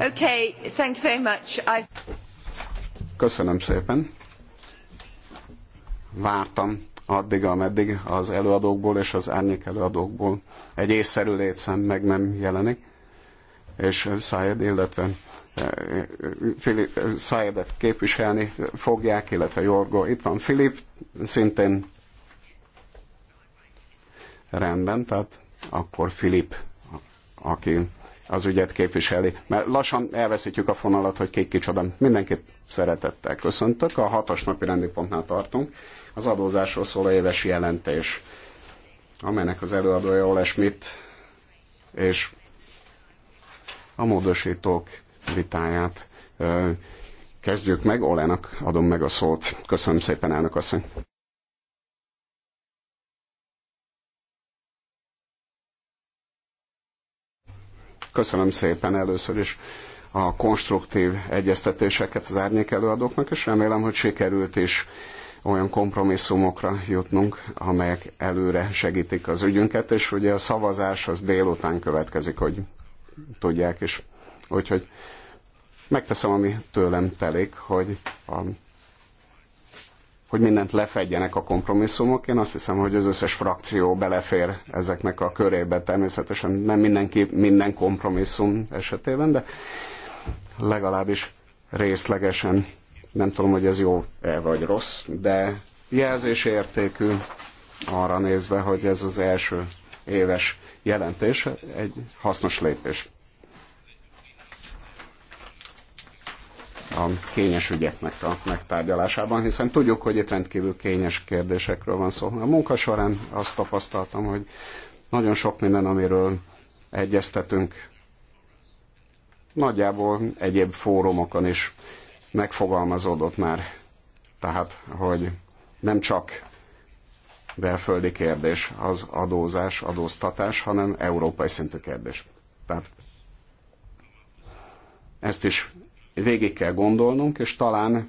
Okay, thank you very much. I... Köszönöm szépen. Vártam addig, ameddig az előadókból és az árnyék előadókból egy észszerű létszám meg nem jelenik, és Szájed, illetve eh, Filip, Szájedet képviselni fogják, illetve Jorgó. Itt van Filip, szintén rendben, tehát akkor Filip, aki az ügyet képviseli, mert lassan elveszítjük a fonalat, hogy kék kicsoda. Mindenkit szeretettel köszöntök, a hatos napi rendi pontnál tartunk. Az adózásról szól a éves jelentés, amelynek az előadója Ole Schmidt, és a módosítók vitáját kezdjük meg. Olenak adom meg a szót. Köszönöm szépen, elnök asszony. Köszönöm szépen először is a konstruktív egyeztetéseket az árnyék előadóknak, és remélem, hogy sikerült is olyan kompromisszumokra jutnunk, amelyek előre segítik az ügyünket, és ugye a szavazás az délután következik, hogy tudják is. Úgyhogy megteszem, ami tőlem telik, hogy a hogy mindent lefedjenek a kompromisszumok. Én azt hiszem, hogy az összes frakció belefér ezeknek a körébe. Természetesen nem mindenki minden kompromisszum esetében, de legalábbis részlegesen. Nem tudom, hogy ez jó -e vagy rossz, de jelzés értékű arra nézve, hogy ez az első éves jelentés egy hasznos lépés. a kényes ügyeknek a megtárgyalásában, hiszen tudjuk, hogy itt rendkívül kényes kérdésekről van szó. A munka során azt tapasztaltam, hogy nagyon sok minden, amiről egyeztetünk, nagyjából egyéb fórumokon is megfogalmazódott már. Tehát, hogy nem csak belföldi kérdés az adózás, adóztatás, hanem európai szintű kérdés. Tehát ezt is végig kell gondolnunk, és talán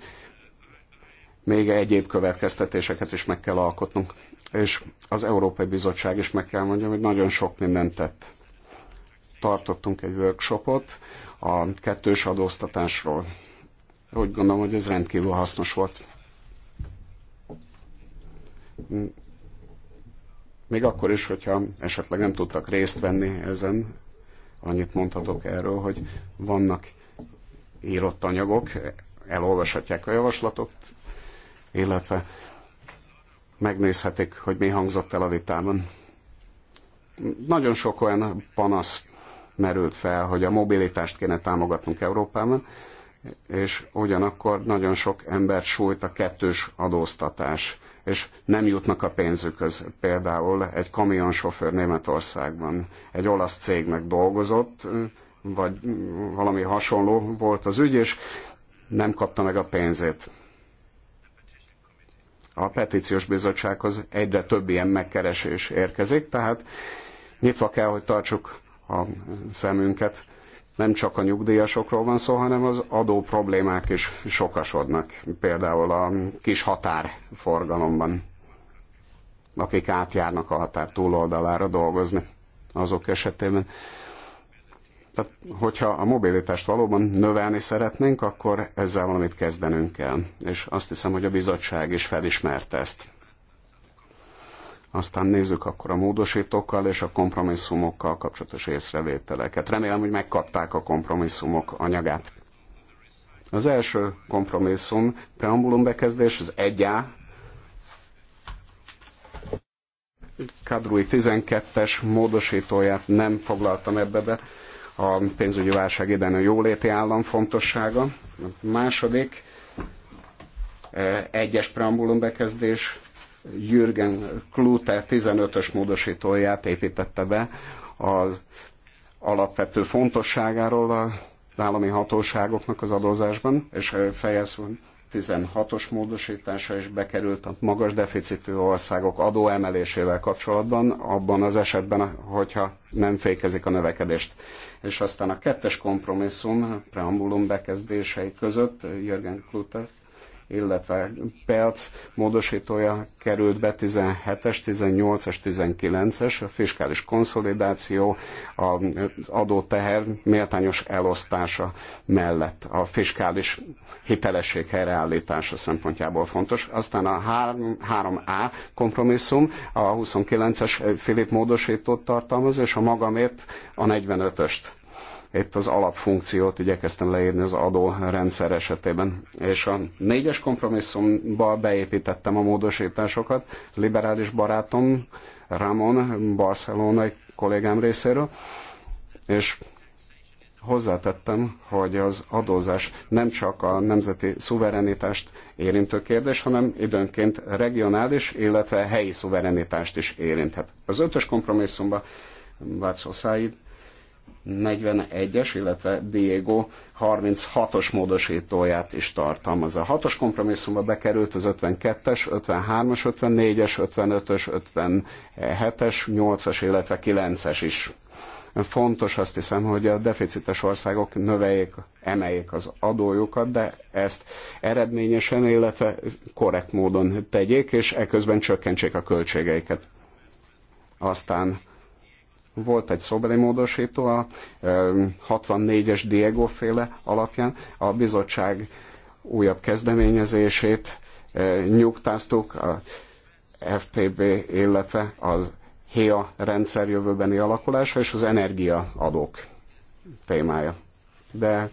még egyéb következtetéseket is meg kell alkotnunk. És az Európai Bizottság is meg kell mondjam, hogy nagyon sok mindent tett. Tartottunk egy workshopot a kettős adóztatásról. Úgy gondolom, hogy ez rendkívül hasznos volt. Még akkor is, hogyha esetleg nem tudtak részt venni ezen, annyit mondhatok erről, hogy vannak írott anyagok, elolvashatják a javaslatot, illetve megnézhetik, hogy mi hangzott el a vitában. Nagyon sok olyan panasz merült fel, hogy a mobilitást kéne támogatnunk Európában, és ugyanakkor nagyon sok ember sújt a kettős adóztatás, és nem jutnak a pénzükhöz. Például egy kamionsofőr Németországban egy olasz cégnek dolgozott, vagy valami hasonló volt az ügy, és nem kapta meg a pénzét. A petíciós bizottsághoz egyre több ilyen megkeresés érkezik, tehát nyitva kell, hogy tartsuk a szemünket. Nem csak a nyugdíjasokról van szó, hanem az adó problémák is sokasodnak, például a kis határforgalomban akik átjárnak a határ túloldalára dolgozni azok esetében. Tehát, hogyha a mobilitást valóban növelni szeretnénk, akkor ezzel valamit kezdenünk kell. És azt hiszem, hogy a bizottság is felismerte ezt. Aztán nézzük akkor a módosítókkal és a kompromisszumokkal kapcsolatos észrevételeket. Remélem, hogy megkapták a kompromisszumok anyagát. Az első kompromisszum, preambulum bekezdés, az 1A, Kadrui 12-es módosítóját nem foglaltam ebbe be, a pénzügyi válság idején a jóléti állam fontossága. A második, e, egyes preambulum bekezdés, Jürgen Klute 15-ös módosítóját építette be az alapvető fontosságáról a állami hatóságoknak az adózásban, és e, fejezve 16-os módosítása is bekerült a magas deficitű országok adóemelésével kapcsolatban, abban az esetben, hogyha nem fékezik a növekedést. És aztán a kettes kompromisszum preambulum bekezdései között Jörgen Klute illetve perc módosítója került be 17-es, 18-es, 19-es, a fiskális konszolidáció, az adóteher méltányos elosztása mellett a fiskális hitelesség helyreállítása szempontjából fontos. Aztán a 3, 3A kompromisszum a 29-es Filip módosítót tartalmaz, és a magamért a 45-öst itt az alapfunkciót igyekeztem leírni az adórendszer esetében. És a négyes kompromisszumba beépítettem a módosításokat. Liberális barátom Ramon, barcelonai kollégám részéről, és hozzátettem, hogy az adózás nem csak a nemzeti szuverenitást érintő kérdés, hanem időnként regionális, illetve helyi szuverenitást is érinthet. Az ötös kompromisszumban Václav Száid 41-es, illetve Diego 36-os módosítóját is tartalmaz. A 6-os kompromisszumba bekerült az 52-es, 53-as, 54-es, 55-ös, 57-es, 8-as, illetve 9-es is. Fontos azt hiszem, hogy a deficites országok növeljék, emeljék az adójukat, de ezt eredményesen, illetve korrekt módon tegyék, és eközben csökkentsék a költségeiket. Aztán volt egy szobeli módosító a 64-es Diego féle alapján. A bizottság újabb kezdeményezését nyugtáztuk a FTB, illetve az HEA rendszer jövőbeni alakulása és az energiaadók témája. De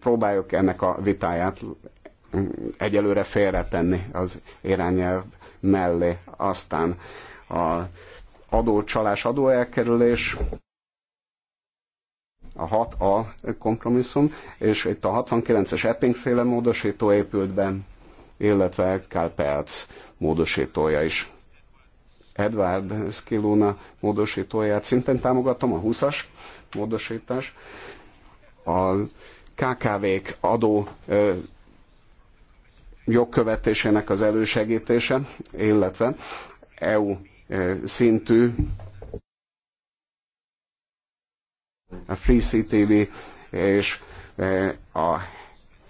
próbáljuk ennek a vitáját egyelőre félretenni az irányelv mellé. Aztán a adócsalás, adóelkerülés, a 6A kompromisszum, és itt a 69-es Epping módosító épült be, illetve Kárpelc módosítója is. Edward Skiluna módosítóját szintén támogatom, a 20-as módosítás. A KKV-k adó ö, jogkövetésének az elősegítése, illetve EU szintű a Free CTV és e, a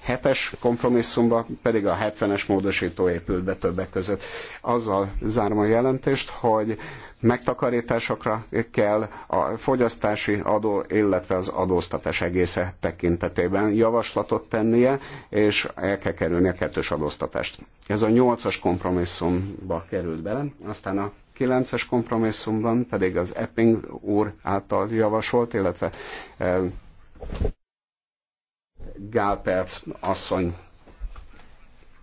hetes kompromisszumba pedig a 70-es módosító épült be többek között. Azzal zárom a jelentést, hogy megtakarításokra kell a fogyasztási adó, illetve az adóztatás egésze tekintetében javaslatot tennie, és el kell kerülni a kettős adóztatást. Ez a nyolcas kompromisszumba került bele, aztán a 9-es kompromisszumban pedig az Epping úr által javasolt, illetve eh, Perc asszony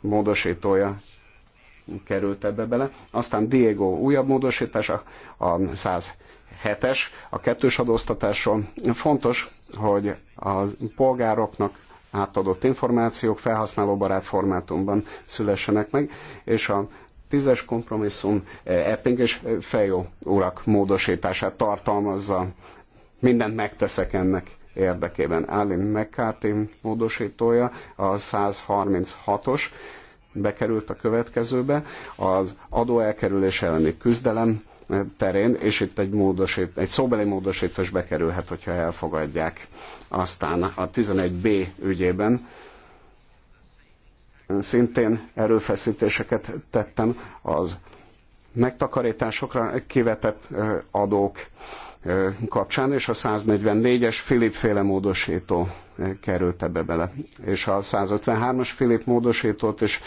módosítója került ebbe bele. Aztán Diego újabb módosítása, a 107-es, a kettős adóztatásról. Fontos, hogy a polgároknak átadott információk felhasználóbarát formátumban szülessenek meg, és a Tízes kompromisszum e, Epping és e, Fejó urak módosítását tartalmazza. Mindent megteszek ennek érdekében. Alin McCarthy módosítója, a 136-os bekerült a következőbe, az adóelkerülés elleni küzdelem e, terén, és itt egy, módosít, egy szóbeli módosítás bekerülhet, hogyha elfogadják. Aztán a 11B ügyében szintén erőfeszítéseket tettem az megtakarításokra kivetett adók kapcsán, és a 144-es Filip féle módosító került ebbe bele. És a 153-as Filip módosítót is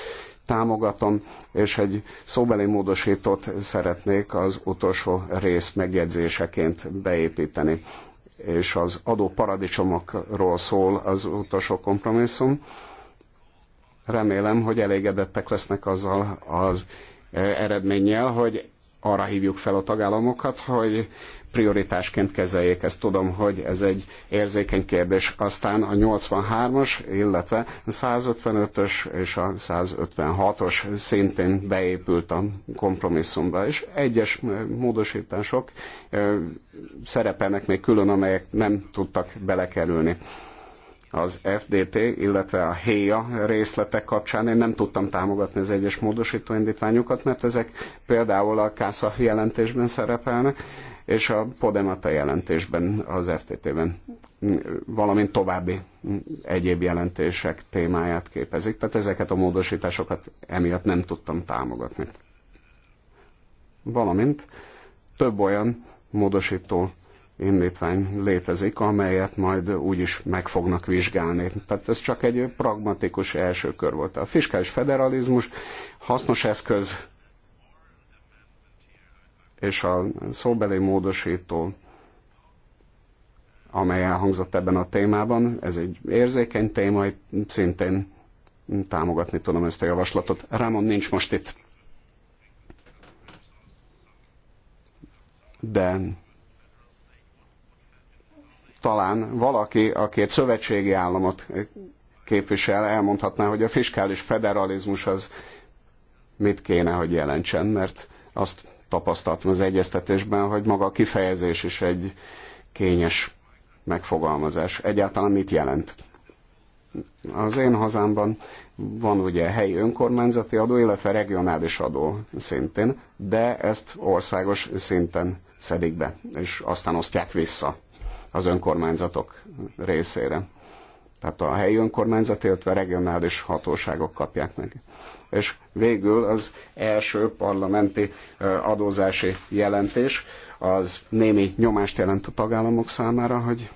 támogatom, és egy szóbeli módosítót szeretnék az utolsó rész megjegyzéseként beépíteni. És az adó paradicsomokról szól az utolsó kompromisszum, Remélem, hogy elégedettek lesznek azzal az e, eredménnyel, hogy arra hívjuk fel a tagállamokat, hogy prioritásként kezeljék. Ezt tudom, hogy ez egy érzékeny kérdés. Aztán a 83-as, illetve a 155-ös és a 156-os szintén beépült a kompromisszumba, és egyes módosítások e, szerepelnek még külön, amelyek nem tudtak belekerülni az FDP, illetve a HÉA e részletek kapcsán én nem tudtam támogatni az egyes módosító indítványokat, mert ezek például a KÁSZA jelentésben szerepelnek, és a Podemata jelentésben, az FTT-ben, valamint további egyéb jelentések témáját képezik. Tehát ezeket a módosításokat emiatt nem tudtam támogatni. Valamint több olyan módosító indítvány létezik, amelyet majd úgyis meg fognak vizsgálni. Tehát ez csak egy pragmatikus első kör volt. A fiskális federalizmus hasznos eszköz, és a szóbeli módosító, amely elhangzott ebben a témában, ez egy érzékeny téma, szintén támogatni tudom ezt a javaslatot. Rámon nincs most itt. De talán valaki, aki egy szövetségi államot képvisel, elmondhatná, hogy a fiskális federalizmus az mit kéne, hogy jelentsen, mert azt tapasztaltam az egyeztetésben, hogy maga a kifejezés is egy kényes megfogalmazás. Egyáltalán mit jelent? Az én hazámban van ugye helyi önkormányzati adó, illetve regionális adó szintén, de ezt országos szinten szedik be, és aztán osztják vissza az önkormányzatok részére. Tehát a helyi önkormányzat, illetve regionális hatóságok kapják meg. És végül az első parlamenti adózási jelentés az némi nyomást jelent a tagállamok számára, hogy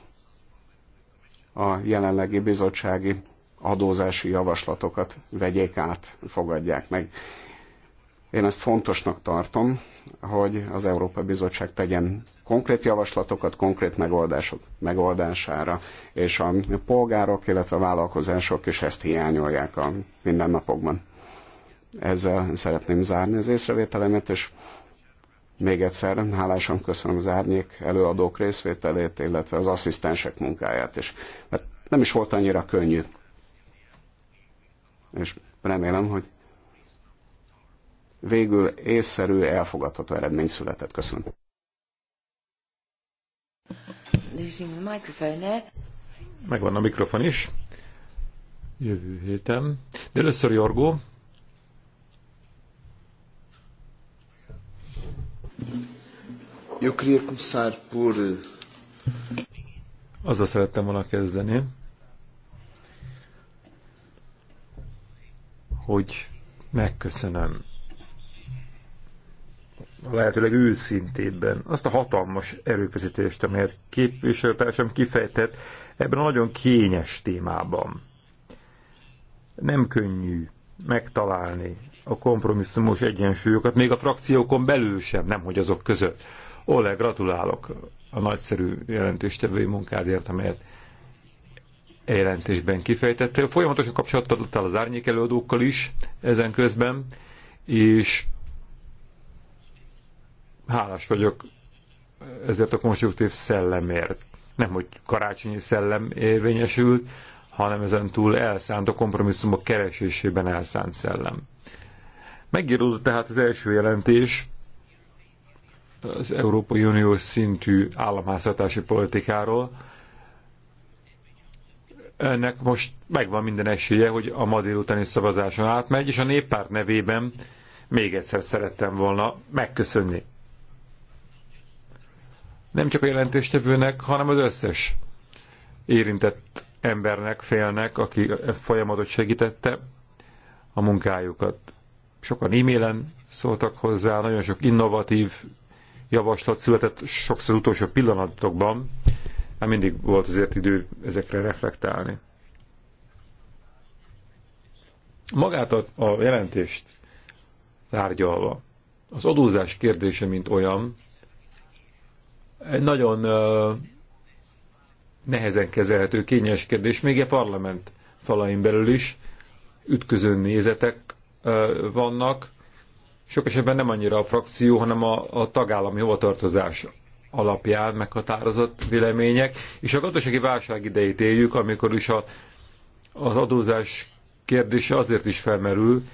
a jelenlegi bizottsági adózási javaslatokat vegyék át, fogadják meg. Én ezt fontosnak tartom, hogy az Európa Bizottság tegyen konkrét javaslatokat, konkrét megoldások megoldására, és a polgárok, illetve a vállalkozások is ezt hiányolják a mindennapokban. Ezzel szeretném zárni az észrevételemet, és még egyszer hálásan köszönöm az árnyék előadók részvételét, illetve az asszisztensek munkáját is, mert nem is volt annyira könnyű. És remélem, hogy végül észszerű, elfogadható eredmény született. Köszönöm. Megvan a mikrofon is. Jövő héten. De először Jorgó. Eu eh, Azzal szerettem volna kezdeni, hogy megköszönöm a lehetőleg őszintébben azt a hatalmas erőfeszítést, amelyet képviselőtársam kifejtett ebben a nagyon kényes témában. Nem könnyű megtalálni a kompromisszumos egyensúlyokat, még a frakciókon belül sem, nemhogy azok között. Ole, gratulálok a nagyszerű jelentéstevői munkádért, amelyet e jelentésben kifejtettél. Folyamatosan kapcsolatot adottál az árnyék előadókkal is ezen közben, és hálás vagyok ezért a konstruktív szellemért. Nem, hogy karácsonyi szellem érvényesült, hanem ezen túl elszánt a kompromisszumok keresésében elszánt szellem. Megíródott tehát az első jelentés az Európai Unió szintű államháztartási politikáról. Ennek most megvan minden esélye, hogy a ma délutáni szavazáson átmegy, és a néppárt nevében még egyszer szerettem volna megköszönni nem csak a jelentéstevőnek, hanem az összes érintett embernek, félnek, aki folyamatot segítette a munkájukat. Sokan e-mailen szóltak hozzá, nagyon sok innovatív javaslat született sokszor utolsó pillanatokban, mert mindig volt azért idő ezekre reflektálni. Magát a, a jelentést tárgyalva, az adózás kérdése, mint olyan, nagyon nehezen kezelhető kényes kérdés, még a parlament falain belül is ütköző nézetek vannak, sok esetben nem annyira a frakció, hanem a, a tagállami hovatartozás alapján meghatározott vélemények, és a gazdasági válság idejét éljük, amikor is a, az adózás kérdése azért is felmerül,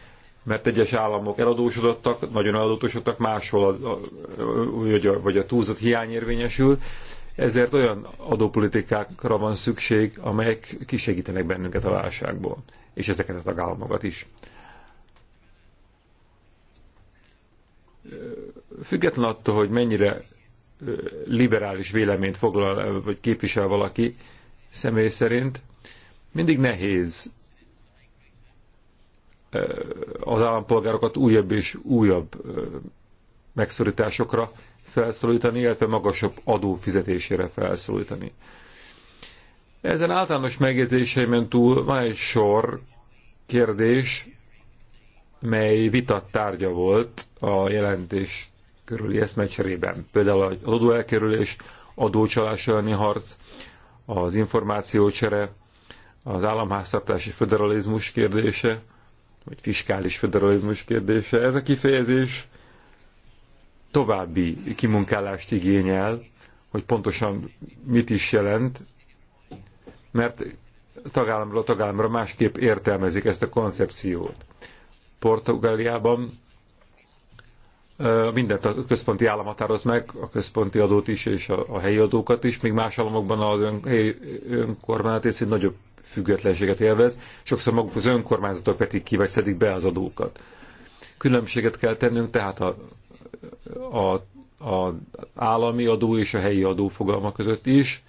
mert egyes államok eladósodottak, nagyon eladósodtak, máshol a, a, vagy, a, vagy a túlzott hiány érvényesül, ezért olyan adópolitikákra van szükség, amelyek kisegítenek bennünket a válságból, és ezeket a tagállamokat is. Független attól, hogy mennyire liberális véleményt foglal vagy képvisel valaki személy szerint, mindig nehéz az állampolgárokat újabb és újabb megszorításokra felszólítani, illetve magasabb adófizetésére felszólítani. Ezen általános megjegyzéseimen túl van egy sor kérdés, mely vita tárgya volt a jelentés körüli eszmecserében. Például az adóelkerülés, adócsalás elleni harc, az információcsere, az államháztartási föderalizmus kérdése, vagy fiskális föderalizmus kérdése. Ez a kifejezés további kimunkálást igényel, hogy pontosan mit is jelent, mert tagállamra tagállamra másképp értelmezik ezt a koncepciót. Portugáliában mindent a központi állam határoz meg, a központi adót is és a, a helyi adókat is, még más államokban az ön, helyi önkormányzat nagyobb függetlenséget élvez, sokszor maguk az önkormányzatok vetik ki, vagy szedik be az adókat. Különbséget kell tennünk tehát a, a, a állami adó és a helyi adó fogalma között is,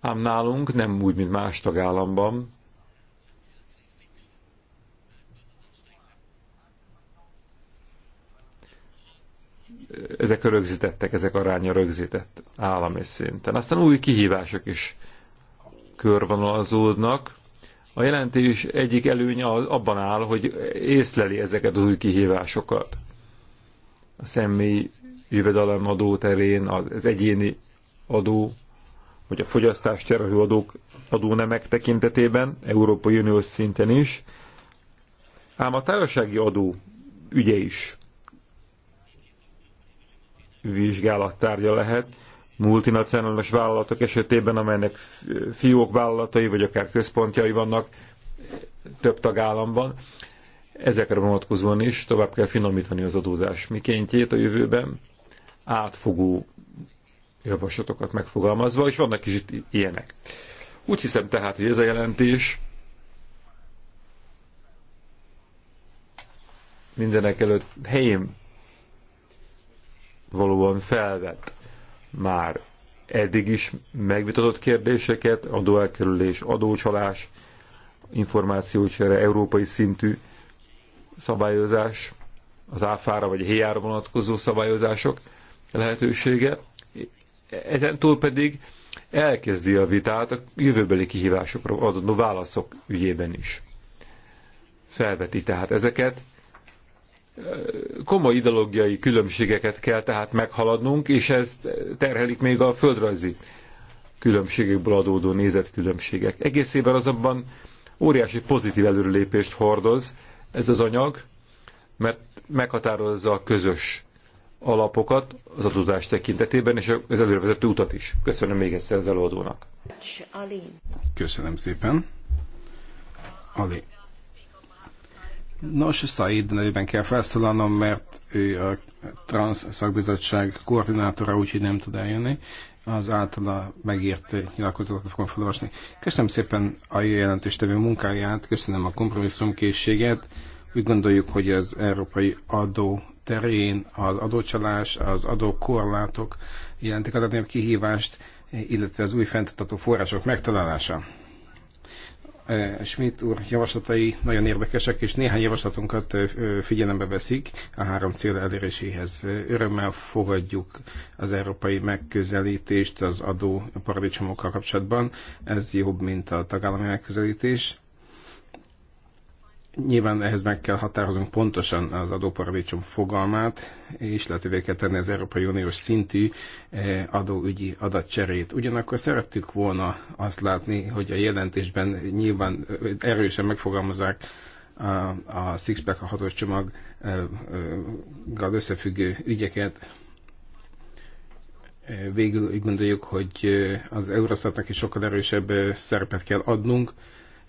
ám nálunk nem úgy, mint más tagállamban, ezek a rögzítettek, ezek aránya rögzített állami szinten. Aztán új kihívások is körvonalazódnak. A jelentés egyik előnye abban áll, hogy észleli ezeket az új kihívásokat. A személyi jövedelemadó terén, az egyéni adó, vagy a fogyasztás terhelő adók adó nemek tekintetében, Európai Uniós szinten is, ám a társasági adó ügye is vizsgálattárgya lehet, multinacionális vállalatok esetében, amelynek fiók vállalatai, vagy akár központjai vannak több tagállamban. Ezekre vonatkozóan is tovább kell finomítani az adózás mikéntjét a jövőben, átfogó javaslatokat megfogalmazva, és vannak is itt ilyenek. Úgy hiszem tehát, hogy ez a jelentés mindenek előtt helyén valóban felvett már eddig is megvitatott kérdéseket, adóelkerülés, adócsalás, információcsere, európai szintű szabályozás, az áfára vagy héjára vonatkozó szabályozások lehetősége. Ezen túl pedig elkezdi a vitát a jövőbeli kihívásokra adott válaszok ügyében is. Felveti tehát ezeket, komoly ideológiai különbségeket kell tehát meghaladnunk, és ezt terhelik még a földrajzi különbségekből adódó nézetkülönbségek. Egészében azonban óriási pozitív előrelépést hordoz ez az anyag, mert meghatározza a közös alapokat az adózás tekintetében, és az előrevezető utat is. Köszönöm még egyszer az előadónak. Köszönöm szépen. Ali Nos, Said nevében kell felszólalnom, mert ő a Trans szakbizottság koordinátora, úgyhogy nem tud eljönni. Az általa megírt nyilatkozatot fogom felolvasni. Köszönöm szépen a jelentéstevő munkáját, köszönöm a kompromisszumkészséget. Úgy gondoljuk, hogy az európai adó terén az adócsalás, az adókorlátok jelentik a legnagyobb kihívást, illetve az új fenntartható források megtalálása. E, Schmidt úr javaslatai nagyon érdekesek, és néhány javaslatunkat figyelembe veszik a három cél eléréséhez. Örömmel fogadjuk az európai megközelítést az adó paradicsomokkal kapcsolatban. Ez jobb, mint a tagállami megközelítés. Nyilván ehhez meg kell határoznunk pontosan az adóparadicsom fogalmát, és lehetővé kell tenni az Európai Uniós szintű eh, adóügyi adatcserét. Ugyanakkor szerettük volna azt látni, hogy a jelentésben nyilván eh, erősen megfogalmazzák a, a Sixpack, a hatos csomaggal eh, összefüggő ügyeket. Végül úgy gondoljuk, hogy az Eurostatnak is sokkal erősebb szerepet kell adnunk,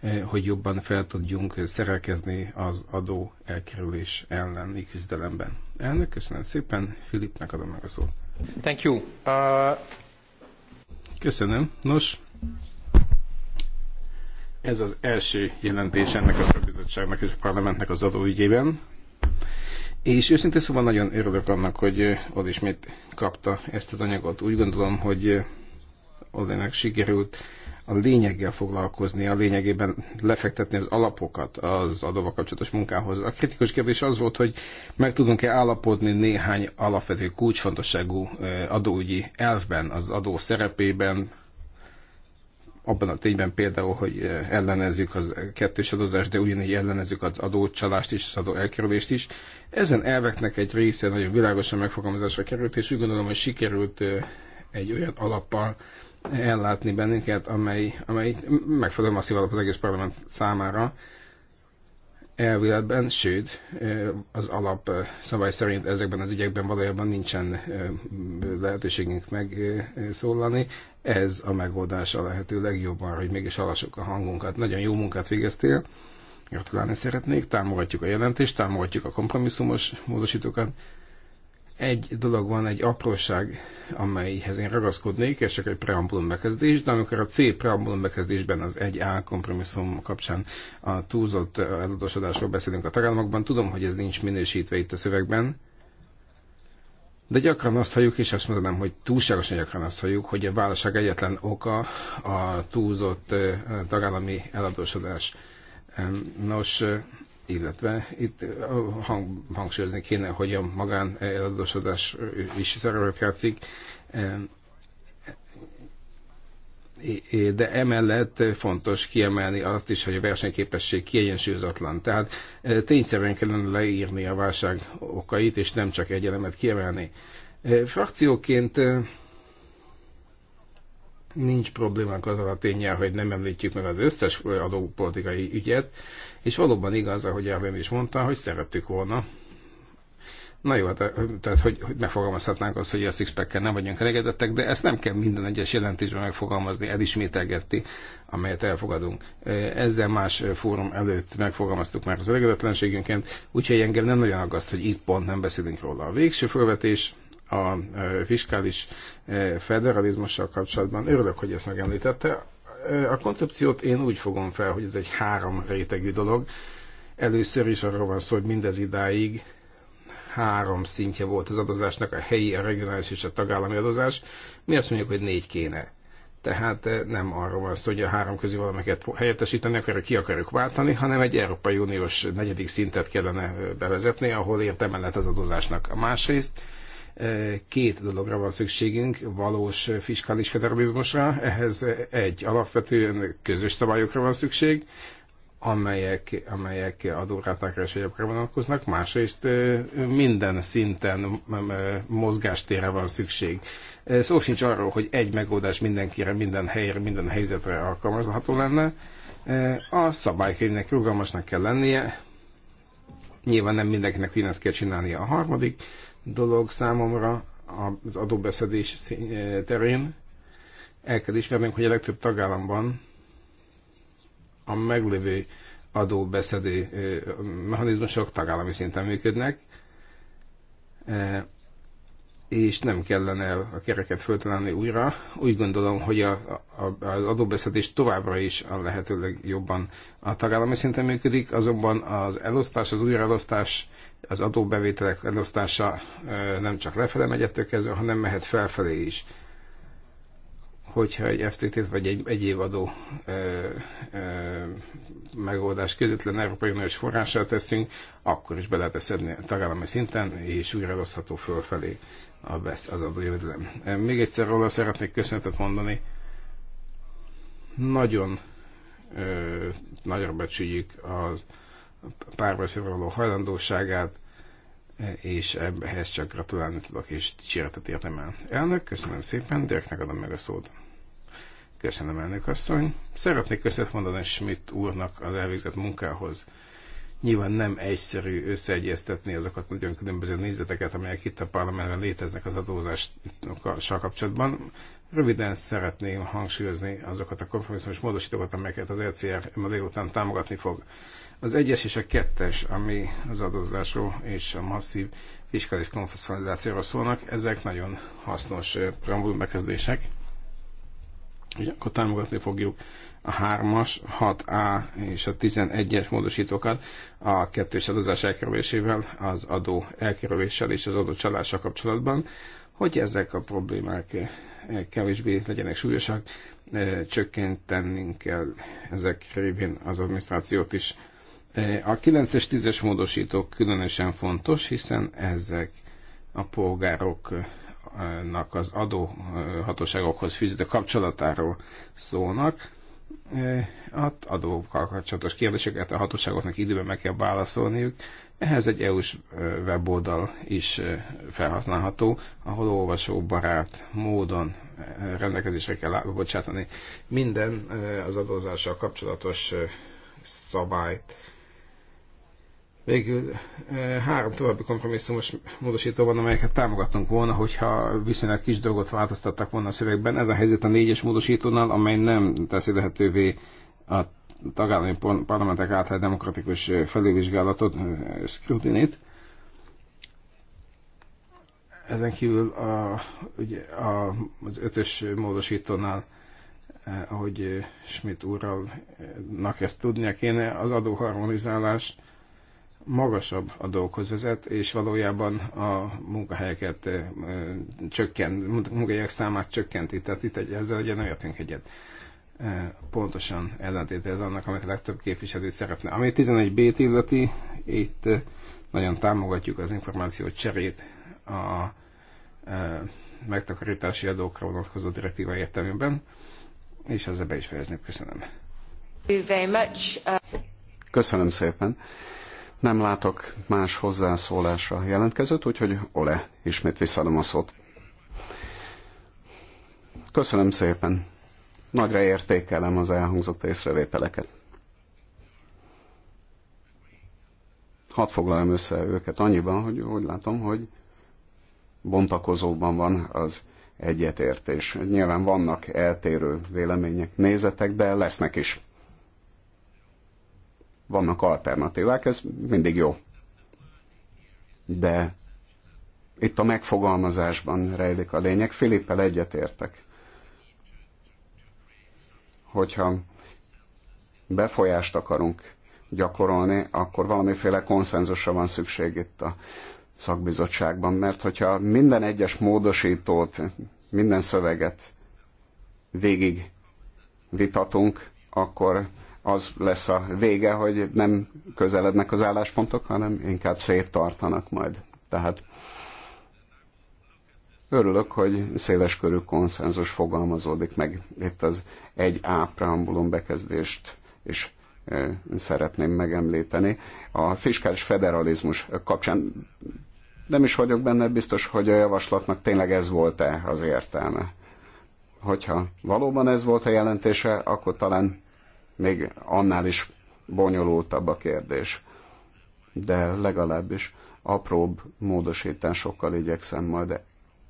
Eh, hogy jobban fel tudjunk szerelkezni az adó elkerülés elleni küzdelemben. Elnök, köszönöm szépen, Filipnek adom meg a szót. Thank you. Uh... Köszönöm. Nos, ez az első jelentés ennek a szakbizottságnak és a parlamentnek az adóügyében. És őszintén szóval nagyon örülök annak, hogy eh, Odd ismét kapta ezt az anyagot. Úgy gondolom, hogy eh, Ollinak sikerült a lényeggel foglalkozni, a lényegében lefektetni az alapokat az adóval kapcsolatos munkához. A kritikus kérdés az volt, hogy meg tudunk-e állapodni néhány alapvető kulcsfontosságú adóügyi elvben, az adó szerepében, abban a tényben például, hogy ellenezzük az kettős adózást, de ugyanígy ellenezzük az adócsalást is, az adó elkerülést is. Ezen elveknek egy része nagyon világosan megfogalmazásra került, és úgy gondolom, hogy sikerült egy olyan alappal ellátni bennünket, amely, amely megfelelő masszív alap az egész parlament számára elvéletben, sőt, eh, az alap eh, szabály szerint ezekben az ügyekben valójában nincsen eh, lehetőségünk megszólalni. Ez a megoldás a lehető legjobban, hogy mégis alassuk a hangunkat. Nagyon jó munkát végeztél, gratulálni szeretnék, támogatjuk a jelentést, támogatjuk a kompromisszumos módosítókat, egy dolog van, egy apróság, amelyhez én ragaszkodnék, és csak egy preambulum bekezdés, de amikor a C preambulum bekezdésben az egy a kompromisszum kapcsán a túlzott eladósodásról beszélünk a tagállamokban, tudom, hogy ez nincs minősítve itt a szövegben, de gyakran azt halljuk, és azt mondanám, hogy túlságosan gyakran azt halljuk, hogy a válság egyetlen oka a túlzott tagállami eladósodás. Nos, illetve itt hang, hangsúlyozni kéne, hogy a magán eladósodás is szerepet játszik, de emellett fontos kiemelni azt is, hogy a versenyképesség kiegyensúlyozatlan. Tehát tényszerűen kellene leírni a válság okait, és nem csak egy elemet kiemelni. Frakcióként nincs problémánk azzal a tényel, hogy nem említjük meg az összes adópolitikai ügyet, és valóban igaz, ahogy Erlen is mondta, hogy szerettük volna. Na jó, hát, tehát hogy, hogy megfogalmazhatnánk azt, hogy a six nem vagyunk elégedettek, de ezt nem kell minden egyes jelentésben megfogalmazni, elismételgetni, amelyet elfogadunk. Ezzel más fórum előtt megfogalmaztuk már az elégedetlenségünket, úgyhogy engem nem nagyon aggaszt, hogy itt pont nem beszélünk róla. A végső felvetés, a fiskális federalizmussal kapcsolatban. Örülök, hogy ezt megemlítette. A koncepciót én úgy fogom fel, hogy ez egy három rétegű dolog. Először is arról van szó, hogy mindez idáig három szintje volt az adozásnak a helyi, a regionális és a tagállami adozás. Mi azt mondjuk, hogy négy kéne. Tehát nem arról van szó, hogy a három közül valamiket helyettesíteni akarjuk, ki akarjuk váltani, hanem egy Európai Uniós negyedik szintet kellene bevezetni, ahol értelme lett az adózásnak. A másrészt Két dologra van szükségünk, valós fiskális federalizmusra, ehhez egy alapvetően közös szabályokra van szükség, amelyek, amelyek adórátákra és egyebbre vonatkoznak, másrészt minden szinten mozgástérre van szükség. Szó sincs arról, hogy egy megoldás mindenkire, minden helyre, minden helyzetre alkalmazható lenne. A szabálykönyvnek rugalmasnak kell lennie, nyilván nem mindenkinek ugyanezt kell csinálnia a harmadik, dolog számomra az adóbeszedés terén. El kell ismernünk, hogy a legtöbb tagállamban a meglévő adóbeszedő mechanizmusok tagállami szinten működnek, és nem kellene a kereket föltalálni újra. Úgy gondolom, hogy a, a, az adóbeszedés továbbra is a lehetőleg jobban a tagállami szinten működik, azonban az elosztás, az újraelosztás az adóbevételek elosztása nem csak lefele megy ettől kezdve, hanem mehet felfelé is. Hogyha egy ftt vagy egy egyéb adó ö, ö, megoldás közvetlen Európai Uniós forrással teszünk, akkor is be lehet szedni tagállami szinten, és újra elosztható fölfelé a besz, az adójövedelem. Még egyszer róla szeretnék köszönetet mondani. Nagyon ö, nagyra becsüljük az párbeszédre való hajlandóságát, és ehhez csak gratulálni tudok, és dicséretet el. Elnök, köszönöm szépen, Dirknek adom meg a szót. Köszönöm, elnök asszony. Szeretnék köszönet mondani Schmidt úrnak az elvégzett munkához. Nyilván nem egyszerű összeegyeztetni azokat a nagyon különböző nézeteket, amelyek itt a parlamentben léteznek az adózással kapcsolatban. Röviden szeretném hangsúlyozni azokat a kompromisszumos módosítókat, amelyeket az LCR e ma délután támogatni fog. Az egyes és a kettes, ami az adózásról és a masszív fiskális konszolidációról szólnak, ezek nagyon hasznos eh, preambulum bekezdések. akkor támogatni fogjuk a 3-as, 6A és a 11-es módosítókat a kettős adózás elkerülésével, az adó elkerüléssel és az csalással kapcsolatban, hogy ezek a problémák eh, kevésbé legyenek súlyosak, eh, csökkentenünk kell ezek révén az adminisztrációt is. A 9-es, 10-es módosítók különösen fontos, hiszen ezek a polgároknak az adóhatóságokhoz fűződő kapcsolatáról szólnak. hát adókkal kapcsolatos kérdéseket a hatóságoknak időben meg kell válaszolniuk. Ehhez egy EU-s weboldal is felhasználható, ahol olvasóbarát módon rendelkezésre kell bocsátani minden az adózással kapcsolatos szabályt Végül eh, három további kompromisszumos módosító van, amelyeket támogattunk volna, hogyha viszonylag kis dolgot változtattak volna a szövegben. Ez a helyzet a négyes módosítónál, amely nem teszi lehetővé a tagállami parlamentek által demokratikus eh, felülvizsgálatot, eh, scrutinit. Ezen kívül a, ugye, a, az ötös módosítónál, eh, ahogy Schmidt úrralnak ezt tudnia kéne, az adóharmonizálás magasabb adókhoz vezet, és valójában a munkahelyeket csökkent, munkahelyek számát csökkenti. Tehát itt egy, ezzel ugye nem értünk egyet. Pontosan ellentéte ez annak, amit a legtöbb képviselő szeretne. Ami 11b-t illeti, itt nagyon támogatjuk az információ cserét a megtakarítási adókra vonatkozó direktíva értelmében, és ezzel be is fejezném. Köszönöm. Köszönöm szépen. Nem látok más hozzászólásra jelentkezőt, úgyhogy Ole, ismét visszadom a szót. Köszönöm szépen. Nagyra értékelem az elhangzott észrevételeket. Hadd foglaljam össze őket annyiban, hogy úgy látom, hogy bontakozóban van az egyetértés. Nyilván vannak eltérő vélemények, nézetek, de lesznek is vannak alternatívák, ez mindig jó. De itt a megfogalmazásban rejlik a lényeg. Filippel egyetértek. Hogyha befolyást akarunk gyakorolni, akkor valamiféle konszenzusra van szükség itt a szakbizottságban, mert hogyha minden egyes módosítót, minden szöveget végig vitatunk, akkor az lesz a vége, hogy nem közelednek az álláspontok, hanem inkább széttartanak majd. Tehát örülök, hogy széles körű konszenzus fogalmazódik meg itt az egy A preambulum bekezdést és szeretném megemlíteni. A fiskális federalizmus kapcsán nem is vagyok benne biztos, hogy a javaslatnak tényleg ez volt-e az értelme. Hogyha valóban ez volt a jelentése, akkor talán még annál is bonyolultabb a kérdés. De legalábbis apróbb módosításokkal igyekszem majd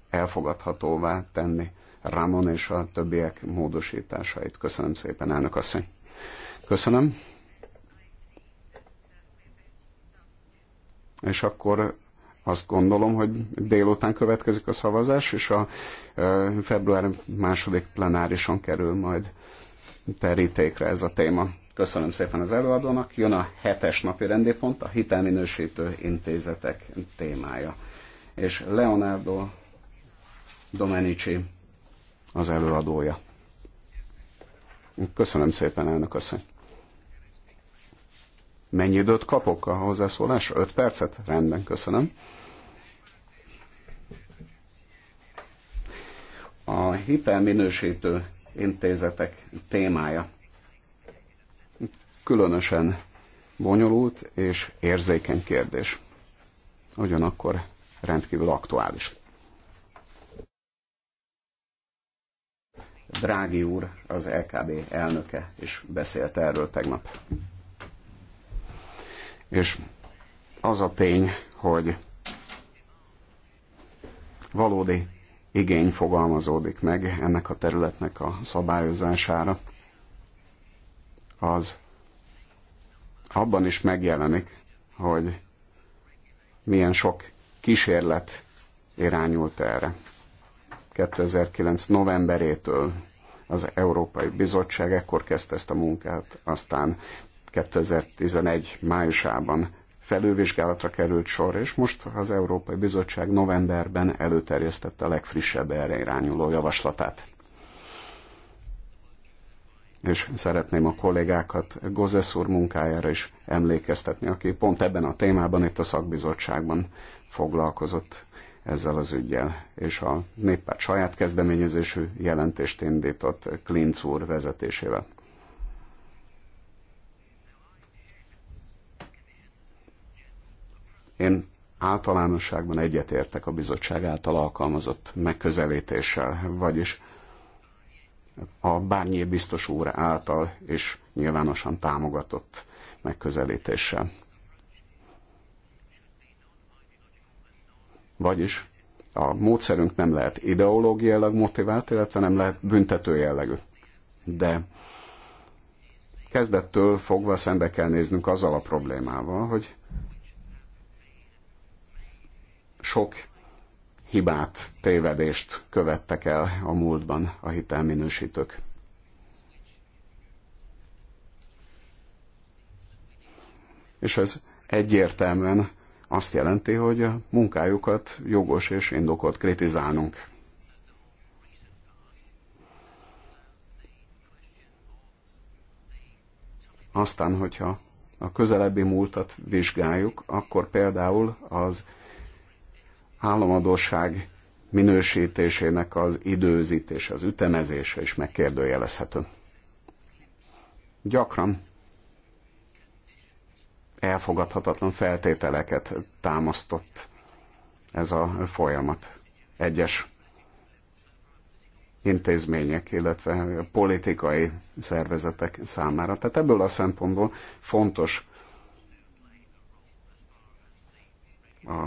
elfogadhatóvá tenni Ramon és a többiek módosításait. Köszönöm szépen, elnök asszony. Köszönöm. És akkor azt gondolom, hogy délután következik a szavazás, és a február második plenárison kerül majd terítékre ez a téma. Köszönöm szépen az előadónak. Jön a hetes napi rendépont, a hitelminősítő intézetek témája. És Leonardo Domenici az előadója. Köszönöm szépen, elnök asszony. Mennyi időt kapok a hozzászólásra? Öt percet? Rendben, köszönöm. A hitelminősítő intézetek témája különösen bonyolult és érzékeny kérdés. Ugyanakkor rendkívül aktuális. Drági úr, az LKB elnöke is beszélt erről tegnap. És az a tény, hogy valódi igény fogalmazódik meg ennek a területnek a szabályozására, az abban is megjelenik, hogy milyen sok kísérlet irányult erre. 2009. novemberétől az Európai Bizottság ekkor kezdte ezt a munkát, aztán 2011. májusában felővizsgálatra került sor, és most az Európai Bizottság novemberben előterjesztette a legfrissebb erre irányuló javaslatát. És szeretném a kollégákat Gozesz úr munkájára is emlékeztetni, aki pont ebben a témában itt a szakbizottságban foglalkozott ezzel az ügyjel, és a néppárt saját kezdeményezésű jelentést indított Klinc úr vezetésével. Én általánosságban egyetértek a bizottság által alkalmazott megközelítéssel, vagyis a bárnyi biztos úr által és nyilvánosan támogatott megközelítéssel. Vagyis a módszerünk nem lehet ideológiailag motivált, illetve nem lehet büntető jellegű. De kezdettől fogva szembe kell néznünk azzal a problémával, hogy sok hibát, tévedést követtek el a múltban a hitelminősítők. És ez egyértelműen azt jelenti, hogy a munkájukat jogos és indokolt kritizálnunk. Aztán, hogyha a közelebbi múltat vizsgáljuk, akkor például az államadóság minősítésének az időzítése, az ütemezése is megkérdőjelezhető. Gyakran elfogadhatatlan feltételeket támasztott ez a folyamat. Egyes intézmények, illetve politikai szervezetek számára. Tehát ebből a szempontból fontos a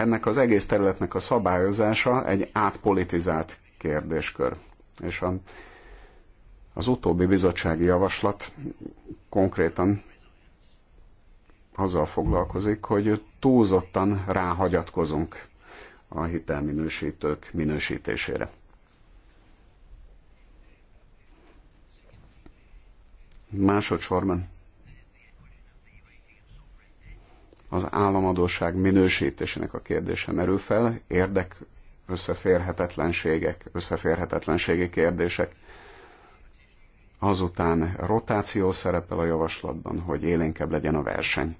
ennek az egész területnek a szabályozása egy átpolitizált kérdéskör. És a, az utóbbi bizottsági javaslat konkrétan azzal foglalkozik, hogy túlzottan ráhagyatkozunk a hitelminősítők minősítésére. Másodszorban az államadóság minősítésének a kérdése merül fel, érdek összeférhetetlenségek, összeférhetetlenségi kérdések. Azután rotáció szerepel a javaslatban, hogy élénkebb legyen a verseny.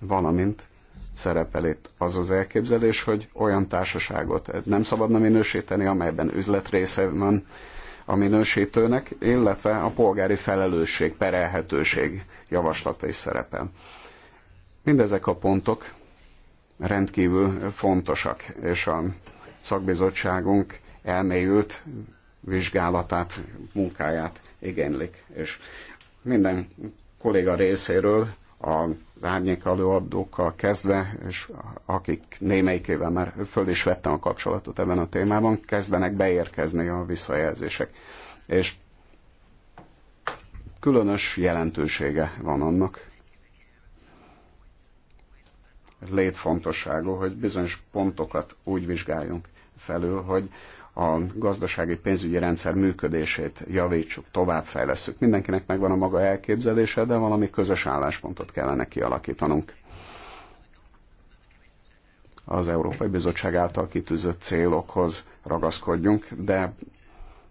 Valamint szerepel itt az az elképzelés, hogy olyan társaságot nem szabadna minősíteni, amelyben üzletrésze van, a minősítőnek, illetve a polgári felelősség, perelhetőség javaslatai is szerepel. Mindezek a pontok rendkívül fontosak, és a szakbizottságunk elmélyült vizsgálatát, munkáját igénylik, és minden kolléga részéről a árnyék előadókkal kezdve, és akik némelyikével már föl is vettem a kapcsolatot ebben a témában, kezdenek beérkezni a visszajelzések. És különös jelentősége van annak, létfontosságú, hogy bizonyos pontokat úgy vizsgáljunk felül, hogy a gazdasági pénzügyi rendszer működését javítsuk, továbbfejleszünk. Mindenkinek megvan a maga elképzelése, de valami közös álláspontot kellene kialakítanunk. Az Európai Bizottság által kitűzött célokhoz ragaszkodjunk, de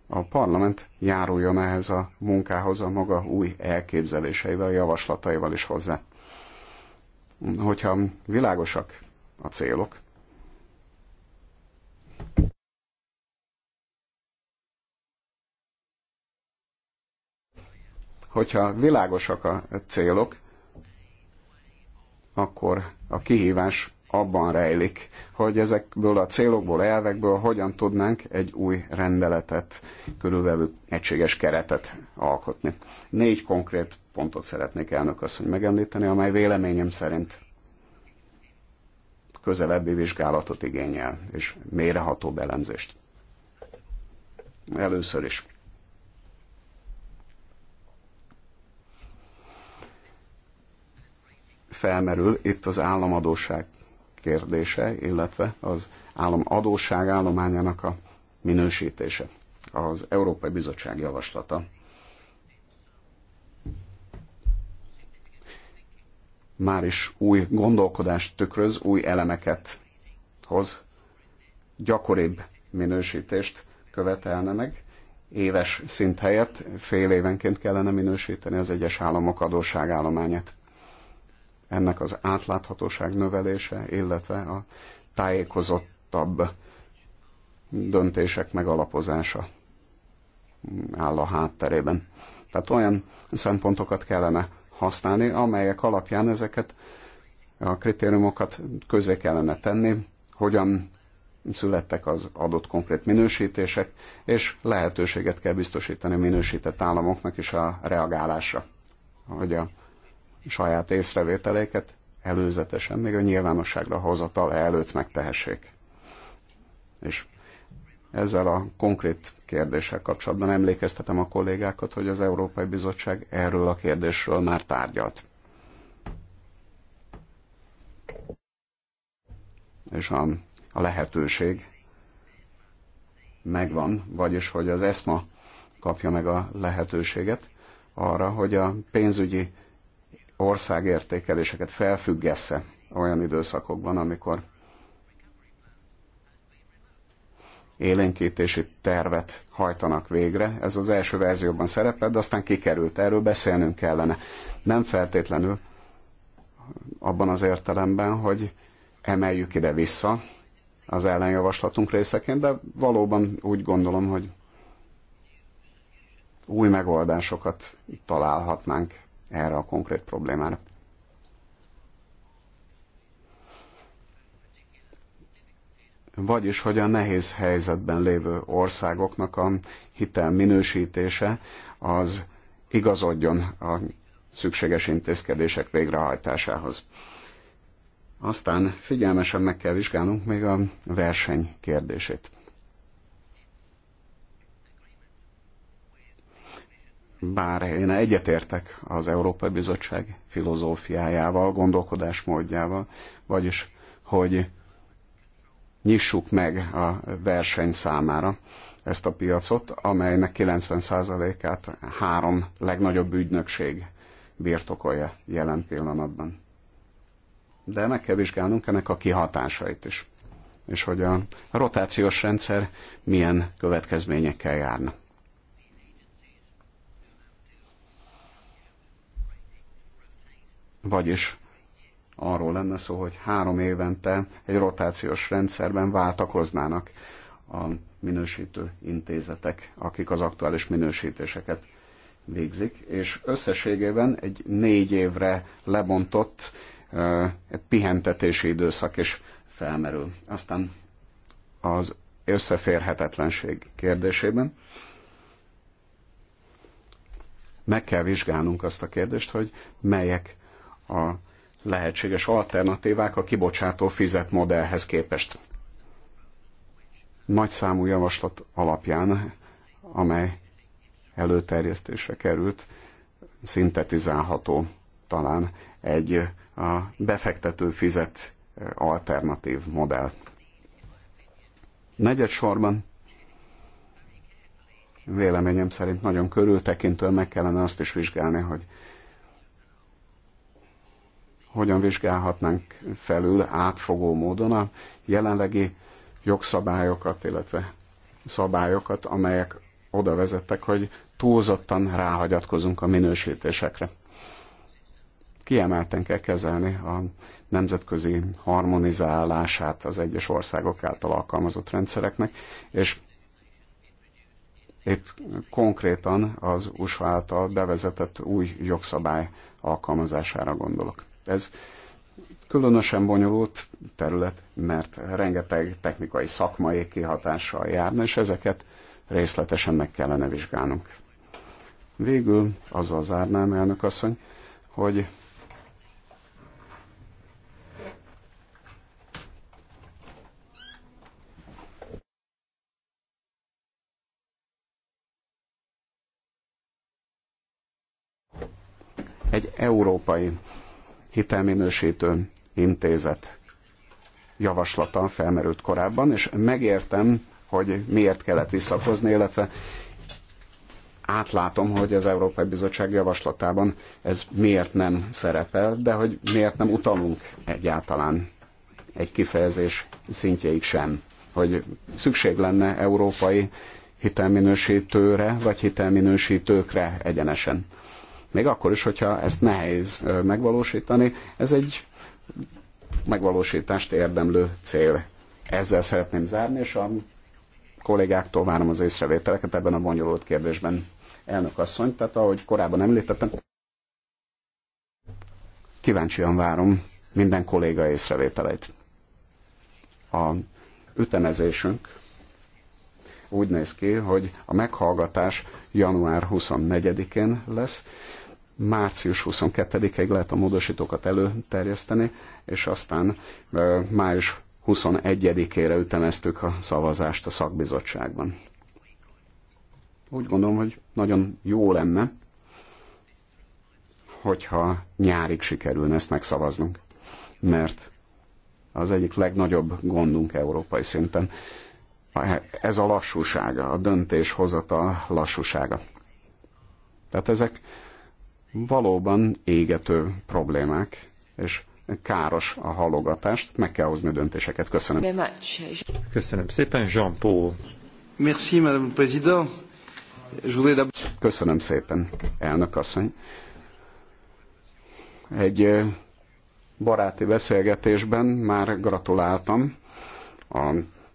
a parlament járuljon ehhez a munkához a maga új elképzeléseivel, javaslataival is hozzá. Hogyha világosak a célok, Hogyha világosak a célok, akkor a kihívás abban rejlik, hogy ezekből a célokból, elvekből hogyan tudnánk egy új rendeletet, körülbelül egységes keretet alkotni. Négy konkrét pontot szeretnék elnök asszony megemlíteni, amely véleményem szerint közelebbi vizsgálatot igényel, és mélyrehatóbb elemzést. Először is felmerül itt az államadóság kérdése, illetve az államadóság állományának a minősítése. Az Európai Bizottság javaslata. Már is új gondolkodást tükröz, új elemeket hoz, gyakoribb minősítést követelne meg, éves szint helyett fél évenként kellene minősíteni az egyes államok adósságállományát ennek az átláthatóság növelése, illetve a tájékozottabb döntések megalapozása áll a hátterében. Tehát olyan szempontokat kellene használni, amelyek alapján ezeket a kritériumokat közé kellene tenni, hogyan születtek az adott konkrét minősítések, és lehetőséget kell biztosítani a minősített államoknak is a reagálásra, hogy a saját észrevételéket előzetesen, még a nyilvánosságra hozatal előtt megtehessék. És ezzel a konkrét kérdéssel kapcsolatban emlékeztetem a kollégákat, hogy az Európai Bizottság erről a kérdésről már tárgyalt. És a, a lehetőség megvan, vagyis hogy az ESMA kapja meg a lehetőséget arra, hogy a pénzügyi országértékeléseket felfüggesse olyan időszakokban, amikor élénkítési tervet hajtanak végre. Ez az első verzióban szerepel, de aztán kikerült. Erről beszélnünk kellene. Nem feltétlenül abban az értelemben, hogy emeljük ide vissza az ellenjavaslatunk részeként, de valóban úgy gondolom, hogy új megoldásokat találhatnánk erre a konkrét problémára. vagyis hogy a nehéz helyzetben lévő országoknak a hitel minősítése az igazodjon a szükséges intézkedések végrehajtásához. Aztán figyelmesen meg kell vizsgálnunk még a verseny kérdését. bár én egyetértek az Európai Bizottság filozófiájával, gondolkodásmódjával, vagyis, hogy nyissuk meg a verseny számára ezt a piacot, amelynek 90%-át három legnagyobb ügynökség birtokolja jelen pillanatban. De meg kell vizsgálnunk ennek a kihatásait is, és hogy a rotációs rendszer milyen következményekkel járna. Vagyis arról lenne szó, hogy három évente egy rotációs rendszerben váltakoznának a minősítő intézetek, akik az aktuális minősítéseket végzik, és összességében egy négy évre lebontott uh, pihentetési időszak is felmerül. Aztán az összeférhetetlenség kérdésében meg kell vizsgálnunk azt a kérdést, hogy melyek a lehetséges alternatívák a kibocsátó fizet modellhez képest. Nagy számú javaslat alapján, amely előterjesztésre került, szintetizálható talán egy a befektető fizet e, alternatív modell. Negyed sorban véleményem szerint nagyon körültekintően meg kellene azt is vizsgálni, hogy hogyan vizsgálhatnánk felül átfogó módon a jelenlegi jogszabályokat, illetve szabályokat, amelyek oda vezettek, hogy túlzottan ráhagyatkozunk a minősítésekre. Kiemelten kell kezelni a nemzetközi harmonizálását az egyes országok által alkalmazott rendszereknek, és itt konkrétan az USA által bevezetett új jogszabály alkalmazására gondolok. Ez különösen bonyolult terület, mert rengeteg technikai szakmai kihatással járna, és ezeket részletesen meg kellene vizsgálnunk. Végül azzal zárnám, elnök asszony, hogy egy európai hitelminősítő intézet javaslata felmerült korábban, és megértem, hogy miért kellett visszahozni, illetve átlátom, hogy az Európai Bizottság javaslatában ez miért nem szerepel, de hogy miért nem utalunk egyáltalán egy kifejezés szintjeig sem, hogy szükség lenne európai hitelminősítőre, vagy hitelminősítőkre egyenesen. Még akkor is, hogyha ezt nehéz megvalósítani, ez egy megvalósítást érdemlő cél. Ezzel szeretném zárni, és a kollégáktól várom az észrevételeket ebben a bonyolult kérdésben. Elnök asszony, tehát ahogy korábban említettem, kíváncsian várom minden kolléga észrevételeit. A ütemezésünk úgy néz ki, hogy a meghallgatás január 24-én lesz, március 22-ig lehet a módosítókat előterjeszteni, és aztán május 21-ére ütemeztük a szavazást a szakbizottságban. Úgy gondolom, hogy nagyon jó lenne, hogyha nyárig sikerülne ezt megszavaznunk, mert az egyik legnagyobb gondunk európai szinten ez a lassúsága, a döntéshozata lassúsága. Tehát ezek valóban égető problémák, és káros a halogatást, meg kell hozni döntéseket. Köszönöm. Köszönöm szépen, Jean-Paul. Merci, Madame Président. Köszönöm szépen, elnök asszony. Egy baráti beszélgetésben már gratuláltam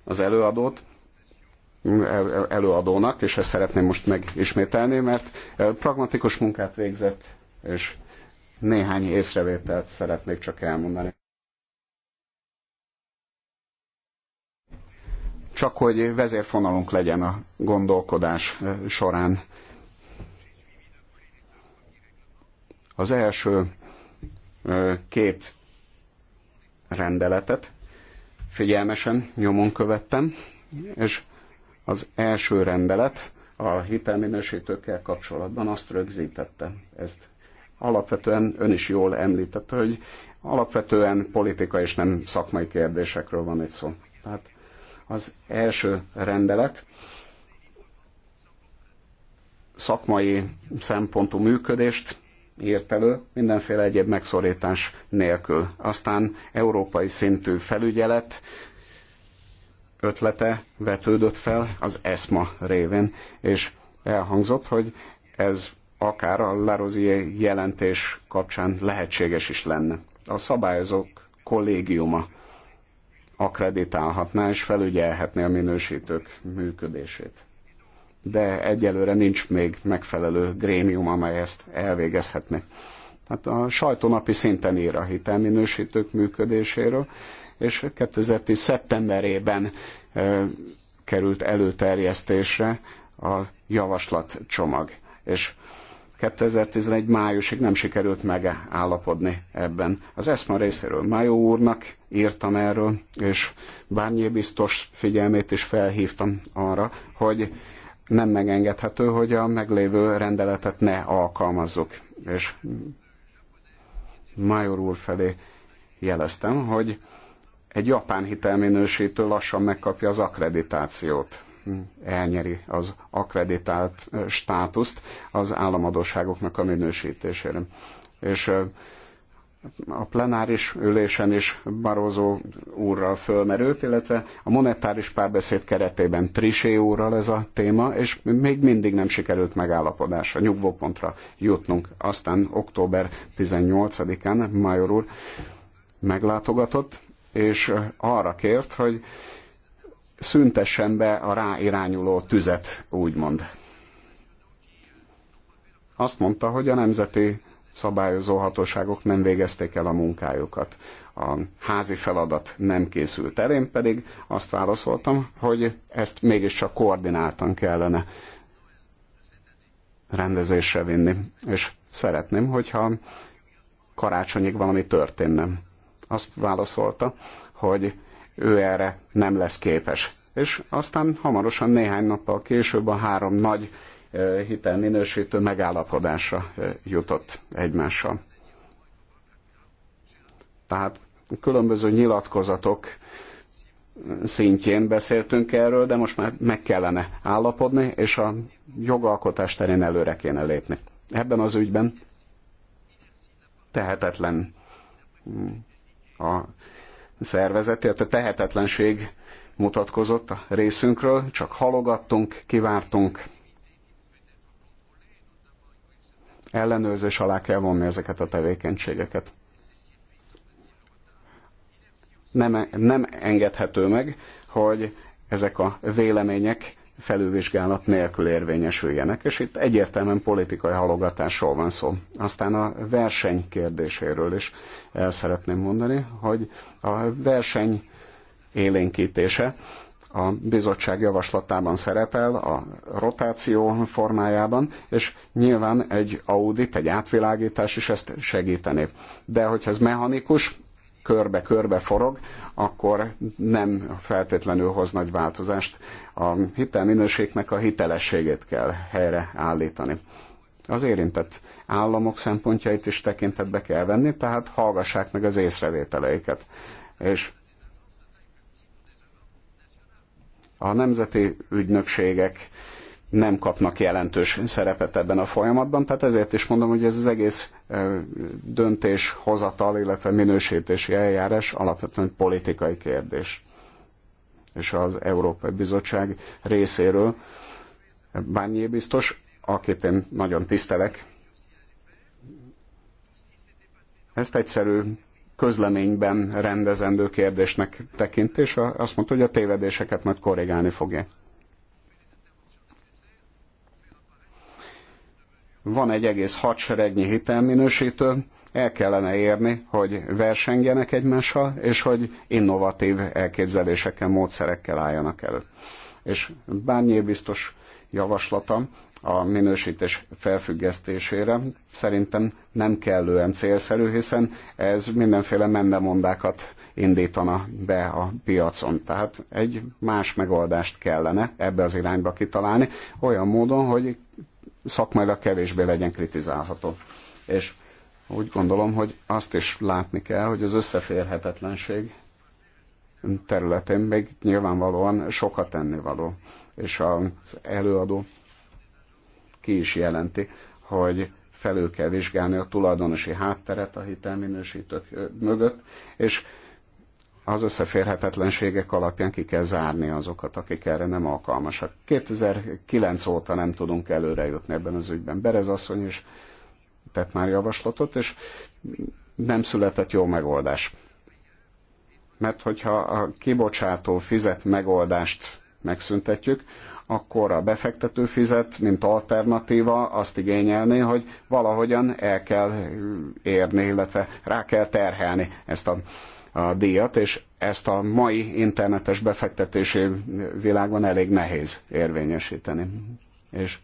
az előadót, előadónak, és ezt szeretném most megismételni, mert e, pragmatikus munkát végzett, és néhány észrevételt szeretnék csak elmondani. Csak hogy vezérfonalunk legyen a gondolkodás e, során. Az első e, két rendeletet figyelmesen nyomon követtem, és az első rendelet a hitelminősítőkkel kapcsolatban azt rögzítette. Ezt alapvetően ön is jól említette, hogy alapvetően politika és nem szakmai kérdésekről van itt szó. Tehát az első rendelet szakmai szempontú működést írt elő, mindenféle egyéb megszorítás nélkül. Aztán európai szintű felügyelet, ötlete vetődött fel az ESMA révén, és elhangzott, hogy ez akár a Larosier jelentés kapcsán lehetséges is lenne. A szabályozók kollégiuma akreditálhatná és felügyelhetné a minősítők működését. De egyelőre nincs még megfelelő grémium, amely ezt elvégezhetné. Tehát a sajtónapi szinten ír a hitelminősítők működéséről, és 2010. szeptemberében került előterjesztésre a javaslatcsomag. És 2011 májusig nem sikerült megállapodni ebben. Az ESMA részéről Májó úrnak írtam erről, és Bárnyé biztos figyelmét is felhívtam arra, hogy nem megengedhető, hogy a meglévő rendeletet ne alkalmazzuk. És Májor úr felé jeleztem, hogy egy japán hitelminősítő lassan megkapja az akkreditációt, elnyeri az akkreditált státuszt az államadóságoknak a minősítésére. És a plenáris ülésen is Barózó úrral fölmerült, illetve a monetáris párbeszéd keretében Trisé úrral ez a téma, és még mindig nem sikerült megállapodásra, nyugvópontra jutnunk. Aztán október 18-án Major úr meglátogatott, és arra kért, hogy szüntessen be a ráirányuló tüzet, úgymond. Azt mondta, hogy a nemzeti szabályozó hatóságok nem végezték el a munkájukat. A házi feladat nem készült el, én pedig azt válaszoltam, hogy ezt mégiscsak koordináltan kellene rendezésre vinni. És szeretném, hogyha karácsonyig valami történne azt válaszolta, hogy ő erre nem lesz képes. És aztán hamarosan néhány nappal később a három nagy hitelminősítő megállapodásra jutott egymással. Tehát különböző nyilatkozatok szintjén beszéltünk erről, de most már meg kellene állapodni, és a jogalkotás terén előre kéne lépni. Ebben az ügyben tehetetlen mm, a szervezetért. A tehetetlenség mutatkozott a részünkről, csak halogattunk, kivártunk. Ellenőrzés alá kell vonni ezeket a tevékenységeket. Nem, nem engedhető meg, hogy ezek a vélemények felülvizsgálat nélkül érvényesüljenek, és itt egyértelműen politikai halogatásról van szó. Aztán a verseny kérdéséről is el szeretném mondani, hogy a verseny élénkítése a bizottság javaslatában szerepel, a rotáció formájában, és nyilván egy audit, egy átvilágítás is ezt segíteni. De hogyha ez mechanikus, körbe-körbe forog, akkor nem feltétlenül hoz nagy változást. A hitelminőségnek a hitelességét kell helyreállítani. Az érintett államok szempontjait is tekintetbe kell venni, tehát hallgassák meg az észrevételeiket. És a nemzeti ügynökségek nem kapnak jelentős szerepet ebben a folyamatban, tehát ezért is mondom, hogy ez az egész döntéshozatal, illetve minősítési eljárás alapvetően politikai kérdés. És az Európai Bizottság részéről Bányé biztos, akit én nagyon tisztelek, ezt egyszerű közleményben rendezendő kérdésnek tekintés, és azt mondta, hogy a tévedéseket majd korrigálni fogja. Van egy egész hadseregnyi hitelminősítő, el kellene érni, hogy versengjenek egymással, és hogy innovatív elképzelésekkel, módszerekkel álljanak elő. És bárnyi biztos javaslata a minősítés felfüggesztésére szerintem nem kellően célszerű, hiszen ez mindenféle mendemondákat indítana be a piacon. Tehát egy más megoldást kellene ebbe az irányba kitalálni, olyan módon, hogy szakmailag kevésbé legyen kritizálható. És úgy gondolom, hogy azt is látni kell, hogy az összeférhetetlenség területén még nyilvánvalóan sokat tennivaló. És az előadó ki is jelenti, hogy felül kell vizsgálni a tulajdonosi hátteret a hitelminősítők mögött, és az összeférhetetlenségek alapján ki kell zárni azokat, akik erre nem alkalmasak. 2009 óta nem tudunk előre jutni ebben az ügyben. Berez asszony is tett már javaslatot, és nem született jó megoldás. Mert hogyha a kibocsátó fizet megoldást megszüntetjük, akkor a befektető fizet, mint alternatíva azt igényelni, hogy valahogyan el kell érni, illetve rá kell terhelni ezt a a díjat, és ezt a mai internetes befektetési világban elég nehéz érvényesíteni. És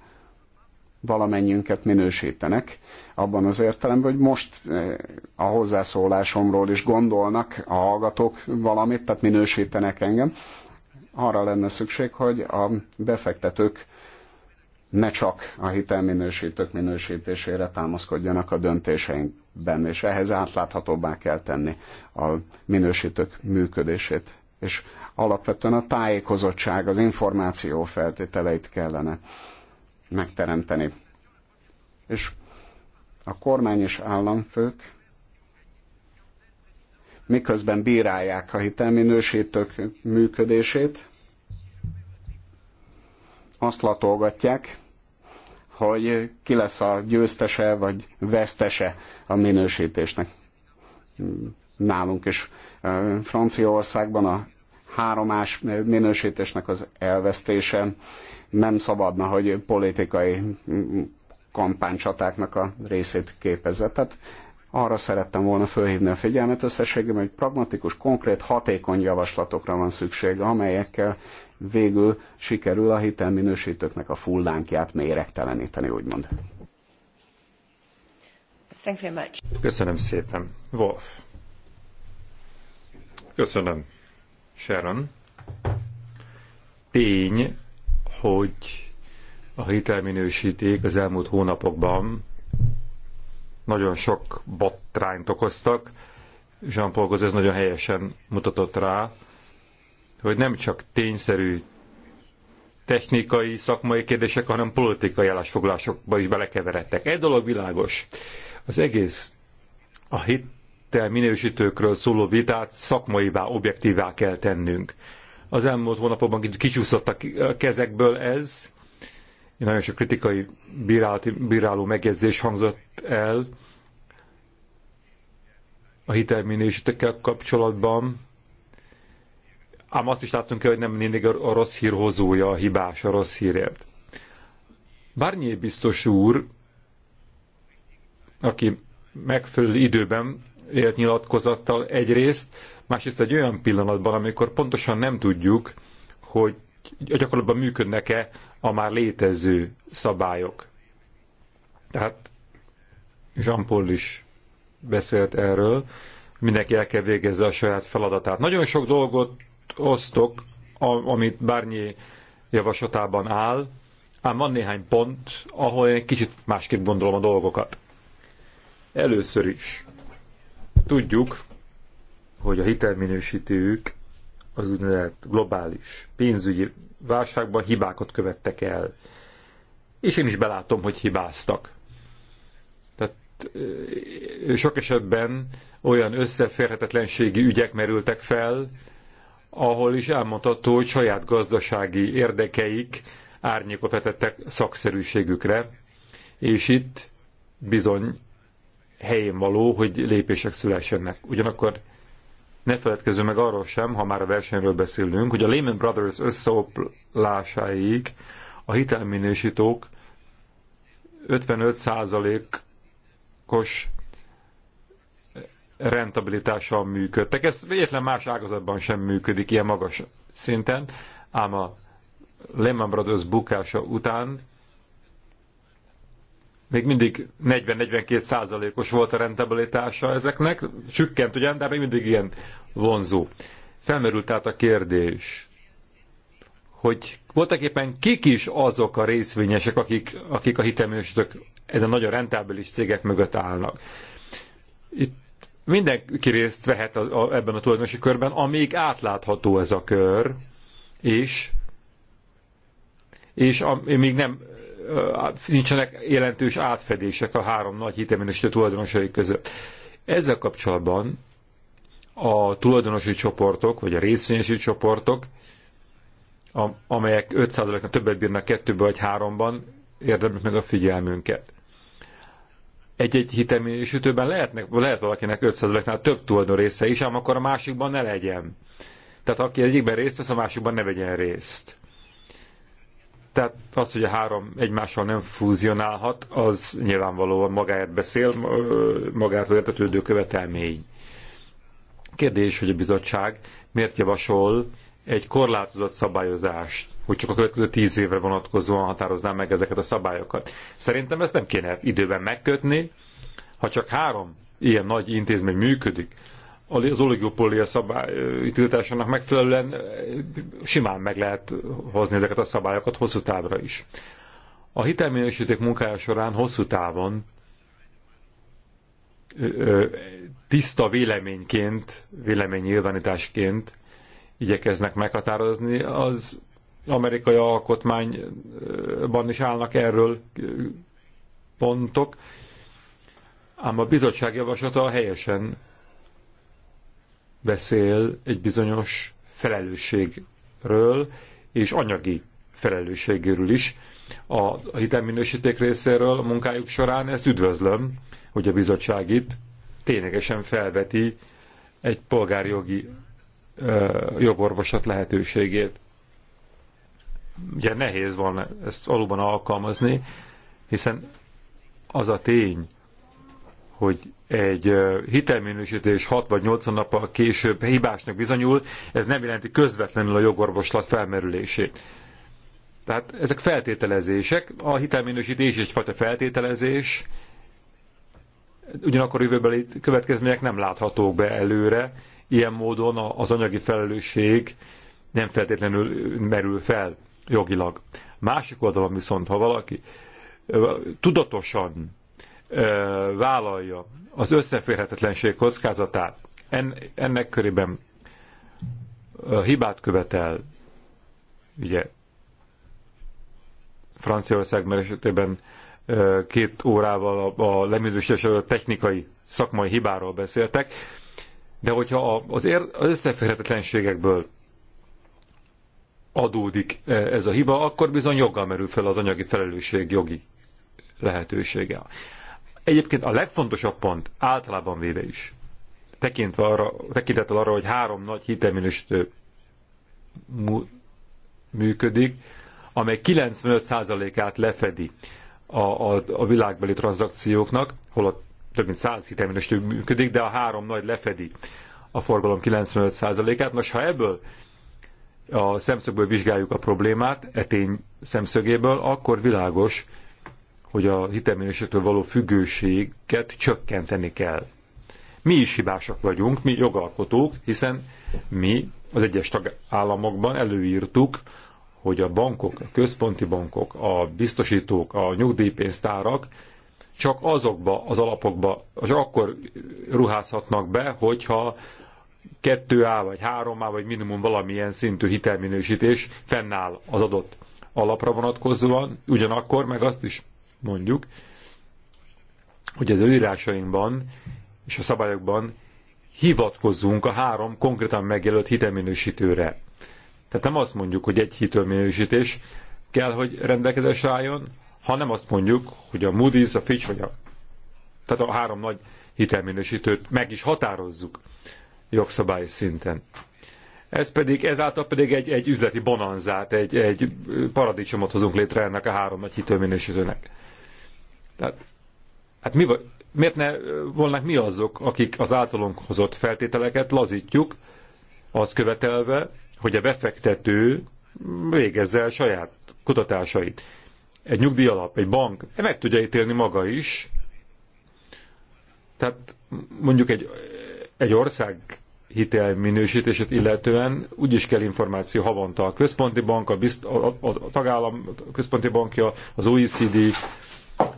valamennyünket minősítenek, abban az értelemben, hogy most eh, a hozzászólásomról is gondolnak a hallgatók valamit, tehát minősítenek engem. Arra lenne szükség, hogy a befektetők ne csak a hitelminősítők minősítésére támaszkodjanak a döntéseink benne, és ehhez átláthatóbbá kell tenni a minősítők működését. És alapvetően a tájékozottság, az információ feltételeit kellene megteremteni. És a kormány és államfők miközben bírálják a hitelminősítők működését, azt latolgatják, hogy ki lesz a győztese vagy vesztese a minősítésnek. Nálunk is Franciaországban a háromás minősítésnek az elvesztése nem szabadna, hogy politikai kampánycsatáknak a részét képezze. Tehát arra szerettem volna fölhívni a figyelmet összességében, hogy pragmatikus, konkrét, hatékony javaslatokra van szükség, amelyekkel végül sikerül a hitelminősítőknek a fullánkját méregteleníteni, úgymond. Thank you very much. Köszönöm szépen. Wolf. Köszönöm. Sharon. Tény, hogy a hitelminősíték az elmúlt hónapokban nagyon sok botrányt okoztak. Jean-Paul ez nagyon helyesen mutatott rá, hogy nem csak tényszerű technikai, szakmai kérdések, hanem politikai állásfoglásokba is belekeveredtek. Egy dolog világos. Az egész a hittel minősítőkről szóló vitát szakmaivá, objektívá kell tennünk. Az elmúlt hónapokban kicsúszott a kezekből ez, nagyon sok kritikai bírálati, bíráló megjegyzés hangzott el a hitelminősítekkel kapcsolatban, ám azt is láttunk el, hogy nem mindig a rossz hír hozója a hibás a rossz hírért. Bárnyi biztos úr, aki megfelelő időben élt nyilatkozattal egyrészt, másrészt egy olyan pillanatban, amikor pontosan nem tudjuk, hogy gyakorlatban működnek-e a már létező szabályok. Tehát Jean-Paul is beszélt erről, mindenki el kell végezze a saját feladatát. Nagyon sok dolgot osztok, amit Bárnyi javaslatában áll, ám van néhány pont, ahol én kicsit másképp gondolom a dolgokat. Először is tudjuk, hogy a hitelminősítők az úgynevezett globális pénzügyi válságban hibákat követtek el. És én is belátom, hogy hibáztak. Tehát sok esetben olyan összeférhetetlenségi ügyek merültek fel, ahol is elmondható, hogy saját gazdasági érdekeik árnyékot vetettek szakszerűségükre, és itt bizony helyén való, hogy lépések szülessenek. Ugyanakkor ne feledkezzünk meg arról sem, ha már a versenyről beszélünk, hogy a Lehman Brothers összeoplásáig a hitelminősítők 55%-os rentabilitással működtek. Ez egyetlen más ágazatban sem működik ilyen magas szinten, ám a Lehman Brothers bukása után még mindig 40-42 százalékos volt a rentabilitása ezeknek, csükkent ugyan, de még mindig ilyen vonzó. Felmerült tehát a kérdés, hogy voltak éppen kik is azok a részvényesek, akik, akik a hitelműsítők ezen nagyon rentábilis cégek mögött állnak. Itt mindenki részt vehet a, a, ebben a tulajdonosi körben, amíg átlátható ez a kör, és, és amíg nem nincsenek jelentős átfedések a három nagy hitelminősítő tulajdonosai között. Ezzel kapcsolatban a tulajdonosi csoportok, vagy a részvényesi csoportok, amelyek 5%-nál többet bírnak kettőből vagy háromban, érdemlik meg a figyelmünket. Egy-egy hitelminősítőben lehetnek, lehet valakinek 5%-nál több tulajdon része is, ám akkor a másikban ne legyen. Tehát aki egyikben részt vesz, a másikban ne vegyen részt. Tehát az, hogy a három egymással nem fúzionálhat, az nyilvánvalóan magáért beszél, magától értetődő követelmény. Kérdés, hogy a bizottság miért javasol egy korlátozott szabályozást, hogy csak a következő tíz évre vonatkozóan határozná meg ezeket a szabályokat. Szerintem ezt nem kéne időben megkötni, ha csak három ilyen nagy intézmény működik, az oligopólia szabály tiltásának megfelelően simán meg lehet hozni ezeket a szabályokat hosszú távra is. A hitelminősíték munkája során hosszú távon tiszta véleményként, véleménynyilvánításként igyekeznek meghatározni, az amerikai alkotmányban is állnak erről pontok, ám a bizottság javaslata helyesen beszél egy bizonyos felelősségről és anyagi felelősségéről is a hitelminősíték részéről a munkájuk során. Ezt üdvözlöm, hogy a bizottság itt ténylegesen felveti egy polgárjogi ö, jogorvoslat lehetőségét. Ugye nehéz van ezt valóban alkalmazni, hiszen az a tény, hogy egy hitelminősítés 6 vagy 80 nappal később hibásnak bizonyul, ez nem jelenti közvetlenül a jogorvoslat felmerülését. Tehát ezek feltételezések, a hitelminősítés is egyfajta feltételezés, ugyanakkor jövőbeli következmények nem láthatók be előre, ilyen módon az anyagi felelősség nem feltétlenül merül fel jogilag. Másik oldalon viszont, ha valaki tudatosan vállalja az összeférhetetlenség kockázatát, ennek körében hibát követel, ugye Franciaország mert esetében két órával a, a technikai, szakmai hibáról beszéltek, de hogyha az, ér, az összeférhetetlenségekből adódik ez a hiba, akkor bizony joggal merül fel az anyagi felelősség jogi lehetősége. Egyébként a legfontosabb pont általában véve is, tekintve arra, tekintettel arra, hogy három nagy hitelminősítő működik, amely 95%-át lefedi a, a, a világbeli tranzakcióknak, holott több mint 100 hitelminősítő működik, de a három nagy lefedi a forgalom 95%-át. Nos, ha ebből a szemszögből vizsgáljuk a problémát, etény szemszögéből, akkor világos, hogy a hitelminősítőtől való függőséget csökkenteni kell. Mi is hibásak vagyunk, mi jogalkotók, hiszen mi az egyes tagállamokban előírtuk, hogy a bankok, a központi bankok, a biztosítók, a nyugdíjpénztárak csak azokba az alapokba, csak akkor ruházhatnak be, hogyha 2A vagy 3A vagy minimum valamilyen szintű hitelminősítés fennáll az adott alapra vonatkozóan, ugyanakkor meg azt is mondjuk, hogy az írásainkban és a szabályokban hivatkozzunk a három konkrétan megjelölt hitelminősítőre. Tehát nem azt mondjuk, hogy egy hitelminősítés kell, hogy rendelkezésre álljon, hanem azt mondjuk, hogy a Moody's, a Fitch vagy a... Tehát a három nagy hitelminősítőt meg is határozzuk jogszabály szinten. Ez pedig, ezáltal pedig egy, egy üzleti bonanzát, egy, egy paradicsomot hozunk létre ennek a három nagy hitelminősítőnek. Tehát, hát mi, miért ne volnak mi azok, akik az általunk hozott feltételeket lazítjuk, az követelve, hogy a befektető végezze el saját kutatásait. Egy nyugdíjalap, egy bank, e meg tudja ítélni maga is. Tehát mondjuk egy, egy ország hitel minősítését illetően úgy is kell információ havonta. A központi bank, a, bizt, a, a, a tagállam a központi bankja, az OECD,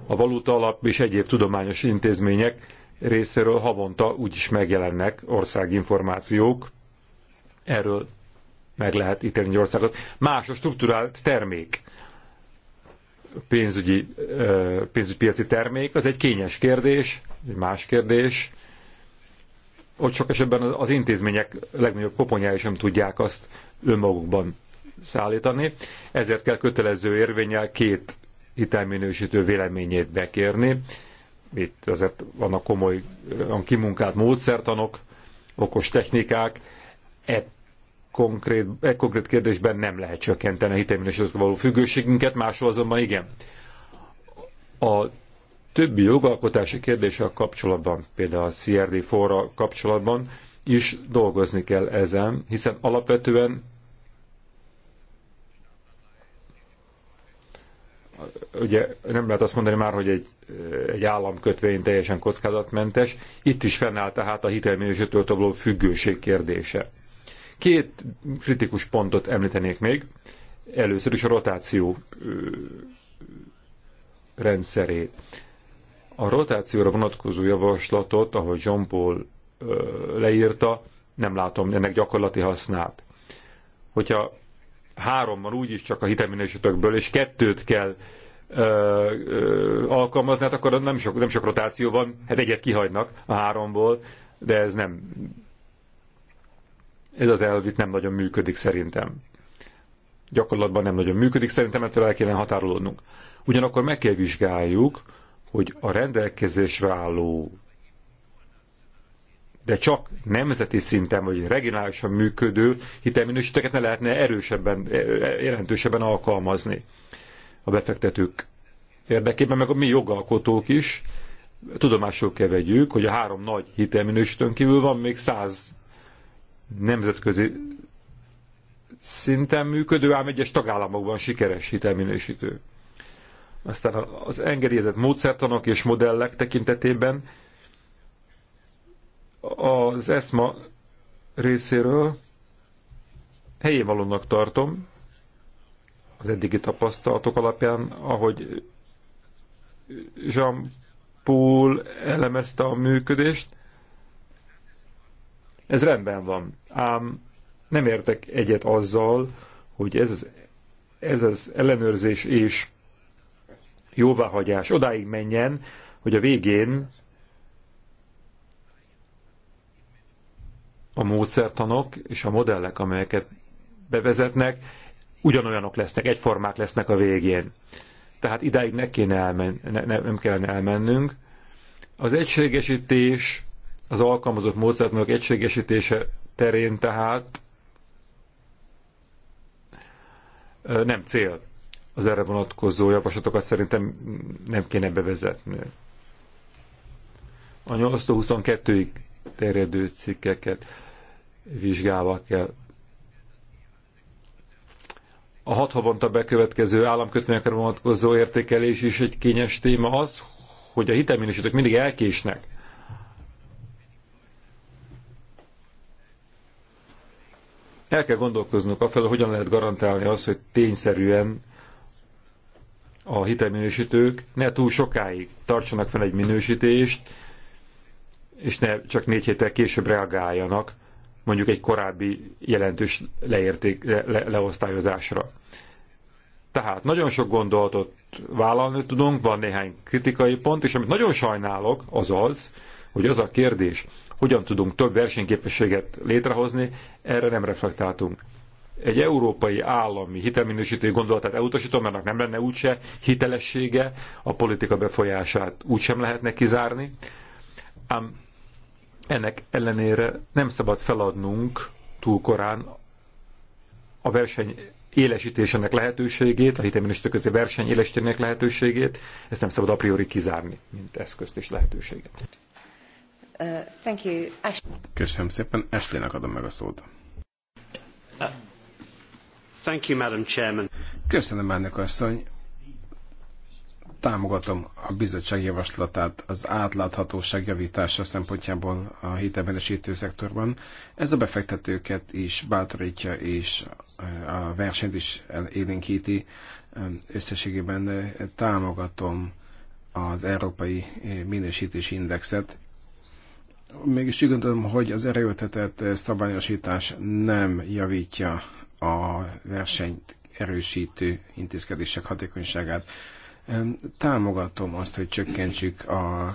a valuta alap és egyéb tudományos intézmények részéről havonta úgyis megjelennek országinformációk. Erről meg lehet ítélni egy országot. Más a struktúrált termék, pénzügyi, pénzügyi piaci termék, az egy kényes kérdés, egy más kérdés. Ott sok esetben az intézmények legnagyobb koponyája sem tudják azt önmagukban szállítani. Ezért kell kötelező érvényel két hitelminősítő véleményét bekérni. Itt azért vannak komoly kimunkált módszertanok, okos technikák. E konkrét, e konkrét kérdésben nem lehet csökkenteni a hitelminősítőkkel való függőségünket, máshol azonban igen. A többi jogalkotási kérdéssel kapcsolatban, például a CRD forra kapcsolatban is dolgozni kell ezen, hiszen alapvetően ugye nem lehet azt mondani már, hogy egy, egy államkötvény teljesen kockázatmentes. Itt is fennáll tehát a hitelminősítőtől való függőség kérdése. Két kritikus pontot említenék még. Először is a rotáció rendszerét. A rotációra vonatkozó javaslatot, ahogy John Paul leírta, nem látom ennek gyakorlati hasznát. Hogyha három van úgyis csak a hitelminősítőkből, és kettőt kell ö, ö, alkalmazni, hát akkor nem sok, nem sok rotáció van, hát egyet kihagynak a háromból, de ez nem... Ez az elvit nem nagyon működik szerintem. Gyakorlatban nem nagyon működik, szerintem ettől el kéne határolódnunk. Ugyanakkor meg kell vizsgáljuk, hogy a rendelkezésre álló de csak nemzeti szinten vagy regionálisan működő hitelminősítőket ne lehetne erősebben, e, e, jelentősebben alkalmazni a befektetők érdekében, meg a mi jogalkotók is. Tudomásul kell vegyük, hogy a három nagy hitelminősítőn kívül van még száz nemzetközi szinten működő, ám egyes tagállamokban sikeres hitelminősítő. Aztán az engedélyezett módszertanok és modellek tekintetében az ESMA részéről helyén valónak tartom, az eddigi tapasztalatok alapján, ahogy Jean Paul elemezte a működést, ez rendben van, ám nem értek egyet azzal, hogy ez az, ez az ellenőrzés és jóváhagyás odáig menjen, hogy a végén a módszertanok és a modellek, amelyeket bevezetnek, ugyanolyanok lesznek, egyformák lesznek a végén. Tehát idáig ne kéne elmen, ne, nem kellene elmennünk. Az egységesítés, az alkalmazott módszertanok egységesítése terén tehát nem cél. Az erre vonatkozó javaslatokat szerintem nem kéne bevezetni. A 8-22-ig terjedő cikkeket vizsgálva kell. A hat havonta bekövetkező államkötvényekre vonatkozó értékelés is egy kényes téma az, hogy a hitelminősítők mindig elkésnek. El kell gondolkoznunk afelől, hogyan lehet garantálni azt, hogy tényszerűen a hitelminősítők ne túl sokáig tartsanak fel egy minősítést, és ne csak négy héttel később reagáljanak mondjuk egy korábbi jelentős leérték, le, leosztályozásra. Tehát nagyon sok gondolatot vállalni tudunk, van néhány kritikai pont, és amit nagyon sajnálok, az az, hogy az a kérdés, hogyan tudunk több versenyképességet létrehozni, erre nem reflektáltunk. Egy európai állami hitelminősítő gondolatát elutasítom, mert nem lenne úgyse hitelessége, a politika befolyását úgysem lehetne kizárni, ám ennek ellenére nem szabad feladnunk túl korán a verseny élesítésének lehetőségét, a hitelminiszter közé verseny élesítésének lehetőségét, ezt nem szabad a priori kizárni, mint eszközt és lehetőséget. Uh, thank you. Köszönöm szépen. Ashley-nek adom meg a szót. Uh, thank you, Madam Chairman. Köszönöm, elnök asszony. Támogatom a bizottság javaslatát az átláthatóság javítása szempontjából a hitelbenesítő szektorban. Ez a befektetőket is bátorítja, és eh, a versenyt is élénkíti. Összességében eh, támogatom az Európai eh, Minősítési Indexet. Mégis úgy gondolom, hogy az erőltetett szabályosítás nem javítja a versenyt erősítő intézkedések hatékonyságát. Támogatom azt, hogy csökkentsük a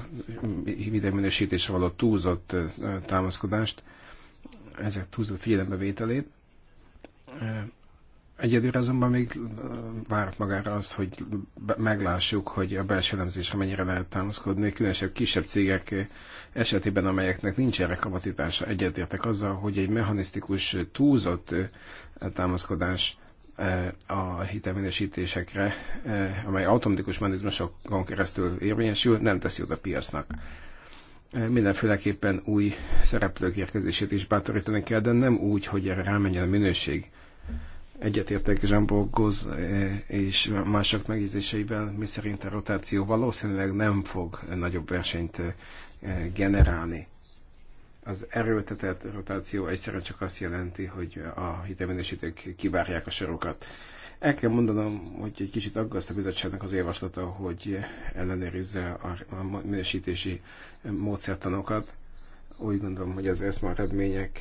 hidegminősítésre való túlzott támaszkodást, ezek túlzott figyelembevételét. Egyedül azonban még várt magára az, hogy meglássuk, hogy a belső elemzésre mennyire lehet támaszkodni, különösebb kisebb cégek esetében, amelyeknek nincs erre kapacitása, egyetértek azzal, hogy egy mechanisztikus, túlzott támaszkodás a hitelminősítésekre, eh, amely automatikus mechanizmusokon keresztül érvényesül, nem teszi jót a piacnak. Eh, mindenféleképpen új szereplők érkezését is bátorítani kell, de nem úgy, hogy erre rámenjen a minőség. Egyetértek Jean eh, és mások mi miszerint a rotáció valószínűleg nem fog nagyobb versenyt generálni az erőltetett rotáció egyszerűen csak azt jelenti, hogy a hitelminősítők kivárják a sorokat. El kell mondanom, hogy egy kicsit aggaszt a bizottságnak az javaslata, hogy ellenőrizze a minősítési módszertanokat. Úgy gondolom, hogy az ESMA eredmények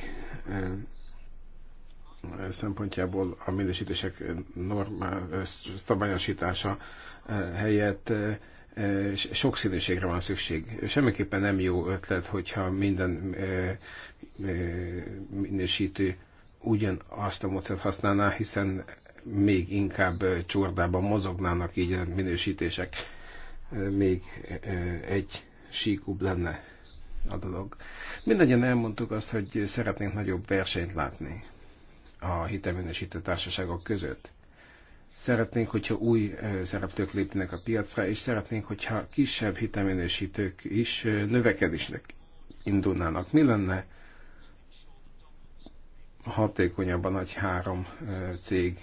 eh, szempontjából a minősítések normál eh, szabályosítása eh, helyett sokszínűségre van szükség. Semmiképpen nem jó ötlet, hogyha minden minősítő ugyanazt a módszert használná, hiszen még inkább csordában mozognának így a minősítések. Még egy síkúbb lenne a dolog. Mindannyian elmondtuk azt, hogy szeretnénk nagyobb versenyt látni a hitelminősítő társaságok között Szeretnénk, hogyha új szereplők lépnek a piacra, és szeretnénk, hogyha kisebb hitelminősítők is növekedésnek indulnának. Mi lenne hatékonyabb a nagy három cég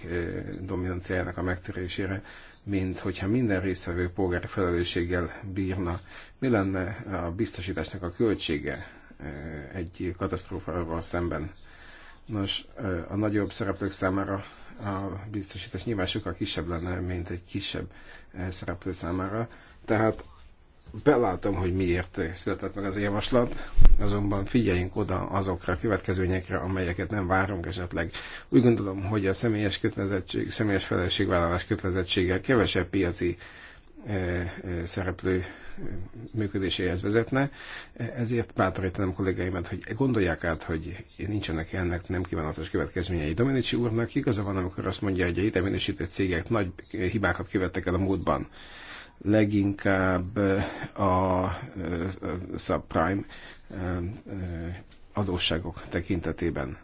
dominanciájának a megtörésére, mint hogyha minden részvevő polgári felelősséggel bírna. Mi lenne a biztosításnak a költsége egy katasztrófával szemben? Nos, a nagyobb szereplők számára a biztosítás nyilván sokkal kisebb lenne, mint egy kisebb eh, szereplő számára. Tehát belátom, hogy miért született meg az javaslat, azonban figyeljünk oda azokra a következményekre, amelyeket nem várunk esetleg. Úgy gondolom, hogy a személyes kötelezettség, személyes felelősségvállalás kötelezettséggel kevesebb piaci E, e, szereplő e, működéséhez vezetne. Ezért bátorítanám kollégáimat, hogy gondolják át, hogy nincsenek ennek nem kívánatos következményei. Dominici úrnak igaza van, amikor azt mondja, hogy a ideminősített cégek nagy hibákat követtek el a múltban. Leginkább a subprime adósságok tekintetében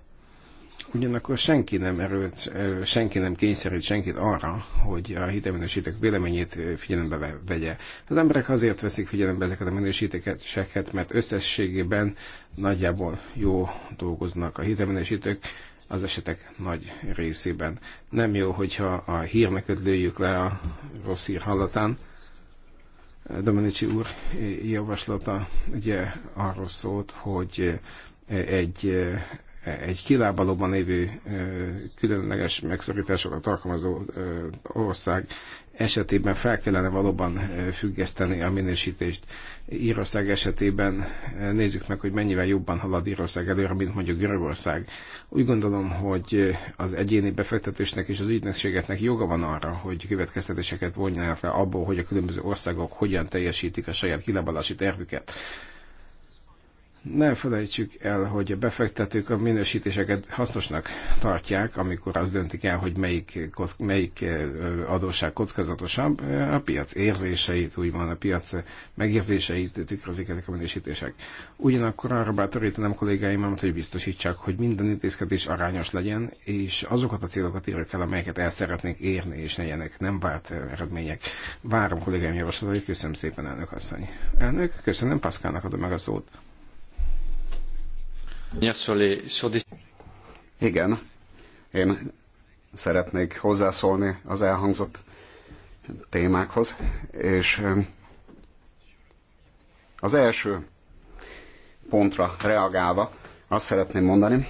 Ugyanakkor senki nem erőlt, senki nem kényszerít senkit arra, hogy a hitelminősítők véleményét figyelembe vegye. Az emberek azért veszik figyelembe ezeket a minősítéket, mert összességében nagyjából jó dolgoznak a hitelminősítők, az esetek nagy részében. Nem jó, hogyha a hírnököt lőjük le a rossz hír hallatán. Domenici úr javaslata ugye arról szólt, hogy egy egy kilábalóban lévő különleges megszakításokat alkalmazó ország esetében fel kellene valóban függeszteni a minősítést. Írország esetében nézzük meg, hogy mennyivel jobban halad Írország előre, mint mondjuk Görögország. Úgy gondolom, hogy az egyéni befektetésnek és az ügynökségetnek joga van arra, hogy következtetéseket vonjanak le abból, hogy a különböző országok hogyan teljesítik a saját kilábalási tervüket ne felejtsük el, hogy a befektetők a minősítéseket hasznosnak tartják, amikor azt döntik el, hogy melyik, melyik adósság kockázatosabb, a piac érzéseit, úgymond a piac megérzéseit tükrözik ezek a minősítések. Ugyanakkor arra bátorítanám kollégáimat, hogy biztosítsák, hogy minden intézkedés arányos legyen, és azokat a célokat írjuk el, amelyeket el szeretnék érni, és legyenek nem várt eredmények. Várom kollégáim javaslatait, köszönöm szépen, elnök asszony. Elnök, köszönöm, Paszkának adom meg a szót. Igen, én szeretnék hozzászólni az elhangzott témákhoz, és az első pontra reagálva azt szeretném mondani,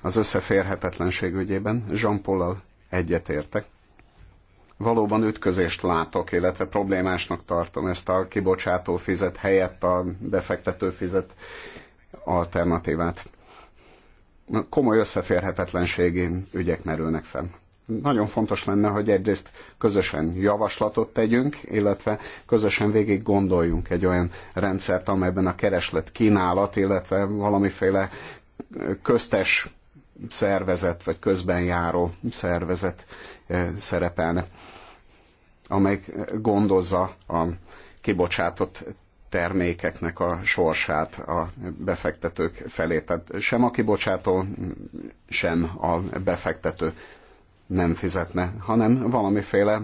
az összeférhetetlenség ügyében jean egyetértek. Valóban ütközést látok, illetve problémásnak tartom ezt a kibocsátó fizet helyett a befektető fizet alternatívát. Komoly összeférhetetlenségi ügyek merülnek fel. Nagyon fontos lenne, hogy egyrészt közösen javaslatot tegyünk, illetve közösen végig gondoljunk egy olyan rendszert, amelyben a kereslet kínálat, illetve valamiféle köztes szervezet, vagy közben járó szervezet eh, szerepelne, amely gondozza a kibocsátott termékeknek a sorsát a befektetők felé. Tehát sem a kibocsátó, sem a befektető nem fizetne, hanem valamiféle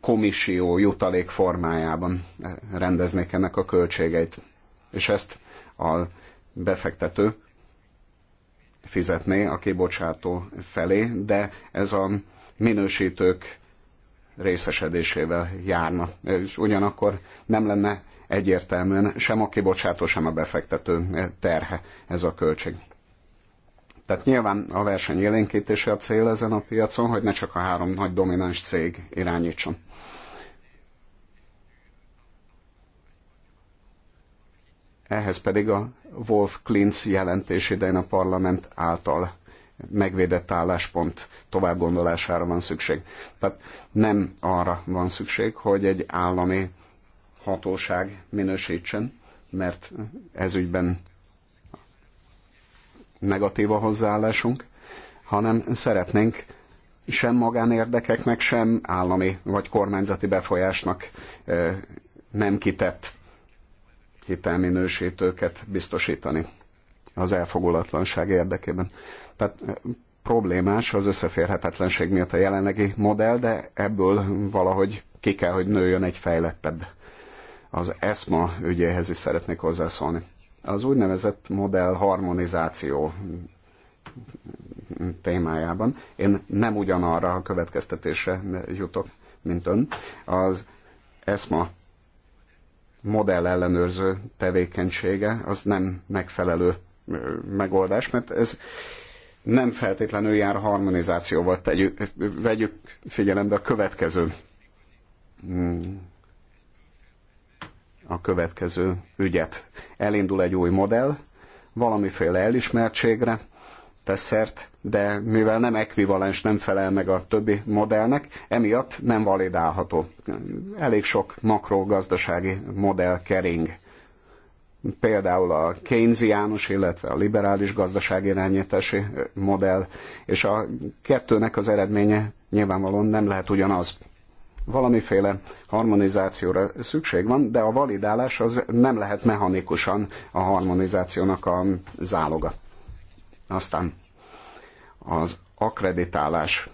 komissió jutalék formájában rendeznék ennek a költségeit. És ezt a befektető fizetné a kibocsátó felé, de ez a minősítők részesedésével járna, és ugyanakkor nem lenne egyértelműen sem a kibocsátó, sem a befektető terhe ez a költség. Tehát nyilván a verseny élénkítése a cél ezen a piacon, hogy ne csak a három nagy domináns cég irányítson. Ehhez pedig a Wolf Klintz jelentés idején a parlament által megvédett álláspont gondolására van szükség. Tehát nem arra van szükség, hogy egy állami hatóság minősítsen, mert ez ügyben negatív a hozzáállásunk, hanem szeretnénk sem magánérdekeknek, sem állami vagy kormányzati befolyásnak nem kitett hitelminősítőket biztosítani az elfogulatlanság érdekében. Tehát problémás az összeférhetetlenség miatt a jelenlegi modell, de ebből valahogy ki kell, hogy nőjön egy fejlettebb. Az ESMA ügyéhez is szeretnék hozzászólni. Az úgynevezett modell harmonizáció témájában én nem ugyanarra a következtetésre jutok, mint ön. Az ESMA modell ellenőrző tevékenysége az nem megfelelő megoldás, mert ez nem feltétlenül jár harmonizációval. Tegyük, vegyük figyelembe a következő hmm. a következő ügyet. Elindul egy új modell, valamiféle elismertségre tesz szert, de mivel nem ekvivalens, nem felel meg a többi modellnek, emiatt nem validálható. Elég sok makrogazdasági modell kering például a keynesiánus, illetve a liberális gazdaságirányítási modell, és a kettőnek az eredménye nyilvánvalóan nem lehet ugyanaz. Valamiféle harmonizációra szükség van, de a validálás az nem lehet mechanikusan a harmonizációnak a záloga. Aztán az akreditálás,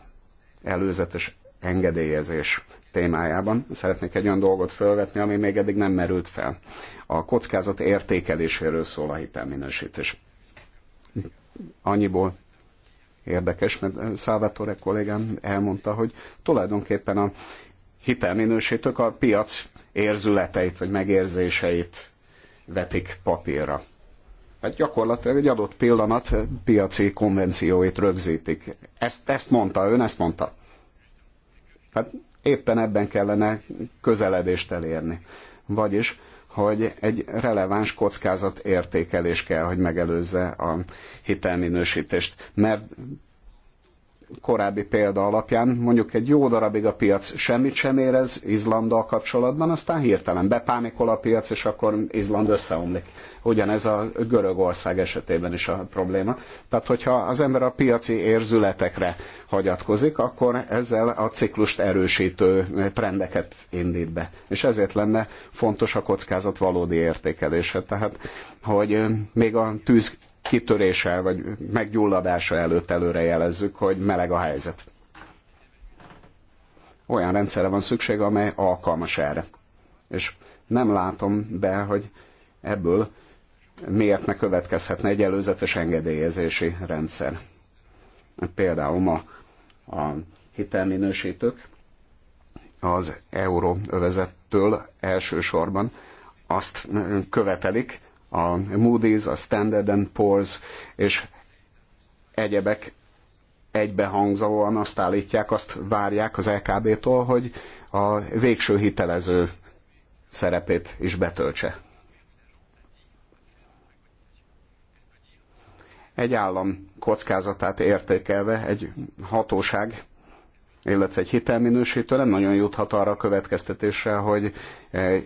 előzetes engedélyezés témájában szeretnék egy olyan dolgot felvetni, ami még eddig nem merült fel. A kockázat értékeléséről szól a hitelminősítés. Annyiból érdekes, mert Salvatore kollégám elmondta, hogy tulajdonképpen a hitelminősítők a piac érzületeit vagy megérzéseit vetik papírra. Hát gyakorlatilag egy adott pillanat piaci konvencióit rögzítik. Ezt, ezt mondta, ön ezt mondta. Hát éppen ebben kellene közeledést elérni. Vagyis, hogy egy releváns értékelés kell, hogy megelőzze a hitelminősítést. Mert korábbi példa alapján mondjuk egy jó darabig a piac semmit sem érez Izlanddal kapcsolatban, aztán hirtelen bepánikol a piac, és akkor Izland összeomlik. Ugyanez a Görögország esetében is a probléma. Tehát, hogyha az ember a piaci érzületekre hagyatkozik, akkor ezzel a ciklust erősítő trendeket indít be. És ezért lenne fontos a kockázat valódi értékelése. Tehát, hogy még a tűz kitörése vagy meggyulladása előtt előre jelezzük, hogy meleg a helyzet. Olyan rendszerre van szükség, amely alkalmas erre. És nem látom be, hogy ebből miért ne következhetne egy előzetes engedélyezési rendszer. Például ma a hitelminősítők az euróövezettől elsősorban azt követelik, a Moody's, a Standard Poor's és egyebek egybehangzóan azt állítják, azt várják az LKB-tól, hogy a végső hitelező szerepét is betöltse. Egy állam kockázatát értékelve egy hatóság, illetve egy hitelminősítő nem nagyon juthat arra a következtetésre, hogy eh,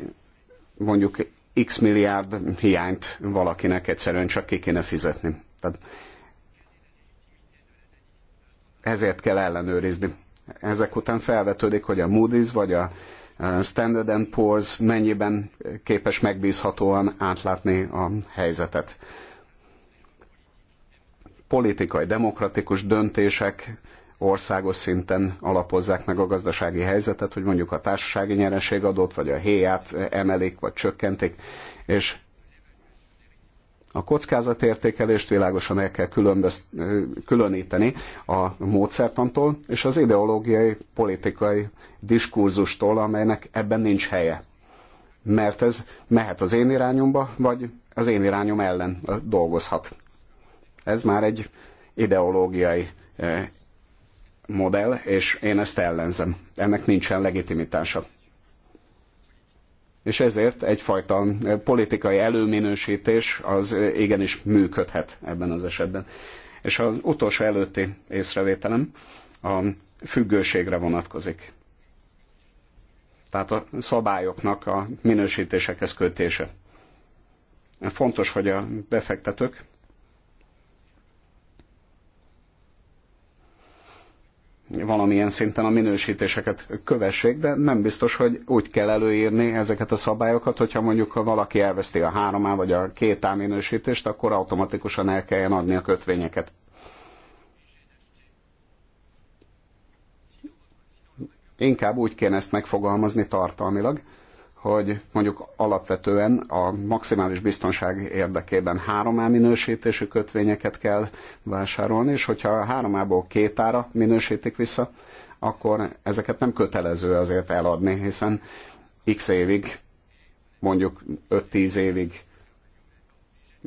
mondjuk x milliárd hiányt valakinek egyszerűen csak ki kéne fizetni. Tehát ezért kell ellenőrizni. Ezek után felvetődik, hogy a Moody's vagy a Standard Poor's mennyiben képes megbízhatóan átlátni a helyzetet. Politikai, demokratikus döntések országos szinten alapozzák meg a gazdasági helyzetet, hogy mondjuk a társasági nyereségadót, vagy a héját emelik, vagy csökkentik, és a kockázatértékelést világosan el kell különböz, különíteni a módszertantól és az ideológiai, politikai diskurzustól, amelynek ebben nincs helye. Mert ez mehet az én irányomba, vagy az én irányom ellen dolgozhat. Ez már egy ideológiai eh, modell, és én ezt ellenzem. Ennek nincsen legitimitása. És ezért egyfajta eh, politikai előminősítés az eh, igenis működhet ebben az esetben. És az utolsó előtti észrevételem a függőségre vonatkozik. Tehát a szabályoknak a minősítésekhez kötése. Fontos, hogy a befektetők valamilyen szinten a minősítéseket kövessék, de nem biztos, hogy úgy kell előírni ezeket a szabályokat, hogyha mondjuk ha valaki elveszti a 3A vagy a 2A minősítést, akkor automatikusan el kelljen adni a kötvényeket. Inkább úgy kéne ezt megfogalmazni tartalmilag, hogy mondjuk alapvetően a maximális biztonság érdekében 3A minősítésű kötvényeket kell vásárolni, és hogyha a 3A-ból 2 minősítik vissza, akkor ezeket nem kötelező azért eladni, hiszen x évig, mondjuk 5-10 évig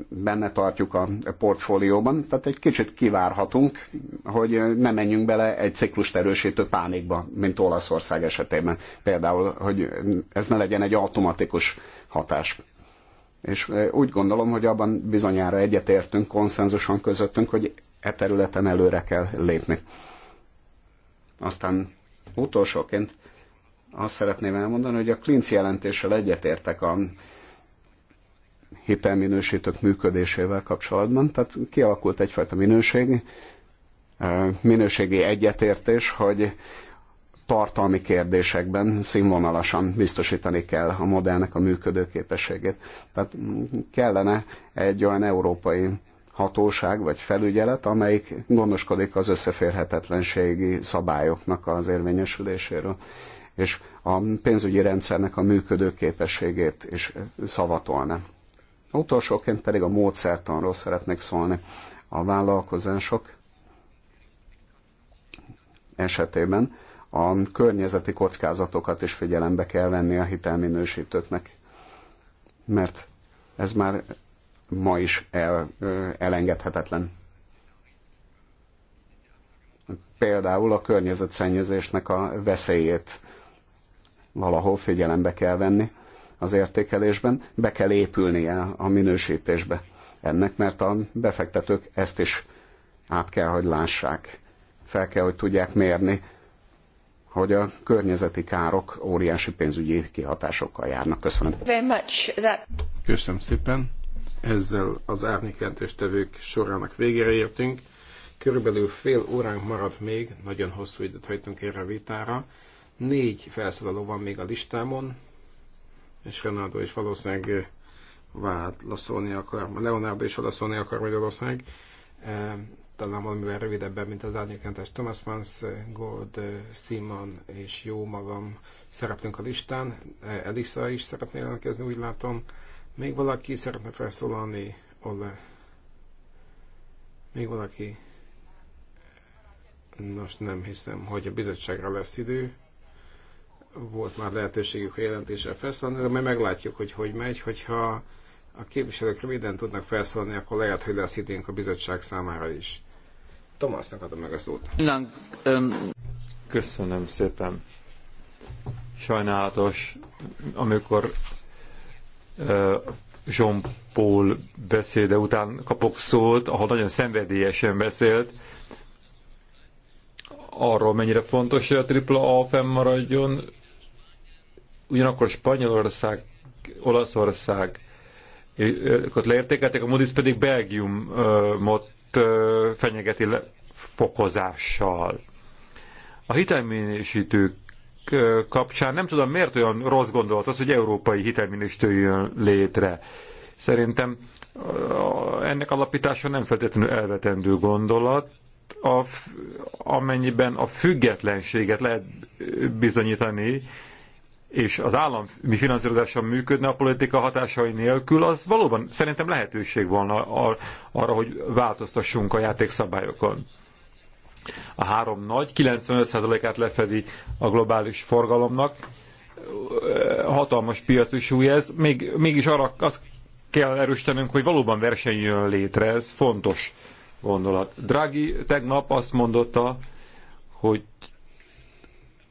benne tartjuk a portfólióban, tehát egy kicsit kivárhatunk, hogy ne menjünk bele egy ciklust erősítő pánikba, mint Olaszország esetében. Például, hogy ez ne legyen egy automatikus hatás. És e, úgy gondolom, hogy abban bizonyára egyetértünk, konszenzuson közöttünk, hogy e területen előre kell lépni. Aztán utolsóként azt szeretném elmondani, hogy a Klinc jelentéssel egyetértek a hitelminősítők működésével kapcsolatban. Tehát kialakult egyfajta minőség, eh, minőségi egyetértés, hogy tartalmi kérdésekben színvonalasan biztosítani kell a modellnek a működőképességét. Tehát kellene egy olyan európai hatóság vagy felügyelet, amelyik gondoskodik az összeférhetetlenségi szabályoknak az érvényesüléséről, és a pénzügyi rendszernek a működőképességét is szavatolna. Utolsóként pedig a módszertanról szeretnék szólni. A vállalkozások esetében a környezeti kockázatokat is figyelembe kell venni a hitelminősítőknek, mert ez már ma is el, elengedhetetlen. Például a környezetszennyezésnek a veszélyét valahol figyelembe kell venni, az értékelésben, be kell épülnie a minősítésbe ennek, mert a befektetők ezt is át kell, hogy lássák. Fel kell, hogy tudják mérni, hogy a környezeti károk óriási pénzügyi kihatásokkal járnak. Köszönöm. Köszönöm szépen. Ezzel az tevők sorának végére értünk. Körülbelül fél óránk marad még, nagyon hosszú időt hagytunk erre a vitára. Négy felszólaló van még a listámon, és Ronaldo is valószínűleg válaszolni akar, Leonardo is válaszolni akar Magyarország, talán valamivel rövidebben, mint az árnyékentes Thomas Mans, Gold, Simon és jó magam szereplünk a listán. Elisa is szeretné jelentkezni, úgy látom. Még valaki szeretne felszólalni, Olle? Még valaki? Nos, nem hiszem, hogy a bizottságra lesz idő volt már lehetőségük a jelentéssel felszólalni, de meglátjuk, hogy hogy megy, hogyha a képviselők röviden tudnak felszólalni, akkor lehet, hogy lesz idénk a bizottság számára is. Tomásznak adom meg a szót. Köszönöm szépen. Sajnálatos, amikor uh, Jean-Paul beszéde után kapok szót, ahol nagyon szenvedélyesen beszélt, arról mennyire fontos, hogy a tripla A fennmaradjon, Ugyanakkor Spanyolország, Olaszország, ott leértékelték, a Moody's pedig Belgiumot fenyegeti le, fokozással. A hitelminősítők kapcsán nem tudom, miért olyan rossz gondolat az, hogy európai hitelminősítő jön létre. Szerintem ennek alapítása nem feltétlenül elvetendő gondolat, amennyiben a függetlenséget lehet bizonyítani és az állami finanszírozással működne a politika hatásai nélkül, az valóban szerintem lehetőség volna arra, hogy változtassunk a játékszabályokon. A három nagy 95%-át lefedi a globális forgalomnak, hatalmas piaci súly ez, még, mégis arra azt kell erősítenünk, hogy valóban verseny jön létre, ez fontos gondolat. Draghi tegnap azt mondotta, hogy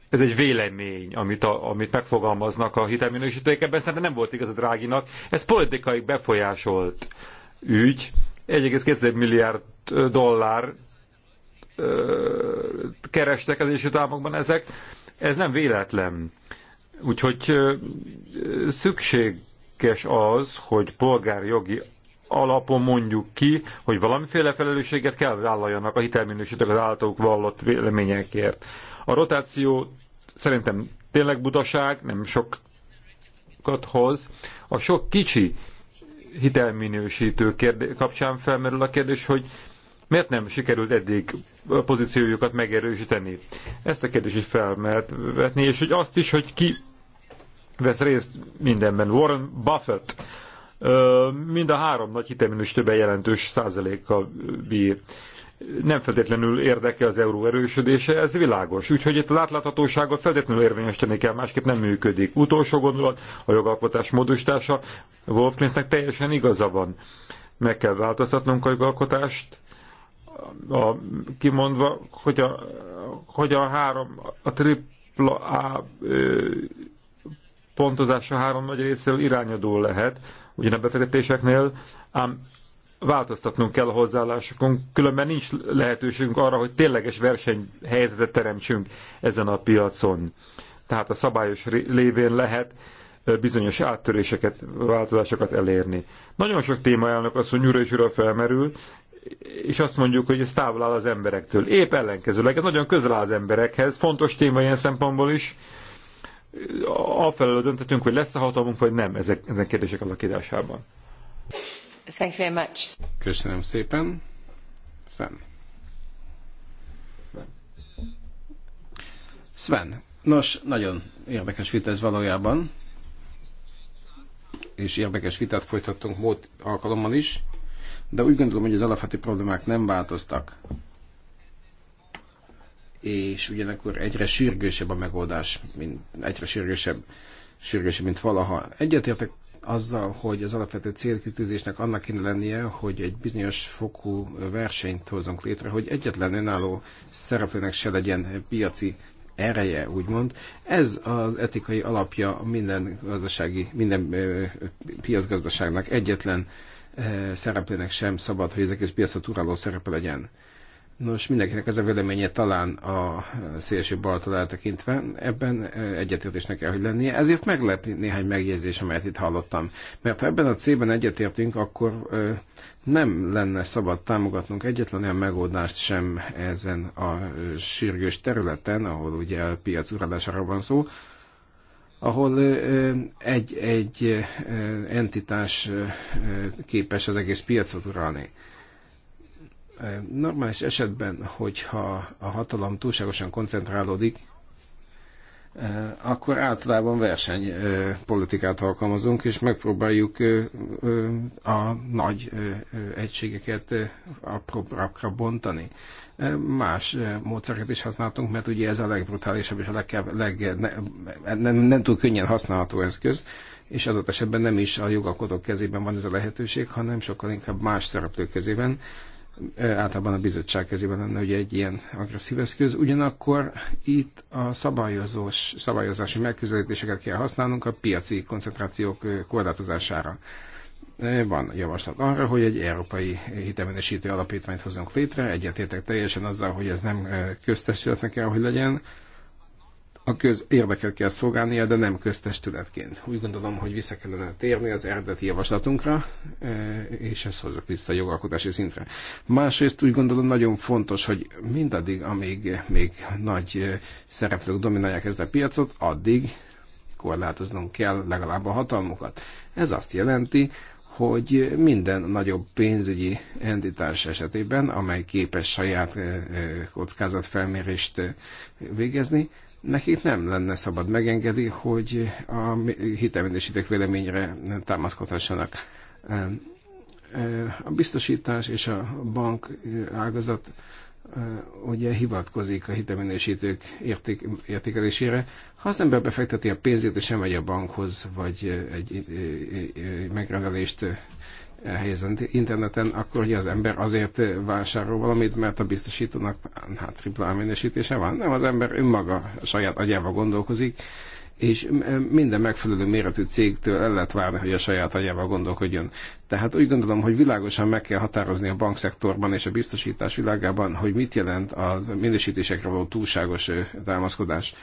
ez egy vélemény, amit, a, amit megfogalmaznak a hitelminősítők. Ebben szerintem nem volt igaz a Dráginak. Ez politikai befolyásolt ügy. 1,2 milliárd dollár kerestek az Egyesült ezek. Ez nem véletlen. Úgyhogy szükséges az, hogy polgárjogi alapon mondjuk ki, hogy valamiféle felelősséget kell vállaljanak a hitelminősítők az általuk vallott véleményekért. A rotáció szerintem tényleg budaság, nem sokat hoz. A sok kicsi hitelminősítő kérdé- kapcsán felmerül a kérdés, hogy miért nem sikerült eddig pozíciójukat megerősíteni. Ezt a kérdést is felmerhetni, és hogy azt is, hogy ki vesz részt mindenben. Warren Buffett mind a három nagy hitelminősítőben jelentős százalékkal bír nem feltétlenül érdeke az euró erősödése, ez világos. Úgyhogy itt a átláthatóságot feltétlenül érvényesíteni kell, másképp nem működik. Utolsó gondolat, a jogalkotás módosítása, Wolf Klinsznek teljesen igaza van. Meg kell változtatnunk a jogalkotást, a, kimondva, hogy a, hogy a három, a tripla A ö, pontozása három nagy részéről irányadó lehet, ugyan a befektetéseknél, ám változtatnunk kell a hozzáállásokon, különben nincs lehetőségünk arra, hogy tényleges versenyhelyzetet teremtsünk ezen a piacon. Tehát a szabályos lévén lehet bizonyos áttöréseket, változásokat elérni. Nagyon sok elnök az, hogy nyúra és ura felmerül, és azt mondjuk, hogy ez távol áll az emberektől. Épp ellenkezőleg, ez nagyon közel áll az emberekhez, fontos téma ilyen szempontból is. Afelől döntetünk, hogy lesz a hatalmunk, vagy nem ezek, ezen kérdések alakításában. Thank you very much. Köszönöm szépen. Sven. Sven. Sven. Nos, nagyon érdekes vita ez valójában. És érdekes vitát folytattunk múlt alkalommal is. De úgy gondolom, hogy az alapvető problémák nem változtak. És ugyanakkor egyre sürgősebb a megoldás, mint, egyre sürgősebb, sürgősebb, mint valaha. Egyetértek azzal, hogy az alapvető célkitűzésnek annak kéne lennie, hogy egy bizonyos fokú versenyt hozunk létre, hogy egyetlen önálló szereplőnek se legyen piaci ereje, úgymond. Ez az etikai alapja minden gazdasági, minden piacgazdaságnak egyetlen szereplőnek sem szabad, hogy ezek is piacot uraló szerepe legyen. Nos, mindenkinek ez a véleménye talán a szélső baltól eltekintve, ebben egyetértésnek kell, hogy lennie. Ezért meglep néhány megjegyzés, amelyet itt hallottam. Mert ha ebben a célben egyetértünk, akkor nem lenne szabad támogatnunk egyetlen olyan megoldást sem ezen a sürgős területen, ahol ugye a piac uradására van szó, ahol egy-egy entitás képes az egész piacot uralni Normális esetben, hogyha a hatalom túlságosan koncentrálódik, eh, akkor általában versenypolitikát eh, alkalmazunk, és megpróbáljuk eh, a nagy egységeket apróbbra bontani. Más módszereket is használtunk, mert ugye ez a legbrutálisabb és a legkebb, leg, ne, e, nem, nem túl könnyen használható eszköz, és adott esetben nem is a jogalkotók kezében van ez a lehetőség, hanem sokkal inkább más szereplők kezében, E, általában a bizottság kezében lenne ugye egy ilyen agresszív eszköz. Ugyanakkor itt a szabályozós, szabályozási megközelítéseket kell használnunk a piaci koncentrációk korlátozására. E, van javaslat arra, hogy egy európai hitelmenesítő alapítványt hozunk létre, egyetértek teljesen azzal, hogy ez nem köztesületnek kell, hogy legyen, a közérdeket kell szolgálnia, de nem köztestületként. Úgy gondolom, hogy vissza kellene térni az eredeti javaslatunkra, e, és ezt hozok vissza a jogalkotási szintre. Másrészt úgy gondolom nagyon fontos, hogy mindaddig, amíg még nagy e, szereplők dominálják ezt a piacot, addig korlátoznunk kell legalább a hatalmukat. Ez azt jelenti, hogy minden nagyobb pénzügyi entitás esetében, amely képes saját e, kockázatfelmérést végezni, nekik nem lenne szabad megengedni, hogy a hitelminősítők véleményre támaszkodhassanak. A biztosítás és a bank ágazat ugye hivatkozik a hitelminősítők érték, értékelésére. Ha az ember befekteti a pénzét, és nem megy a bankhoz, vagy egy, egy, egy megrendelést elhelyezen interneten, akkor hogy az ember azért vásárol valamit, mert a biztosítónak hát triplán minősítése van. Nem, az ember önmaga saját agyával gondolkozik, és minden megfelelő méretű cégtől el lehet várni, hogy a saját agyával gondolkodjon. Tehát úgy gondolom, hogy világosan meg kell határozni a bankszektorban és a biztosítás világában, hogy mit jelent a minősítésekre való túlságos támaszkodás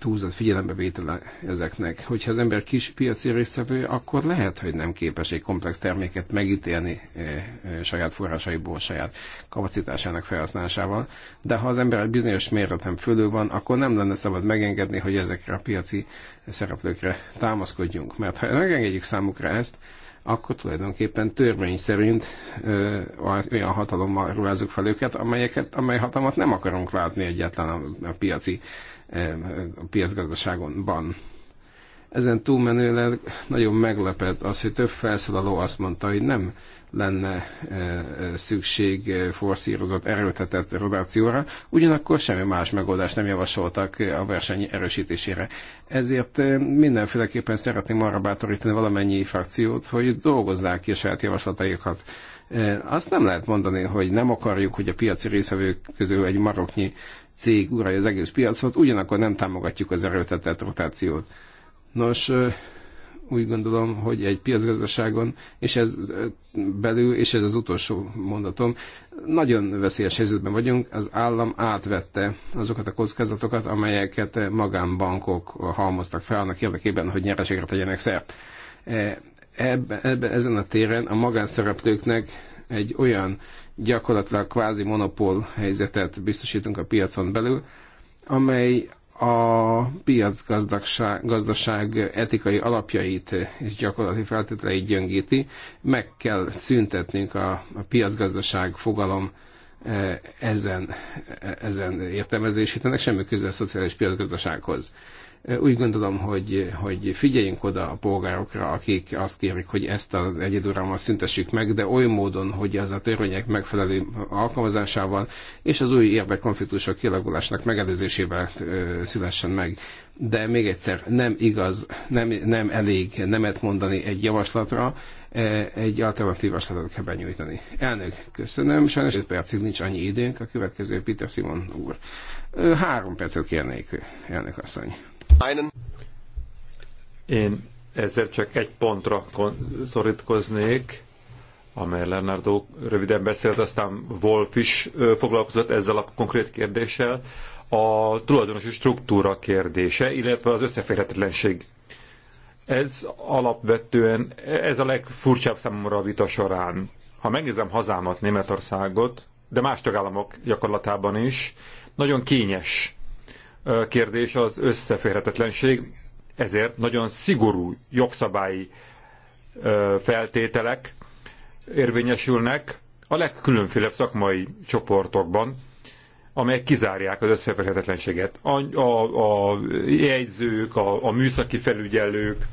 túlzott vétele ezeknek. Hogyha az ember kis piaci résztvevő, akkor lehet, hogy nem képes egy komplex terméket megítélni e, e, saját forrásaiból, saját kapacitásának felhasználásával, de ha az ember egy bizonyos méretem fölül van, akkor nem lenne szabad megengedni, hogy ezekre a piaci szereplőkre támaszkodjunk. Mert ha megengedjük számukra ezt, akkor tulajdonképpen törvény szerint ö, eh, olyan hatalommal ruházzuk fel őket, amelyeket, amely hatalmat nem akarunk látni egyáltalán a, a piaci a piacgazdaságonban. Ezen túlmenőleg nagyon meglepett az, hogy több felszólaló azt mondta, hogy nem lenne e, e, szükség forszírozott, erőltetett rotációra, ugyanakkor semmi más megoldást nem javasoltak a verseny erősítésére. Ezért e, mindenféleképpen szeretném arra bátorítani valamennyi frakciót, hogy dolgozzák ki a saját javaslataikat. Azt nem lehet mondani, hogy nem akarjuk, hogy a piaci részvevők közül egy maroknyi cég uralja az egész piacot, ugyanakkor nem támogatjuk az erőltetett rotációt. Nos, úgy gondolom, hogy egy piacgazdaságon, és ez belül, és ez az utolsó mondatom, nagyon veszélyes helyzetben vagyunk, az állam átvette azokat a kockázatokat, amelyeket magánbankok halmoztak fel annak érdekében, hogy nyereségre tegyenek szert. Ebben, ebben, ezen a téren a magánszereplőknek egy olyan gyakorlatilag kvázi monopól helyzetet biztosítunk a piacon belül, amely a piacgazdaság etikai alapjait és gyakorlati feltételeit gyöngíti. Meg kell szüntetnünk a, a piacgazdaság fogalom e, ezen, e, ezen értelmezését, ennek semmi köze a szociális piacgazdasághoz. Úgy gondolom, hogy, hogy figyeljünk oda a polgárokra, akik azt kérik, hogy ezt az egyeduralmat szüntessük meg, de oly módon, hogy az a törvények megfelelő alkalmazásával és az új érdekkonfliktusok kialakulásnak megelőzésével szülessen meg. De még egyszer, nem igaz, nem, nem elég nemet mondani egy javaslatra, egy alternatív javaslatot kell benyújtani. Elnök, köszönöm, sajnos 5 percig nincs annyi időnk, a következő Peter Simon úr. Három percet kérnék, elnök asszony. Én ezért csak egy pontra szorítkoznék, amely Leonardo röviden beszélt, aztán Wolf is foglalkozott ezzel a konkrét kérdéssel, a tulajdonosi struktúra kérdése, illetve az összeférhetetlenség. Ez alapvetően, ez a legfurcsább számomra a vita során. Ha megnézem hazámat, Németországot, de más tagállamok gyakorlatában is, nagyon kényes kérdés az összeférhetetlenség, ezért nagyon szigorú jogszabályi feltételek érvényesülnek a legkülönfélebb szakmai csoportokban, amelyek kizárják az összeférhetetlenséget. A, a, a jegyzők, a, a műszaki felügyelők,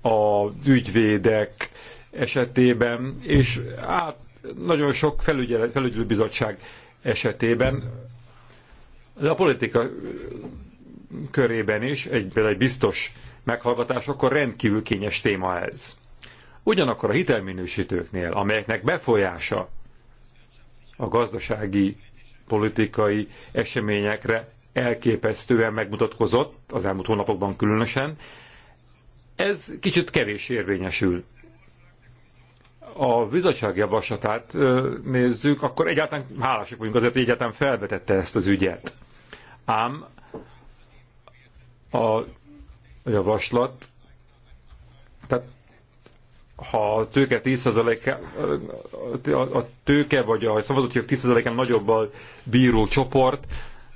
az ügyvédek esetében, és hát nagyon sok felügyelő bizottság esetében de a politika körében is, egy, például egy biztos meghallgatás, akkor rendkívül kényes téma ez. Ugyanakkor a hitelminősítőknél, amelyeknek befolyása a gazdasági, politikai eseményekre elképesztően megmutatkozott, az elmúlt hónapokban különösen, ez kicsit kevés érvényesül. A bizottság javaslatát nézzük, akkor egyáltalán hálásak vagyunk azért, hogy egyáltalán felvetette ezt az ügyet Ám a javaslat, tehát ha a tőke 10%-a, a tőke vagy a szavazottjog 10 en nagyobb a bíró csoport,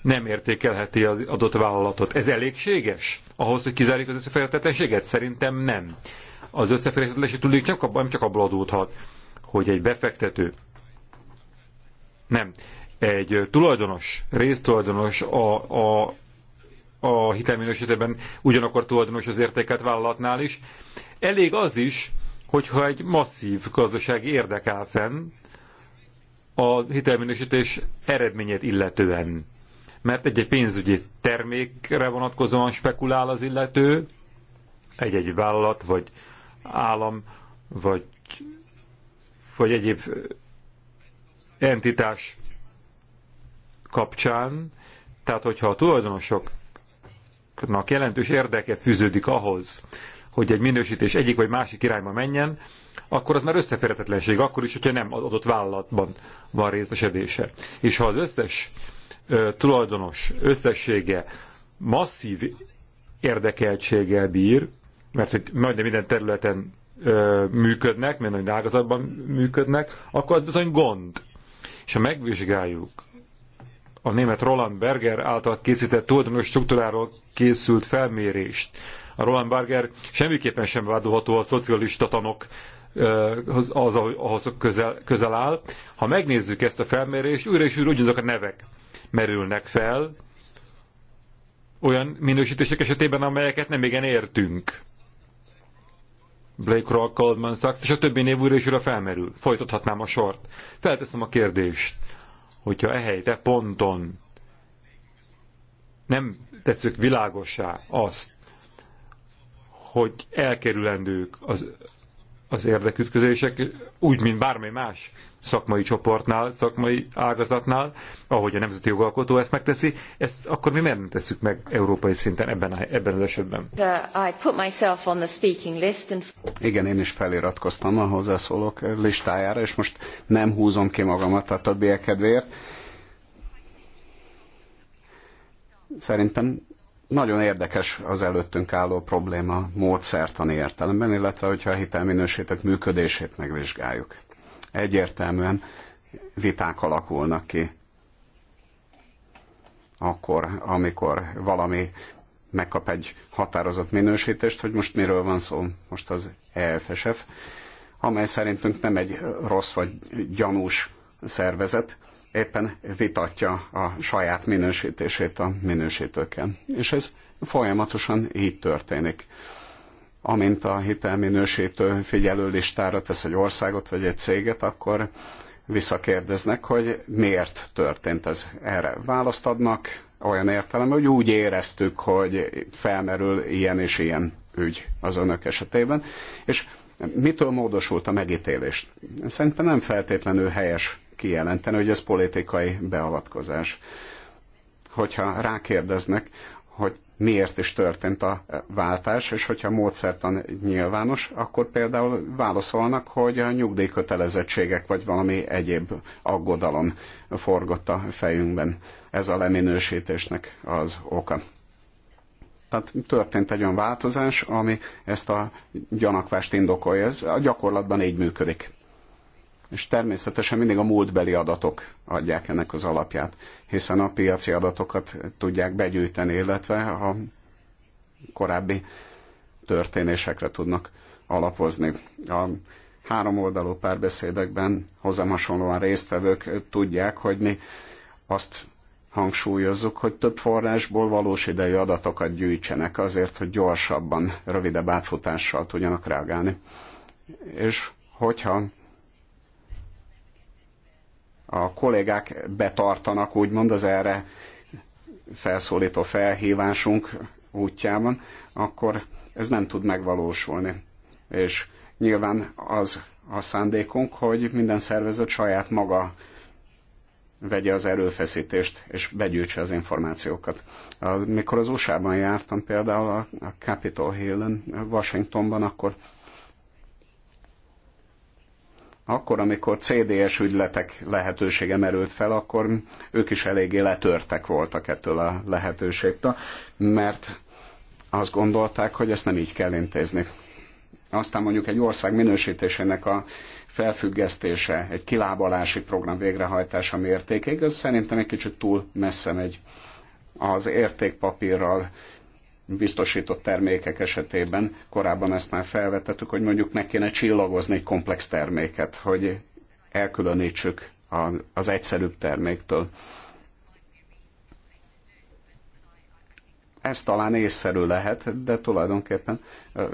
nem értékelheti az adott vállalatot. Ez elégséges? Ahhoz, hogy kizárjuk az összeférhetetlenséget? Szerintem nem. Az összeférhetetlenség tudni csak abban, nem csak abban adódhat, hogy egy befektető nem egy tulajdonos, résztulajdonos a, a, a hitelminősítőben ugyanakkor tulajdonos az értéket vállalatnál is. Elég az is, hogyha egy masszív gazdasági érdek áll fenn a hitelminősítés eredményét illetően. Mert egy, -egy pénzügyi termékre vonatkozóan spekulál az illető, egy-egy vállalat, vagy állam, vagy, vagy egyéb entitás kapcsán, tehát hogyha a tulajdonosoknak jelentős érdeke fűződik ahhoz, hogy egy minősítés egyik vagy másik irányba menjen, akkor az már összeférhetetlenség, akkor is, hogyha nem adott vállalatban van részesedése. És ha az összes ö, tulajdonos összessége masszív érdekeltséggel bír, mert hogy majdnem minden területen ö, működnek, mert nagy ágazatban működnek, akkor az bizony gond. És ha megvizsgáljuk a német Roland Berger által készített tulajdonos struktúráról készült felmérést. A Roland Berger semmiképpen sem vádolható a szocialista tanok az, ahhoz közel, közel áll. Ha megnézzük ezt a felmérést, újra és újra ugyanazok a nevek merülnek fel, olyan minősítések esetében, amelyeket nem igen értünk. Blake Rock, Goldman Sachs, és a többi név újra és újra felmerül. Folytathatnám a sort. Felteszem a kérdést hogyha ehelyett, e ponton nem tesszük világosá azt, hogy elkerülendők az az érdekütközések, úgy, mint bármely más szakmai csoportnál, szakmai ágazatnál, ahogy a nemzeti jogalkotó ezt megteszi, ezt akkor mi miért nem tesszük meg európai szinten ebben, a, ebben az esetben? Igen, én is feliratkoztam a hozzászólók listájára, és most nem húzom ki magamat a többiek kedvéért. Szerintem nagyon érdekes az előttünk álló probléma módszertani értelemben, illetve hogyha a hitelminősítők működését megvizsgáljuk. Egyértelműen viták alakulnak ki akkor, amikor valami megkap egy határozott minősítést, hogy most miről van szó, most az EFSF, amely szerintünk nem egy rossz vagy gyanús szervezet, éppen vitatja a saját minősítését a minősítőkkel. És ez folyamatosan így történik. Amint a hitelminősítő figyelőlistára tesz egy országot vagy egy céget, akkor visszakérdeznek, hogy miért történt ez. Erre választ adnak, olyan értelem, hogy úgy éreztük, hogy felmerül ilyen és ilyen ügy az önök esetében. És mitől módosult a megítélés? Szerintem nem feltétlenül helyes kijelenteni, hogy ez politikai beavatkozás. Hogyha rákérdeznek, hogy miért is történt a váltás, és hogyha a módszertan nyilvános, akkor például válaszolnak, hogy a nyugdíjkötelezettségek vagy valami egyéb aggodalom forgott a fejünkben. Ez a leminősítésnek az oka. Tehát történt egy olyan változás, ami ezt a gyanakvást indokolja. Ez a gyakorlatban így működik és természetesen mindig a múltbeli adatok adják ennek az alapját, hiszen a piaci adatokat tudják begyűjteni, illetve a korábbi történésekre tudnak alapozni. A három oldalú párbeszédekben hozzám hasonlóan résztvevők tudják, hogy mi azt hangsúlyozzuk, hogy több forrásból valós idejű adatokat gyűjtsenek azért, hogy gyorsabban, rövidebb átfutással tudjanak reagálni. És hogyha a kollégák betartanak úgymond az erre felszólító felhívásunk útjában, akkor ez nem tud megvalósulni. És nyilván az a szándékunk, hogy minden szervezet saját maga vegye az erőfeszítést, és begyűjtse az információkat. Mikor az USA-ban jártam például a Capitol Hill-en, Washingtonban, akkor akkor, amikor CDS ügyletek lehetősége merült fel, akkor ők is eléggé letörtek voltak ettől a lehetőségtől, mert azt gondolták, hogy ezt nem így kell intézni. Aztán mondjuk egy ország minősítésének a felfüggesztése, egy kilábalási program végrehajtása mértékéig, az szerintem egy kicsit túl messze megy az értékpapírral biztosított termékek esetében, korábban ezt már felvetettük, hogy mondjuk meg kéne csillagozni egy komplex terméket, hogy elkülönítsük az egyszerűbb terméktől. Ez talán észszerű lehet, de tulajdonképpen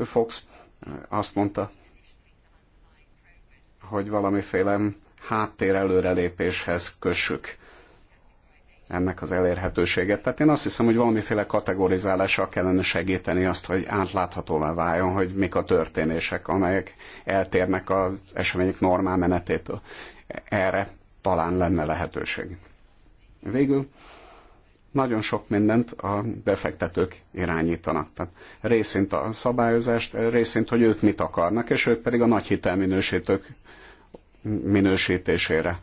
Fox azt mondta, hogy valamiféle háttér előrelépéshez kössük ennek az elérhetőséget. Tehát én azt hiszem, hogy valamiféle kategorizálással kellene segíteni azt, hogy átláthatóvá váljon, hogy mik a történések, amelyek eltérnek az események normál menetétől. Erre talán lenne lehetőség. Végül nagyon sok mindent a befektetők irányítanak. Tehát részint a szabályozást, részint, hogy ők mit akarnak, és ők pedig a nagy hitelminősítők minősítésére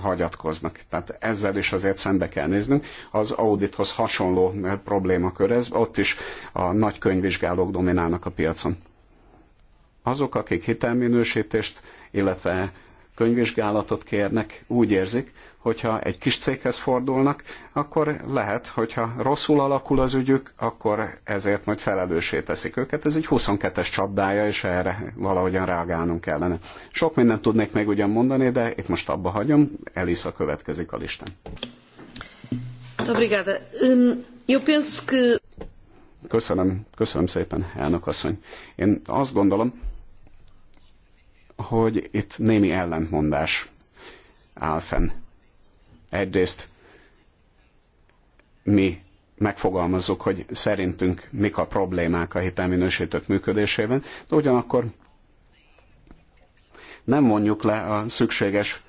hagyatkoznak. Tehát ezzel is azért szembe kell néznünk. Az audithoz hasonló eh, problémakör ez, ott is a nagy könyvvizsgálók dominálnak a piacon. Azok, akik hitelminősítést, illetve könyvvizsgálatot kérnek, úgy érzik, hogyha egy kis céghez fordulnak, akkor lehet, hogyha rosszul alakul az ügyük, akkor ezért majd felelőssé teszik őket. Ez egy 22-es csapdája, és erre valahogyan reagálnunk kellene. Sok mindent tudnék még ugyan mondani, de itt most abba hagyom. Elisa következik a listán. Köszönöm, köszönöm szépen, elnök asszony. Én azt gondolom, hogy itt némi ellentmondás áll fenn. Egyrészt mi megfogalmazzuk, hogy szerintünk mik a problémák a hitelminősítők működésében, de ugyanakkor nem mondjuk le a szükséges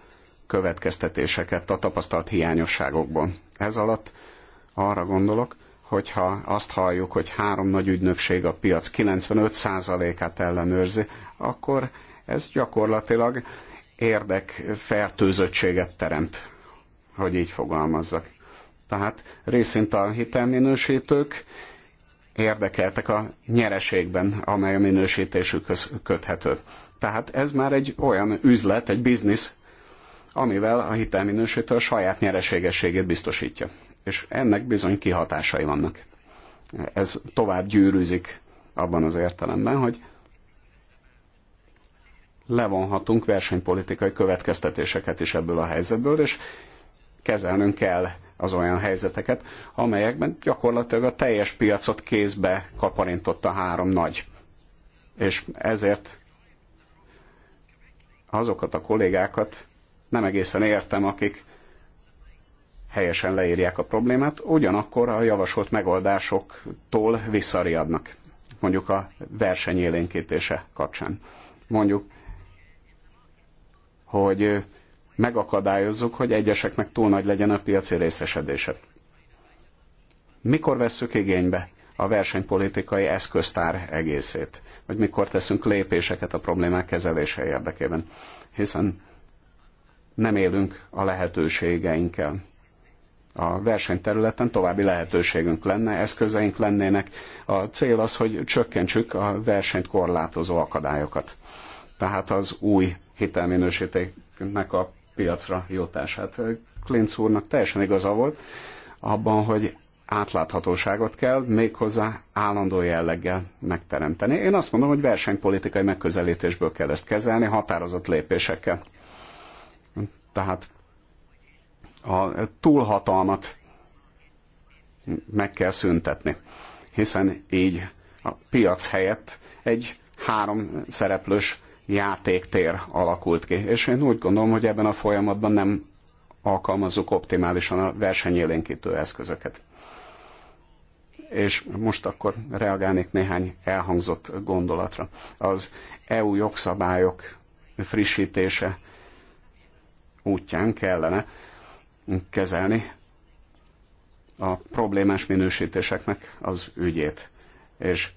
következtetéseket a tapasztalt hiányosságokból. Ez alatt arra gondolok, hogyha azt halljuk, hogy három nagy ügynökség a piac 95%-át ellenőrzi, akkor ez gyakorlatilag érdekfertőzöttséget teremt, hogy így fogalmazzak. Tehát részint a hitelminősítők érdekeltek a nyereségben, amely a minősítésükhöz köthető. Tehát ez már egy olyan üzlet, egy biznisz, amivel a hitelminősítő a saját nyereségességét biztosítja. És ennek bizony kihatásai vannak. Ez tovább gyűrűzik abban az értelemben, hogy levonhatunk versenypolitikai következtetéseket is ebből a helyzetből, és kezelnünk kell az olyan helyzeteket, amelyekben gyakorlatilag a teljes piacot kézbe kaparintott a három nagy. És ezért azokat a kollégákat nem egészen értem, akik helyesen leírják a problémát, ugyanakkor a javasolt megoldásoktól visszariadnak, mondjuk a versenyélénkítése kapcsán. Mondjuk hogy megakadályozzuk, hogy egyeseknek túl nagy legyen a piaci részesedése. Mikor vesszük igénybe a versenypolitikai eszköztár egészét? Vagy mikor teszünk lépéseket a problémák kezelése érdekében? Hiszen nem élünk a lehetőségeinkkel. A versenyterületen további lehetőségünk lenne, eszközeink lennének. A cél az, hogy csökkentsük a versenyt korlátozó akadályokat. Tehát az új hitelminősítéknek a piacra jutását. Klinc úrnak teljesen igaza volt abban, hogy átláthatóságot kell méghozzá állandó jelleggel megteremteni. Én azt mondom, hogy versenypolitikai megközelítésből kell ezt kezelni, határozott lépésekkel. Tehát a túlhatalmat meg kell szüntetni, hiszen így a piac helyett egy három szereplős játéktér alakult ki. És én úgy gondolom, hogy ebben a folyamatban nem alkalmazzuk optimálisan a versenyélénkítő eszközöket. És most akkor reagálnék néhány elhangzott gondolatra. Az EU jogszabályok frissítése útján kellene kezelni a problémás minősítéseknek az ügyét. És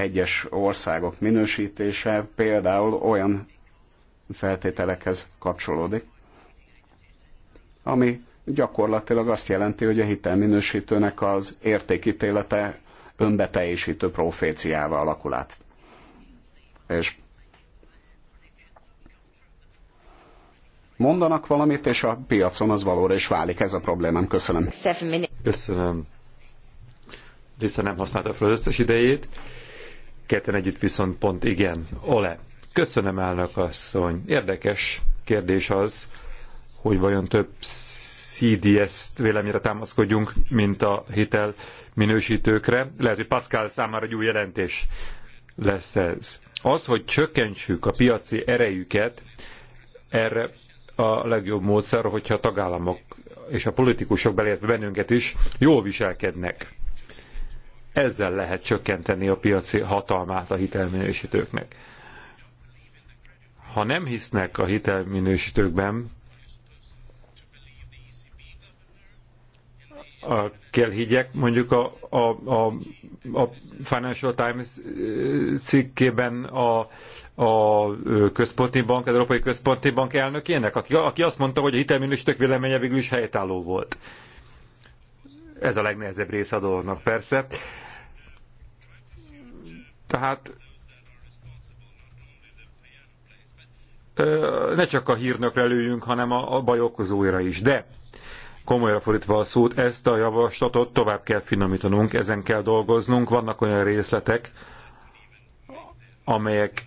egyes országok minősítése például olyan feltételekhez kapcsolódik, ami gyakorlatilag azt jelenti, hogy a hitelminősítőnek az értékítélete önbeteljesítő proféciával alakul át. És mondanak valamit, és a piacon az valóra is válik. Ez a problémám. Köszönöm. Köszönöm. Lisa nem használta fel az összes idejét ketten együtt viszont pont igen. Ole, köszönöm elnök asszony. Érdekes kérdés az, hogy vajon több CDS-t véleményre támaszkodjunk, mint a hitel minősítőkre. Lehet, hogy Pascal számára egy új jelentés lesz ez. Az, hogy csökkentsük a piaci erejüket, erre a legjobb módszer, hogyha a tagállamok és a politikusok, beleértve bennünket is, jól viselkednek. Ezzel lehet csökkenteni a piaci hatalmát a hitelminősítőknek. Ha nem hisznek a hitelminősítőkben, a, kell higgyek, mondjuk a, a, a, a Financial Times cikkében a, a központi bank, az Európai Központi Bank elnökének, aki, aki azt mondta, hogy a hitelminősítők véleménye végül is helytálló volt. Ez a legnehezebb része a dolognak persze. Tehát ne csak a hírnökre lőjünk, hanem a, a baj okozóira is. De komolyra fordítva a szót, ezt a javaslatot tovább kell finomítanunk, ezen kell dolgoznunk. Vannak olyan részletek, amelyek,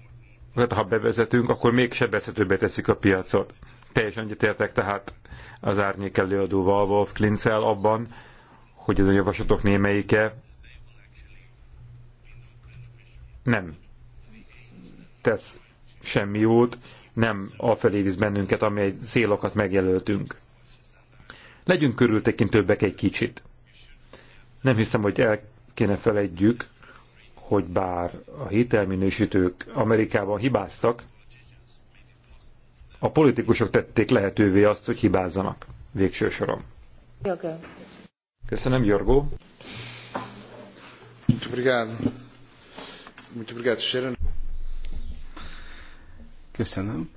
hát ha bevezetünk, akkor még sebezhetőbbé teszik a piacot. Teljesen egyetértek tehát az árnyék előadóval, Wolf Klinzel abban, hogy ez a javaslatok némelyike nem tesz semmi jót, nem afelé visz bennünket, amely célokat megjelöltünk. Legyünk körültekintőbbek egy kicsit. Nem hiszem, hogy el kéne felejtjük, hogy bár a hitelminősítők Amerikában hibáztak, a politikusok tették lehetővé azt, hogy hibázzanak végső soron. Köszönöm, Jorgó. Muito obrigado. Muito obrigado, Sharon. Köszönöm.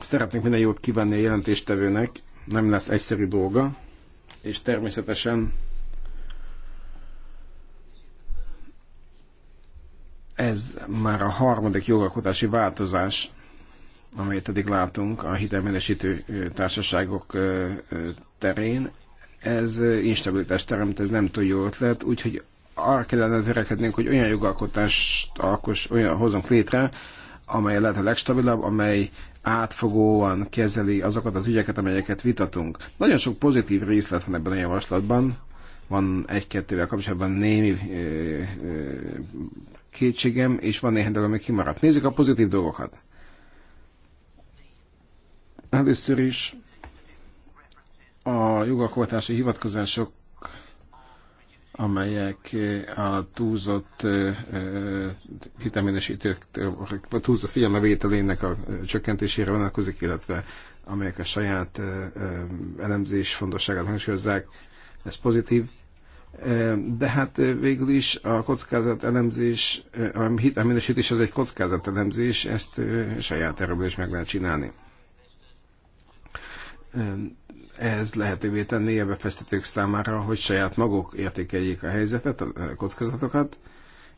Szeretnék minden jót kívánni a jelentéstevőnek, nem lesz egyszerű dolga, és természetesen ez már a harmadik jogalkotási változás, amelyet eddig látunk a hitelminősítő társaságok terén, ez instabilitást teremt, ez nem túl jó ötlet, úgyhogy arra kellene törekednünk, hogy olyan jogalkotást alkos, olyan hozunk létre, amely lehet a legstabilabb, amely átfogóan kezeli azokat az ügyeket, amelyeket vitatunk. Nagyon sok pozitív részlet van ebben a javaslatban, van egy-kettővel kapcsolatban némi ö, ö, kétségem, és van néhány dolog, ami kimaradt. Nézzük a pozitív dolgokat. Először is a jogalkotási hivatkozások, amelyek a túlzott hitelminősítők, a túlzott figyelmevételének a csökkentésére vonatkozik, illetve amelyek a saját elemzés fontosságát hangsúlyozzák, ez pozitív. De hát végül is a kockázat elemzés, a hitelminősítés az egy kockázat elemzés, ezt saját erőből is meg lehet csinálni ez lehetővé tenné a befektetők számára, hogy saját maguk értékeljék a helyzetet, a kockázatokat,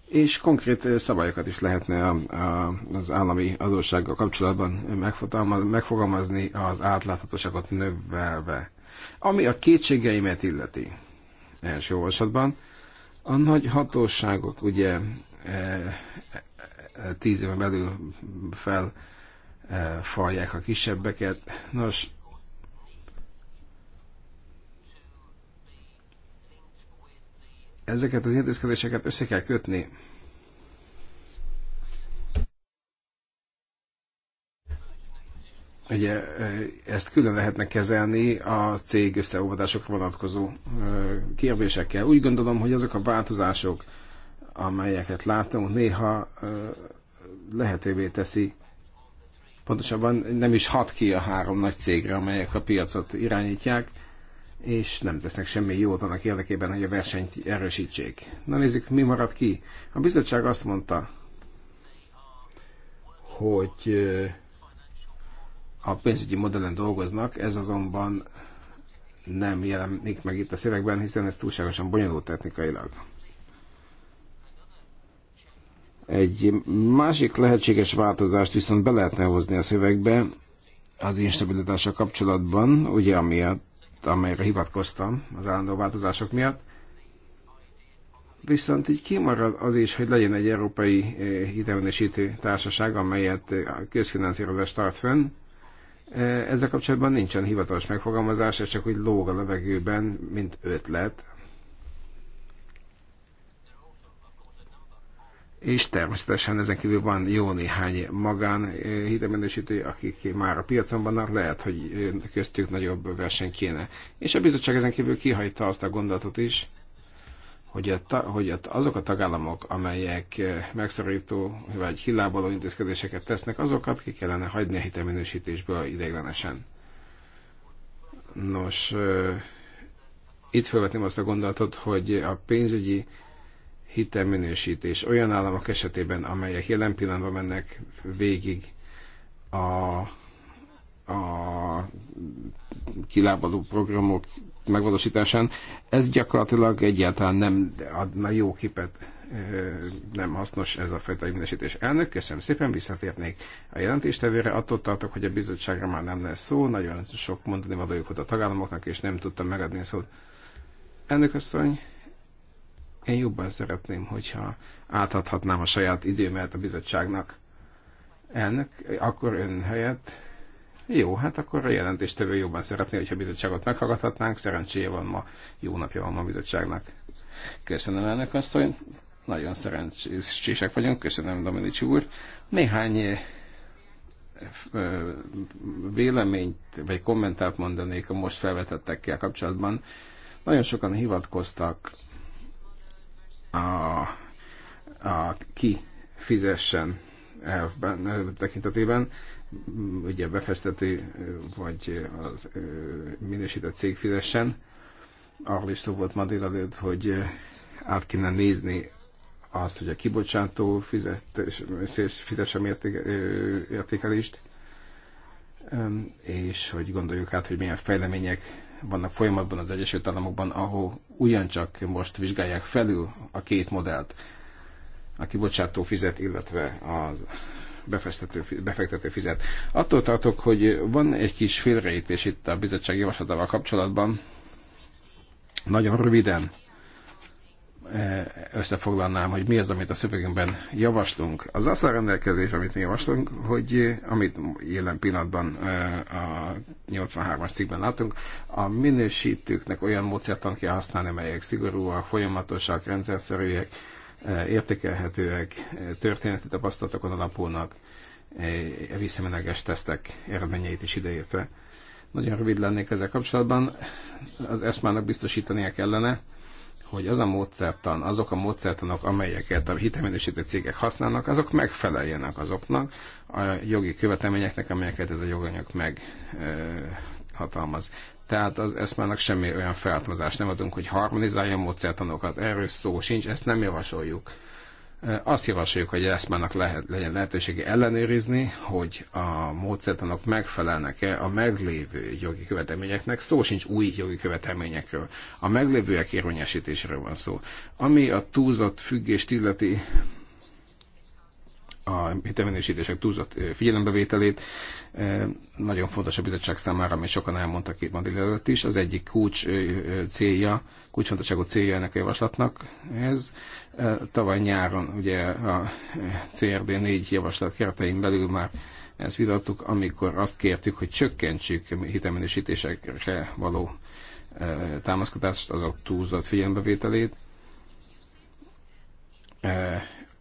és konkrét szabályokat is lehetne a, a, az állami adóssággal kapcsolatban megfogalmazni az átláthatóságot növelve. Ami a kétségeimet illeti első olvasatban, a nagy hatóságok ugye e, e, tíz éven belül felfalják a kisebbeket. Nos, ezeket az intézkedéseket össze kell kötni. Ugye ezt külön lehetne kezelni a cég összeolvadásokra vonatkozó kérdésekkel. Úgy gondolom, hogy azok a változások, amelyeket látunk, néha lehetővé teszi, pontosabban nem is hat ki a három nagy cégre, amelyek a piacot irányítják, és nem tesznek semmi jót annak érdekében, hogy a versenyt erősítsék. Na nézzük, mi maradt ki. A bizottság azt mondta, hogy a pénzügyi modellen dolgoznak, ez azonban nem jelenik meg itt a szövegben, hiszen ez túlságosan bonyolult technikailag. Egy másik lehetséges változást viszont be lehetne hozni a szövegbe az instabilitással kapcsolatban, ugye amiatt, amelyre hivatkoztam az állandó változások miatt. Viszont így kimarad az is, hogy legyen egy európai eh, hitelmenesítő társaság, amelyet eh, a közfinanszírozás tart fönn. Eh, ezzel kapcsolatban nincsen hivatalos megfogalmazás, ez csak úgy lóg a levegőben, mint ötlet, és természetesen ezen kívül van jó néhány magán eh, hitelminősítő, akik már a piacon vannak, lehet, hogy eh, köztük nagyobb verseny kéne. És a bizottság ezen kívül kihagyta azt a gondolatot is, hogy, a, hogy azok a tagállamok, amelyek eh, megszorító vagy hillábaló intézkedéseket tesznek, azokat ki kellene hagyni a hitelminősítésből ideiglenesen. Nos, itt felvetném azt a gondolatot, hogy a pénzügyi hitelminősítés olyan államok esetében, amelyek jelen pillanatban mennek végig a, a kilábaló programok megvalósításán, ez gyakorlatilag egyáltalán nem adna jó képet, nem hasznos ez a fajta minősítés. Elnök, köszönöm szépen, visszatérnék a jelentéstevőre. Attól tartok, hogy a bizottságra már nem lesz szó, nagyon sok mondani valójuk ott a tagállamoknak, és nem tudtam megadni a szót. Elnök asszony, én jobban szeretném, hogyha átadhatnám a saját időmet a bizottságnak. Elnök, akkor ön helyett... Jó, hát akkor a jelentéstevő jobban szeretné, hogyha a bizottságot meghallgathatnánk. Szerencséje van ma, jó napja van ma a bizottságnak. Köszönöm elnök asszony, nagyon szerencsések vagyunk, köszönöm Dominici úr. Néhány eh, eh, véleményt vagy kommentárt mondanék a most felvetettekkel kapcsolatban. Nagyon sokan hivatkoztak a, a ki fizessen elfben tekintetében, ugye befektető vagy az minősített cég fizessen. Arról is szó volt ma délelőtt, hogy át kéne nézni azt, hogy a kibocsátó fizet, és fizesse mértéke, értékelést, és hogy gondoljuk át, hogy milyen fejlemények vannak folyamatban az Egyesült Államokban, ahol ugyancsak most vizsgálják felül a két modellt, a kibocsátó fizet, illetve a befektető fizet. Attól tartok, hogy van egy kis félrejtés itt a bizottság javaslatával kapcsolatban. Nagyon röviden Eh, összefoglalnám, hogy mi az, amit a szövegünkben javaslunk. Az az a rendelkezés, amit mi javaslunk, hogy eh, amit jelen pillanatban eh, a 83-as cikkben látunk, a minősítőknek olyan módszertan kell használni, amelyek szigorúak, folyamatosak, rendszerszerűek, értékelhetőek, történeti tapasztalatokon alapulnak, visszamenőleges tesztek eredményeit is ideértve. Nagyon rövid lennék ezzel kapcsolatban. Az ESMA-nak biztosítania kellene, hogy az a módszertan, azok a módszertanok, amelyeket a hitelminősítő cégek használnak, azok megfeleljenek azoknak a jogi követelményeknek, amelyeket ez a joganyag meghatalmaz. Tehát az eszmának semmi olyan felhatalmazást nem adunk, hogy harmonizálja a módszertanokat. Erről szó sincs, ezt nem javasoljuk azt javasoljuk, hogy ezt már lehet, legyen lehetősége ellenőrizni, hogy a módszertanok megfelelnek-e a meglévő jogi követelményeknek. Szó sincs új jogi követelményekről. A meglévőek érvényesítéséről van szó. Ami a túlzott függést illeti, a hitelminősítések túlzott figyelembevételét. Nagyon fontos a bizottság számára, amit sokan elmondtak két mandil előtt is. Az egyik kulcs célja, kulcsfontosságú célja ennek a javaslatnak ez. Tavaly nyáron ugye a CRD négy javaslat keretein belül már ezt vitattuk, amikor azt kértük, hogy csökkentsük hitelminősítésekre való támaszkodást, azok túlzott figyelembevételét.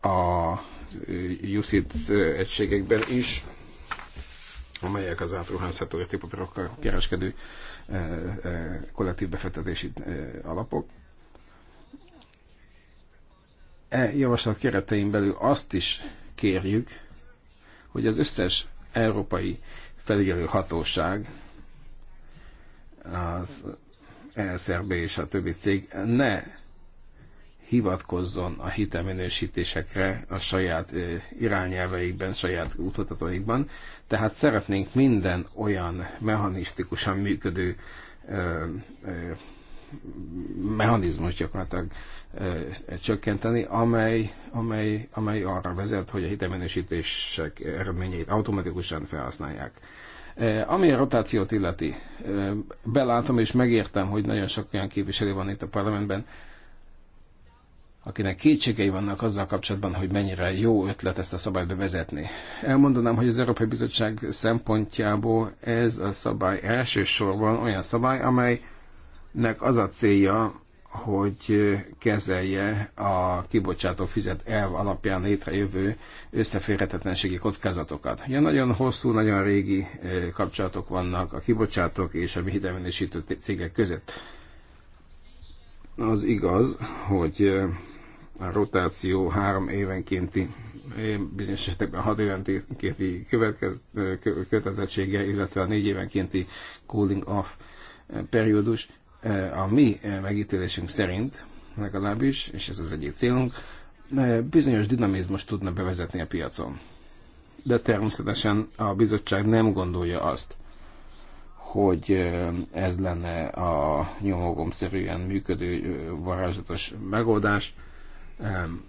A UCIT egységekben is, amelyek az átruházható értékpapírokkal kereskedő kollektív befektetési alapok. E javaslat keretein belül azt is kérjük, hogy az összes európai felügyelő hatóság, az ESRB és a többi cég ne hivatkozzon a hitelminősítésekre a saját irányelveikben, saját útmutatóikban. Tehát szeretnénk minden olyan mechanisztikusan működő mechanizmus gyakorlatilag csökkenteni, amely, amely, amely arra vezet, hogy a hitelminősítések eredményeit automatikusan felhasználják. Ami a rotációt illeti, belátom és megértem, hogy nagyon sok olyan képviselő van itt a parlamentben, akinek kétségei vannak azzal kapcsolatban, hogy mennyire jó ötlet ezt a szabályt bevezetni. Elmondanám, hogy az Európai Bizottság szempontjából ez a szabály elsősorban olyan szabály, amelynek az a célja, hogy kezelje a kibocsátó fizet elv alapján létrejövő összeférhetetlenségi kockázatokat. Ugye nagyon hosszú, nagyon régi eh, kapcsolatok vannak a kibocsátók és a hitelminősítő cégek között. Az igaz, hogy eh, rotáció három évenkénti, eh, bizonyos esetekben hat évenkénti kötelezettsége, illetve a négy évenkénti cooling off eh, periódus eh, a mi megítélésünk szerint legalábbis, és ez az egyik célunk, bizonyos dinamizmus tudna bevezetni a piacon. De természetesen a bizottság nem gondolja azt, hogy ez lenne a nyomogomszerűen működő varázslatos megoldás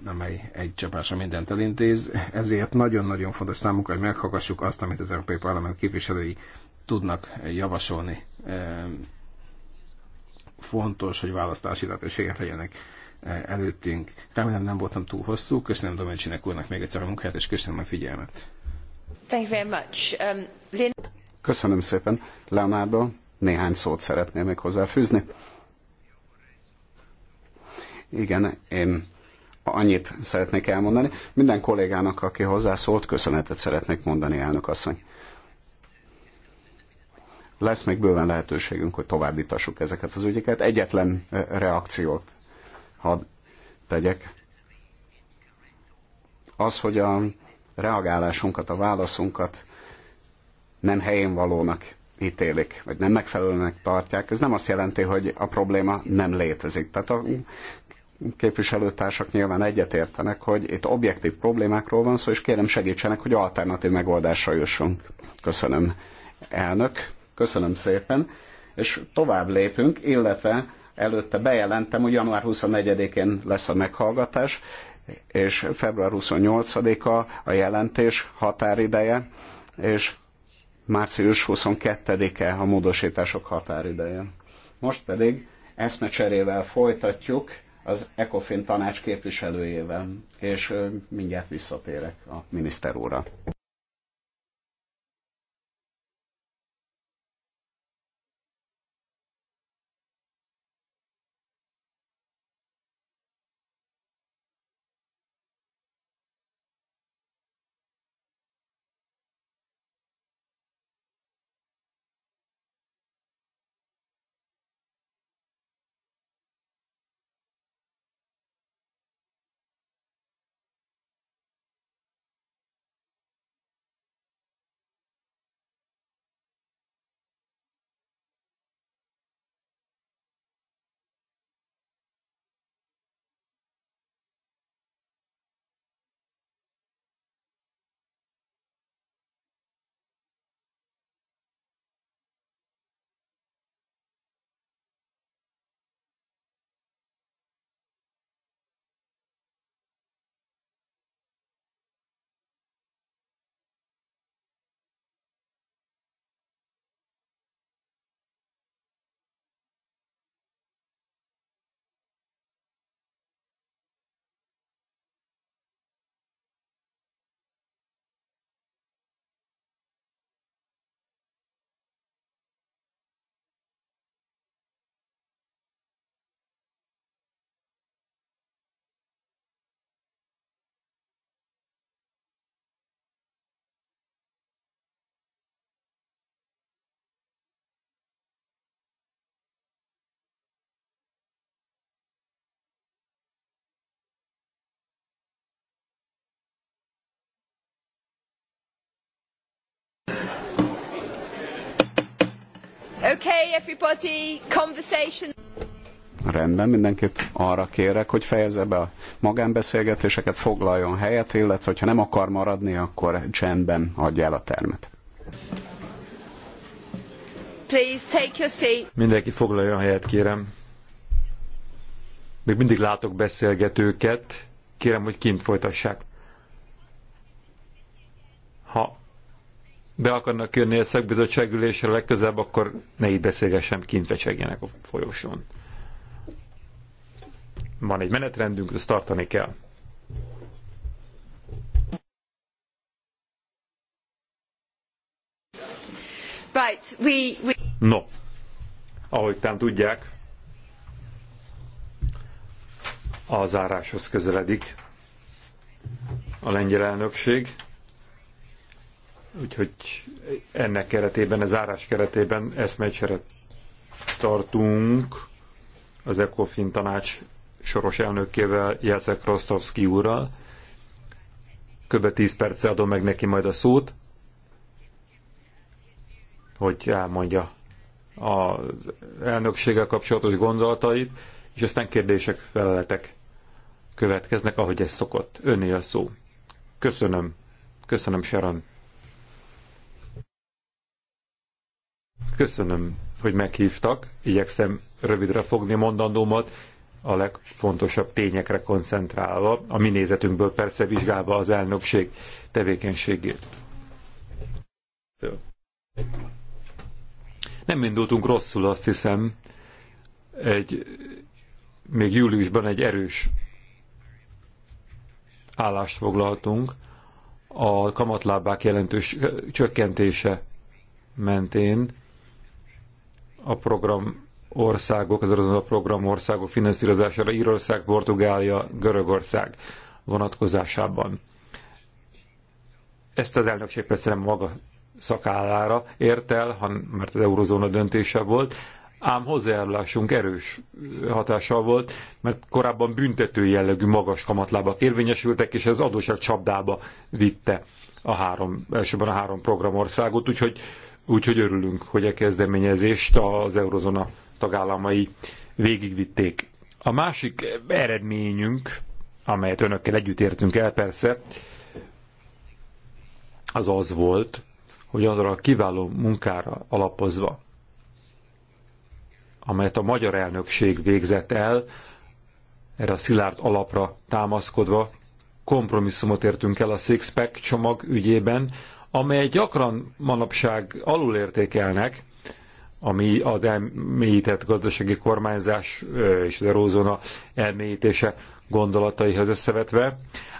amely egy csapásra mindent elintéz. Ezért nagyon-nagyon fontos számunkra, hogy meghallgassuk azt, amit az Európai Parlament képviselői tudnak javasolni. Fontos, hogy választási lehetőséget legyenek eh, előttünk. Remélem nem voltam túl hosszú. Köszönöm Domencsinek úrnak még egyszer a munkáját, és köszönöm a figyelmet. Thank you very much. Um, Lin... Köszönöm szépen. Leonardo, néhány szót szeretném még hozzáfűzni. Igen, én annyit szeretnék elmondani. Minden kollégának, aki hozzászólt, köszönetet szeretnék mondani, elnök asszony. Lesz még bőven lehetőségünk, hogy továbbítassuk ezeket az ügyeket. Egyetlen reakciót hadd tegyek. Az, hogy a reagálásunkat, a válaszunkat nem helyén valónak ítélik, vagy nem megfelelőnek tartják, ez nem azt jelenti, hogy a probléma nem létezik. Tehát a képviselőtársak nyilván egyetértenek, hogy itt objektív problémákról van szó, és kérem segítsenek, hogy alternatív megoldásra jussunk. Köszönöm, elnök. Köszönöm szépen. És tovább lépünk, illetve előtte bejelentem, hogy január 24-én lesz a meghallgatás, és február 28-a a jelentés határideje, és március 22-e a módosítások határideje. Most pedig eszmecserével folytatjuk az ECOFIN tanács képviselőjével, és mindjárt visszatérek a miniszter úrra. Okay, everybody, conversation. Rendben, mindenkit arra kérek, hogy fejezze be a magánbeszélgetéseket, foglaljon helyet, illetve hogyha nem akar maradni, akkor csendben adja el a termet. Please take your seat. Mindenki foglaljon helyet, kérem. Még mindig látok beszélgetőket, kérem, hogy kint folytassák. Ha be akarnak jönni a szakbizottságülésre legközelebb, akkor ne így beszélgessem, kint vecsegjenek a folyosón. Van egy menetrendünk, ezt tartani kell. Right, we, we... No, ahogy tán tudják, a záráshoz közeledik a lengyel elnökség. Úgyhogy ennek keretében, a zárás keretében eszmegycseret tartunk az ECOFIN tanács soros elnökével, Jacek Rostovski úrral. Köbe 10 perce adom meg neki majd a szót, hogy elmondja az elnökséggel kapcsolatos gondolatait, és aztán kérdések, feleletek következnek, ahogy ez szokott. Önné a szó. Köszönöm. Köszönöm, Sharon. Köszönöm, hogy meghívtak. Igyekszem rövidre fogni mondandómat, a legfontosabb tényekre koncentrálva, a mi nézetünkből persze vizsgálva az elnökség tevékenységét. Nem indultunk rosszul, azt hiszem. Egy, még júliusban egy erős állást foglaltunk a kamatlábák jelentős csökkentése mentén a program országok, az a program országok finanszírozására Írország, Portugália, Görögország vonatkozásában. Ezt az elnökség persze nem maga szakállára ért el, han, mert az eurozóna döntése volt, ám hozzájárulásunk erős hatással volt, mert korábban büntető jellegű magas kamatlábak érvényesültek, és ez adóság csapdába vitte a három, elsőben a három programországot, úgyhogy úgyhogy örülünk, hogy a e kezdeményezést az eurozona tagállamai végigvitték. A másik eredményünk, amelyet önökkel együtt értünk el persze, az az volt, hogy arra a kiváló munkára alapozva, amelyet a magyar elnökség végzett el, erre a szilárd alapra támaszkodva kompromisszumot értünk el a Sixpack csomag ügyében, amely gyakran manapság alulértékelnek, ami az elmélyített gazdasági kormányzás és az erózóna elmélyítése gondolataihoz összevetve.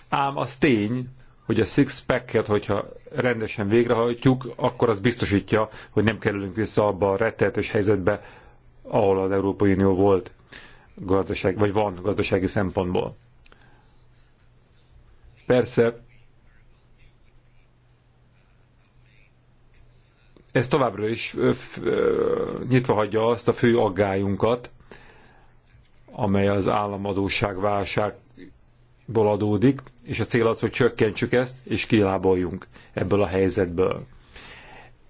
Ám az tény, hogy a six-packet, hogyha rendesen végrehajtjuk, akkor az biztosítja, hogy nem kerülünk vissza abba a rettenetes helyzetbe, ahol az Európai Unió volt gazdaság, vagy van gazdasági szempontból. Persze ez továbbra is nyitva hagyja azt a fő aggályunkat, amely az államadóság válságból adódik, és a cél az, hogy csökkentsük ezt, és kiláboljunk ebből a helyzetből.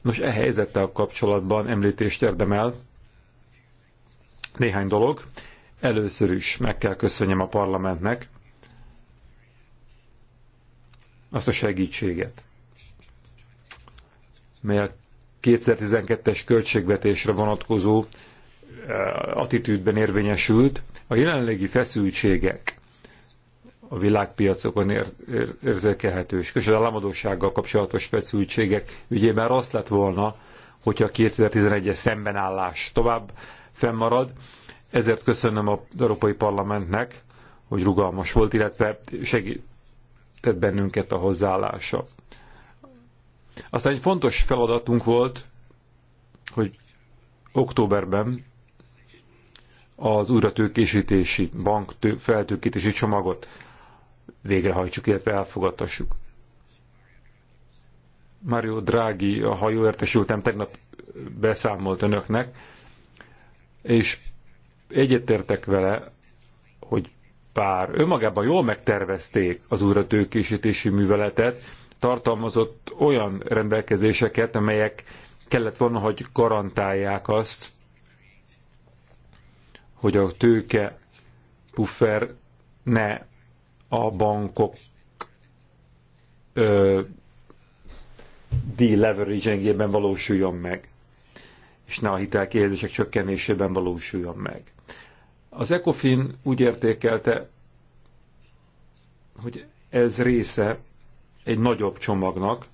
Nos, e helyzettel kapcsolatban említést érdemel néhány dolog. Először is meg kell köszönjem a parlamentnek azt a segítséget, melyet 2012-es költségvetésre vonatkozó eh, attitűdben érvényesült, a jelenlegi feszültségek a világpiacokon ér, ér, érzékelhető, és közös államadósággal kapcsolatos feszültségek ügyében azt lett volna, hogyha a 2011-es szembenállás tovább fennmarad. Ezért köszönöm az Európai Parlamentnek, hogy rugalmas volt, illetve segített bennünket a hozzáállása. Aztán egy fontos feladatunk volt, hogy októberben az újratőkésítési, bank feltőkítési csomagot végrehajtsuk, illetve elfogadtassuk. Mario Draghi, ha jól értesültem, tegnap beszámolt önöknek, és egyetértek vele, hogy bár önmagában jól megtervezték az újratőkésítési műveletet, tartalmazott olyan rendelkezéseket, amelyek kellett volna, hogy garantálják azt, hogy a tőke puffer ne a bankok deleveragingében valósuljon meg, és ne a hitelkérdések csökkenésében valósuljon meg. Az ECOFIN úgy értékelte, hogy ez része egy nagyobb csomagnak,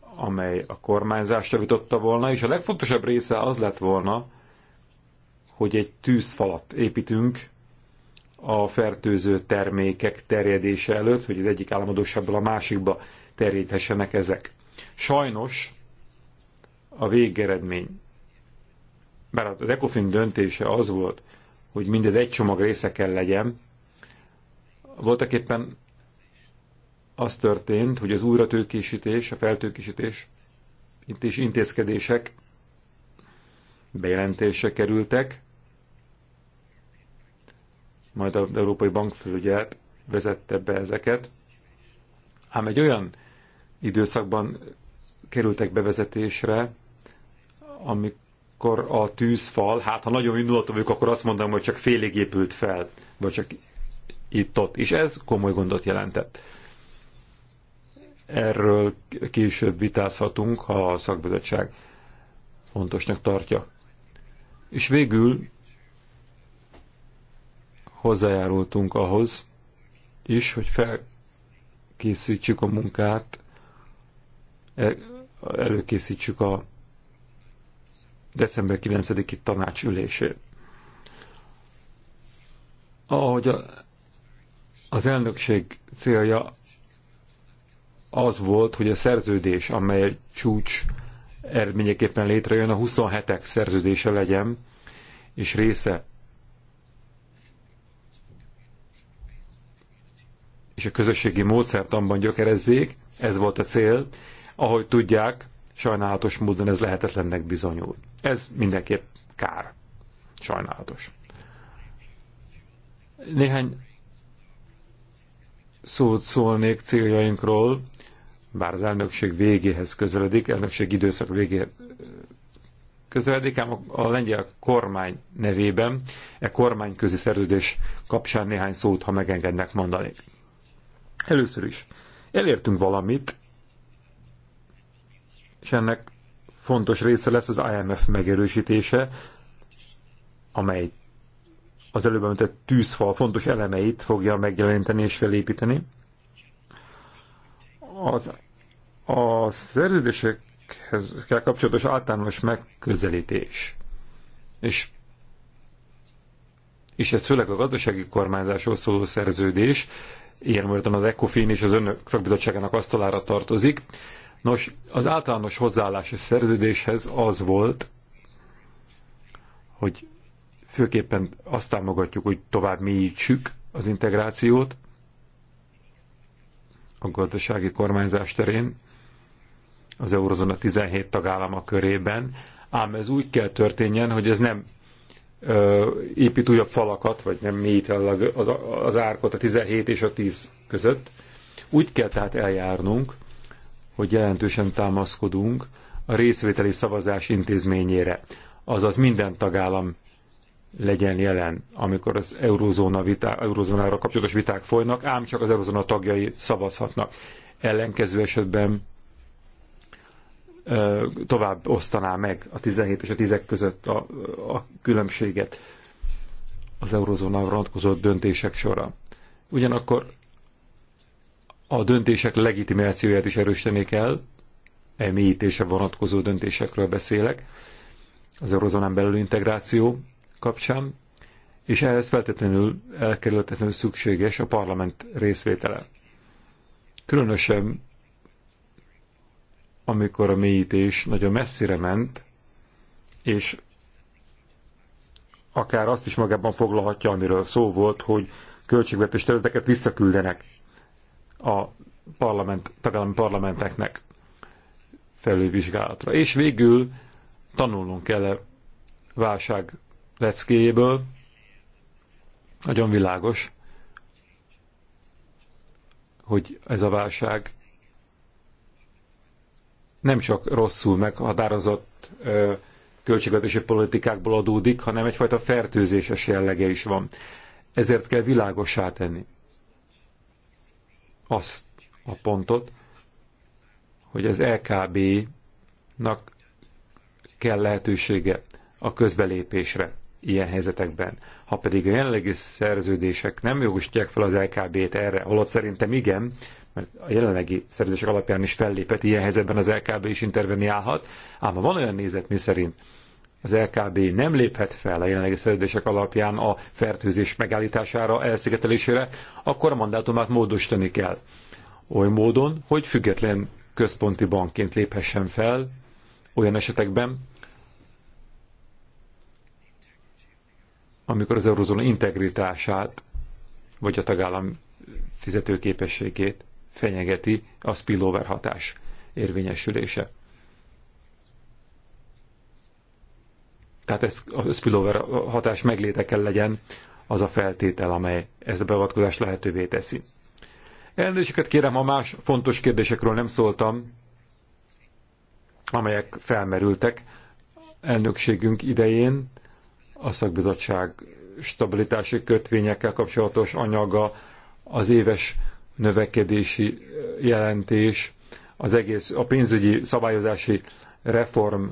amely a kormányzást javította volna, és a legfontosabb része az lett volna, hogy egy tűzfalat építünk a fertőző termékek terjedése előtt, hogy az egyik államadósából a másikba terjedhessenek ezek. Sajnos a végeredmény, bár a ECOFIN döntése az volt, hogy mindez egy csomag része kell legyen, voltak éppen az történt, hogy az újratőkésítés, a feltőkésítés is intézkedések bejelentése kerültek, majd az Európai Bankfelügyelet vezette be ezeket, ám egy olyan időszakban kerültek bevezetésre, amikor a tűzfal, hát ha nagyon indulatú vagyok, akkor azt mondom, hogy csak félig épült fel, vagy csak itt-ott. És ez komoly gondot jelentett. Erről később vitázhatunk, ha a szakbizottság fontosnak tartja. És végül hozzájárultunk ahhoz is, hogy felkészítsük a munkát, e, előkészítsük a december 9-i tanácsülését. Ahogy a, az elnökség célja az volt, hogy a szerződés, amely csúcs eredményeképpen létrejön, a 27-ek szerződése legyen, és része és a közösségi módszertanban gyökerezzék, ez volt a cél. Ahogy tudják, sajnálatos módon ez lehetetlennek bizonyul. Ez mindenképp kár. Sajnálatos. Néhány szót szólnék céljainkról, bár az elnökség végéhez közeledik, elnökség időszak végéhez közeledik, ám a lengyel kormány nevében, e kormányközi szerződés kapcsán néhány szót, ha megengednek mondani. Először is, elértünk valamit, és ennek fontos része lesz az IMF megerősítése, amely az előbb említett tűzfal fontos elemeit fogja megjeleníteni és felépíteni az, a szerződésekhez kell kapcsolatos általános megközelítés, és, és ez főleg a gazdasági kormányzásról szóló szerződés, ilyen módon az ECOFIN és az önök szakbizottságának asztalára tartozik. Nos, az általános hozzáállási szerződéshez az volt, hogy főképpen azt támogatjuk, hogy tovább mélyítsük az integrációt, a gazdasági kormányzás terén az eurozóna 17 tagállama körében, ám ez úgy kell történjen, hogy ez nem ö, épít újabb falakat, vagy nem mélyít el az, az árkot a 17 és a 10 között. Úgy kell tehát eljárnunk, hogy jelentősen támaszkodunk a részvételi szavazás intézményére, azaz minden tagállam legyen jelen, amikor az eurozóna vitá, eurozónára kapcsolatos viták folynak, ám csak az eurozóna tagjai szavazhatnak. Ellenkező esetben tovább osztaná meg a 17 és a 10 között a, a különbséget az eurozónára vonatkozó döntések sora. Ugyanakkor a döntések legitimációját is erősíteni kell, emélyítése vonatkozó döntésekről beszélek, az eurozónán belül integráció kapcsán, és ehhez feltétlenül elkerülhetetlenül szükséges a parlament részvétele. Különösen, amikor a mélyítés nagyon messzire ment, és akár azt is magában foglalhatja, amiről szó volt, hogy költségvetés területeket visszaküldenek a parlament, tagállami parlamenteknek felülvizsgálatra. És végül tanulnunk kell -e válság leckéjéből. Nagyon világos, hogy ez a válság nem csak rosszul meghatározott költségvetési politikákból adódik, hanem egyfajta fertőzéses jellege is van. Ezért kell világosá tenni azt a pontot, hogy az LKB-nak kell lehetősége a közbelépésre ilyen helyzetekben. Ha pedig a jelenlegi szerződések nem jogosítják fel az LKB-t erre, holott szerintem igen, mert a jelenlegi szerződések alapján is fellépett, ilyen helyzetben az LKB is interveniálhat, ám ha van olyan nézet, mi szerint az LKB nem léphet fel a jelenlegi szerződések alapján a fertőzés megállítására, elszigetelésére, akkor a mandátumát módosítani kell. Oly módon, hogy független központi bankként léphessen fel olyan esetekben, amikor az eurozóna integritását, vagy a tagállam fizetőképességét fenyegeti a spillover hatás érvényesülése. Tehát ez, a spillover hatás megléte kell legyen az a feltétel, amely ezt a beavatkozást lehetővé teszi. Elnézéseket kérem, a más fontos kérdésekről nem szóltam, amelyek felmerültek elnökségünk idején, a szakbizottság stabilitási kötvényekkel kapcsolatos anyaga, az éves növekedési jelentés, az egész a pénzügyi szabályozási reform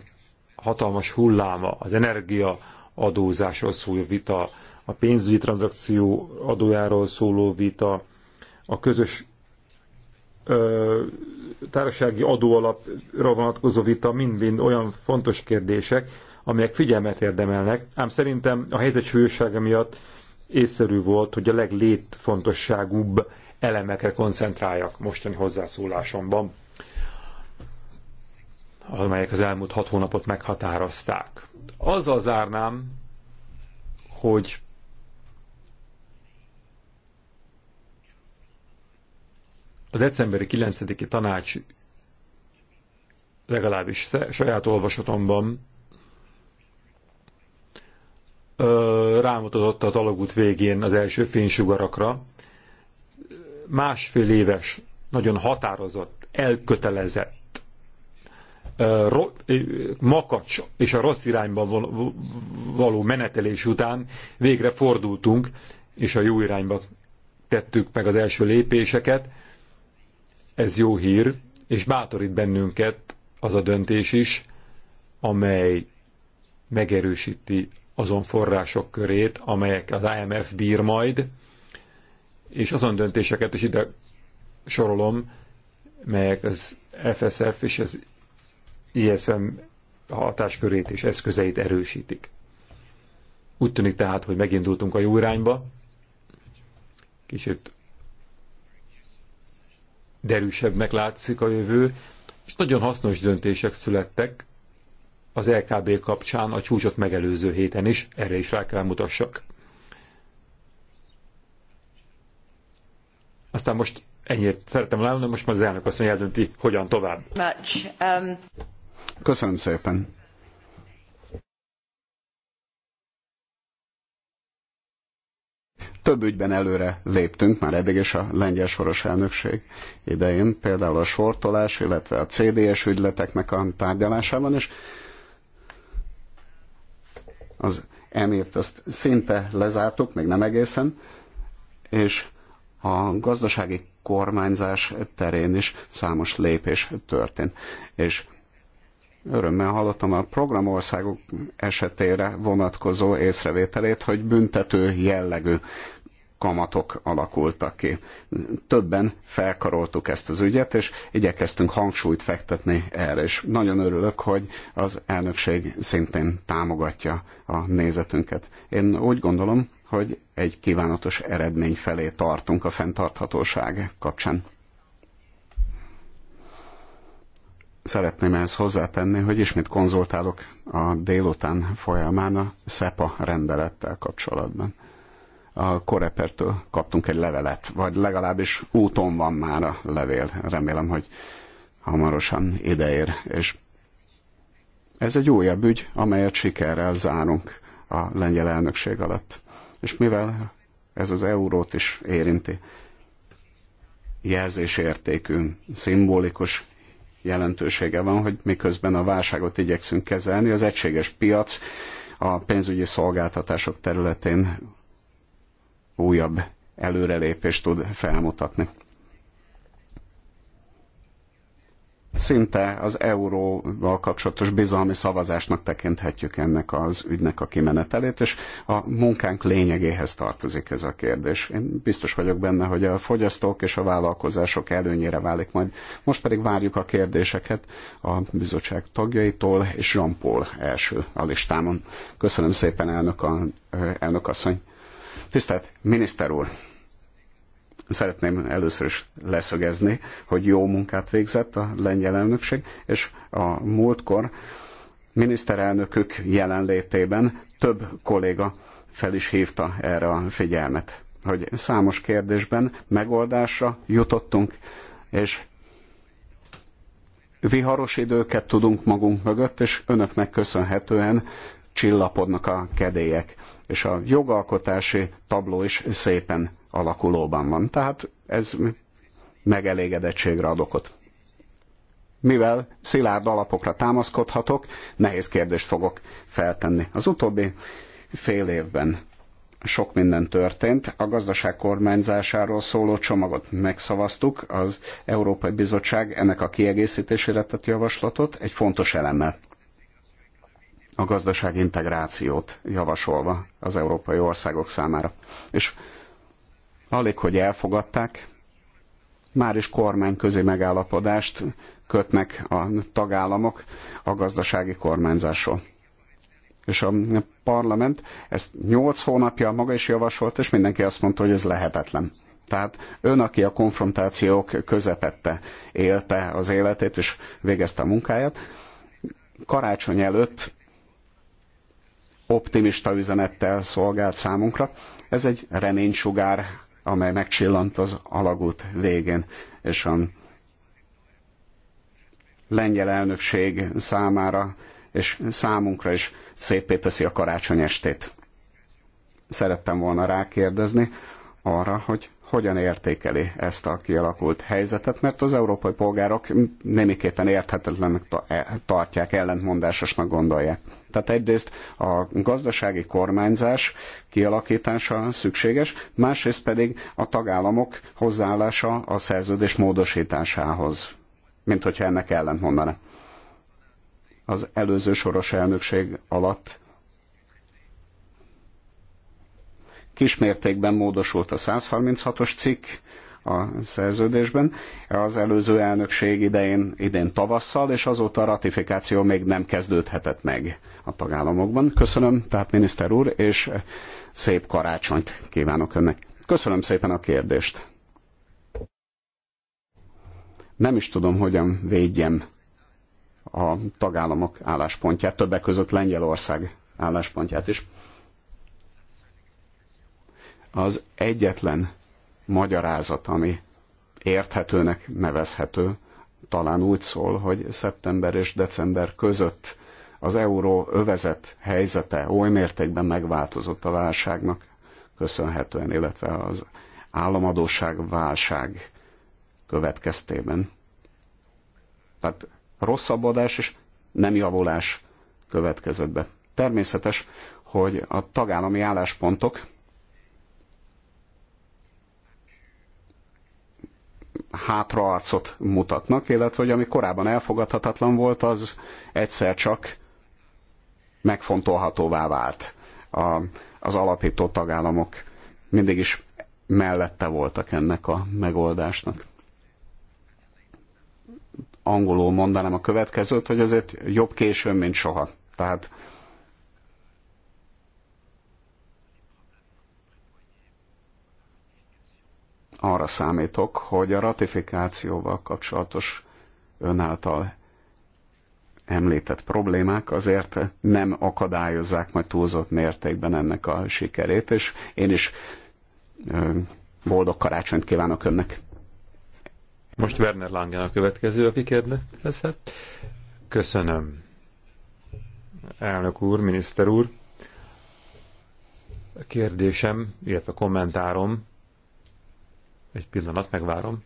hatalmas hulláma, az energia adózásról szóló vita, a pénzügyi tranzakció adójáról szóló vita, a közös ö, társasági adóalapra vonatkozó vita mind-mind olyan fontos kérdések, amelyek figyelmet érdemelnek, ám szerintem a helyzet súlyossága miatt észszerű volt, hogy a leglétfontosságúbb elemekre koncentráljak mostani hozzászólásomban, amelyek az elmúlt hat hónapot meghatározták. Azzal zárnám, hogy a decemberi 9-i tanács legalábbis saját olvasatomban rámutatott az alagút végén az első fénysugarakra. Másfél éves, nagyon határozott, elkötelezett, makacs és a rossz irányba való menetelés után végre fordultunk, és a jó irányba tettük meg az első lépéseket. Ez jó hír, és bátorít bennünket az a döntés is, amely megerősíti azon források körét, amelyek az IMF bír majd, és azon döntéseket is ide sorolom, melyek az FSF és az ISM hatáskörét és eszközeit erősítik. Úgy tűnik tehát, hogy megindultunk a jó irányba, kicsit derűsebbnek látszik a jövő, és nagyon hasznos döntések születtek az LKB kapcsán a csúcsot megelőző héten is, erre is rá kell mutassak. Aztán most ennyit szeretem lelni, most már az elnök azt mondja, eldönti, hogyan tovább. Um, Köszönöm szépen. Több ügyben előre léptünk, már eddig is a lengyel soros elnökség idején, például a sortolás, illetve a CDS ügyleteknek a tárgyalásában, és az emért azt szinte lezártuk, még nem egészen, és a gazdasági kormányzás terén is számos lépés történt. És örömmel hallottam a programországok esetére vonatkozó észrevételét, hogy büntető jellegű kamatok alakultak ki. Többen felkaroltuk ezt az ügyet, és igyekeztünk hangsúlyt fektetni erre, és nagyon örülök, hogy az elnökség szintén támogatja a nézetünket. Én úgy gondolom, hogy egy kívánatos eredmény felé tartunk a fenntarthatóság kapcsán. Szeretném ehhez hozzátenni, hogy ismét konzultálok a délután folyamán a SEPA rendelettel kapcsolatban a Korepertől kaptunk egy levelet, vagy legalábbis úton van már a levél. Remélem, hogy hamarosan ideér. És ez egy újabb ügy, amelyet sikerrel zárunk a lengyel elnökség alatt. És mivel ez az eurót is érinti, jelzésértékű, szimbolikus jelentősége van, hogy miközben a válságot igyekszünk kezelni, az egységes piac a pénzügyi szolgáltatások területén újabb előrelépést tud felmutatni. Szinte az euróval kapcsolatos bizalmi szavazásnak tekinthetjük ennek az ügynek a kimenetelét, és a munkánk lényegéhez tartozik ez a kérdés. Én biztos vagyok benne, hogy a fogyasztók és a vállalkozások előnyére válik majd. Most pedig várjuk a kérdéseket a bizottság tagjaitól, és Jean-Paul első a listámon. Köszönöm szépen, elnök, a, elnök asszony! Tisztelt miniszter úr! Szeretném először is leszögezni, hogy jó munkát végzett a lengyel elnökség, és a múltkor miniszterelnökök jelenlétében több kolléga fel is hívta erre a figyelmet, hogy számos kérdésben megoldásra jutottunk, és viharos időket tudunk magunk mögött, és önöknek köszönhetően csillapodnak a kedélyek és a jogalkotási tabló is szépen alakulóban van. Tehát ez megelégedettségre ad okot. Mivel szilárd alapokra támaszkodhatok, nehéz kérdést fogok feltenni. Az utóbbi fél évben sok minden történt. A gazdaság kormányzásáról szóló csomagot megszavaztuk, az Európai Bizottság ennek a kiegészítésére tett javaslatot egy fontos elemmel a gazdaság integrációt javasolva az európai országok számára. És alig, hogy elfogadták, már is kormányközi megállapodást kötnek a tagállamok a gazdasági kormányzásról. És a parlament ezt 8 hónapja maga is javasolt, és mindenki azt mondta, hogy ez lehetetlen. Tehát ön, aki a konfrontációk közepette élte az életét és végezte a munkáját, karácsony előtt optimista üzenettel szolgált számunkra. Ez egy reménysugár, amely megcsillant az alagút végén, és a lengyel elnökség számára és számunkra is szépé teszi a karácsony estét. Szerettem volna rákérdezni arra, hogy hogyan értékeli ezt a kialakult helyzetet, mert az európai polgárok némiképpen érthetetlennek tartják, ellentmondásosnak gondolják. Tehát egyrészt a gazdasági kormányzás kialakítása szükséges, másrészt pedig a tagállamok hozzáállása a szerződés módosításához, mint hogyha ennek ellent mondaná. Az előző soros elnökség alatt kismértékben módosult a 136-os cikk, a szerződésben. Az előző elnökség idején, idén tavasszal, és azóta a ratifikáció még nem kezdődhetett meg a tagállamokban. Köszönöm, tehát miniszter úr, és szép karácsonyt kívánok önnek. Köszönöm szépen a kérdést. Nem is tudom, hogyan védjem a tagállamok álláspontját, többek között Lengyelország álláspontját is. Az egyetlen magyarázat, ami érthetőnek nevezhető, talán úgy szól, hogy szeptember és december között az euró övezet helyzete oly mértékben megváltozott a válságnak köszönhetően, illetve az államadóság válság következtében. Tehát rosszabbodás és nem javulás következett be. Természetes, hogy a tagállami álláspontok hátraarcot mutatnak, illetve hogy ami korábban elfogadhatatlan volt, az egyszer csak megfontolhatóvá vált. A, az alapító tagállamok mindig is mellette voltak ennek a megoldásnak. Angolul mondanám a következőt, hogy ezért jobb későn, mint soha. Tehát arra számítok, hogy a ratifikációval kapcsolatos önáltal említett problémák azért nem akadályozzák majd túlzott mértékben ennek a sikerét, és én is boldog karácsonyt kívánok önnek. Most Werner Langen a következő, aki kérdezhet. Köszönöm. Elnök úr, miniszter úr. A kérdésem, illetve a kommentárom egy pillanat, megvárom,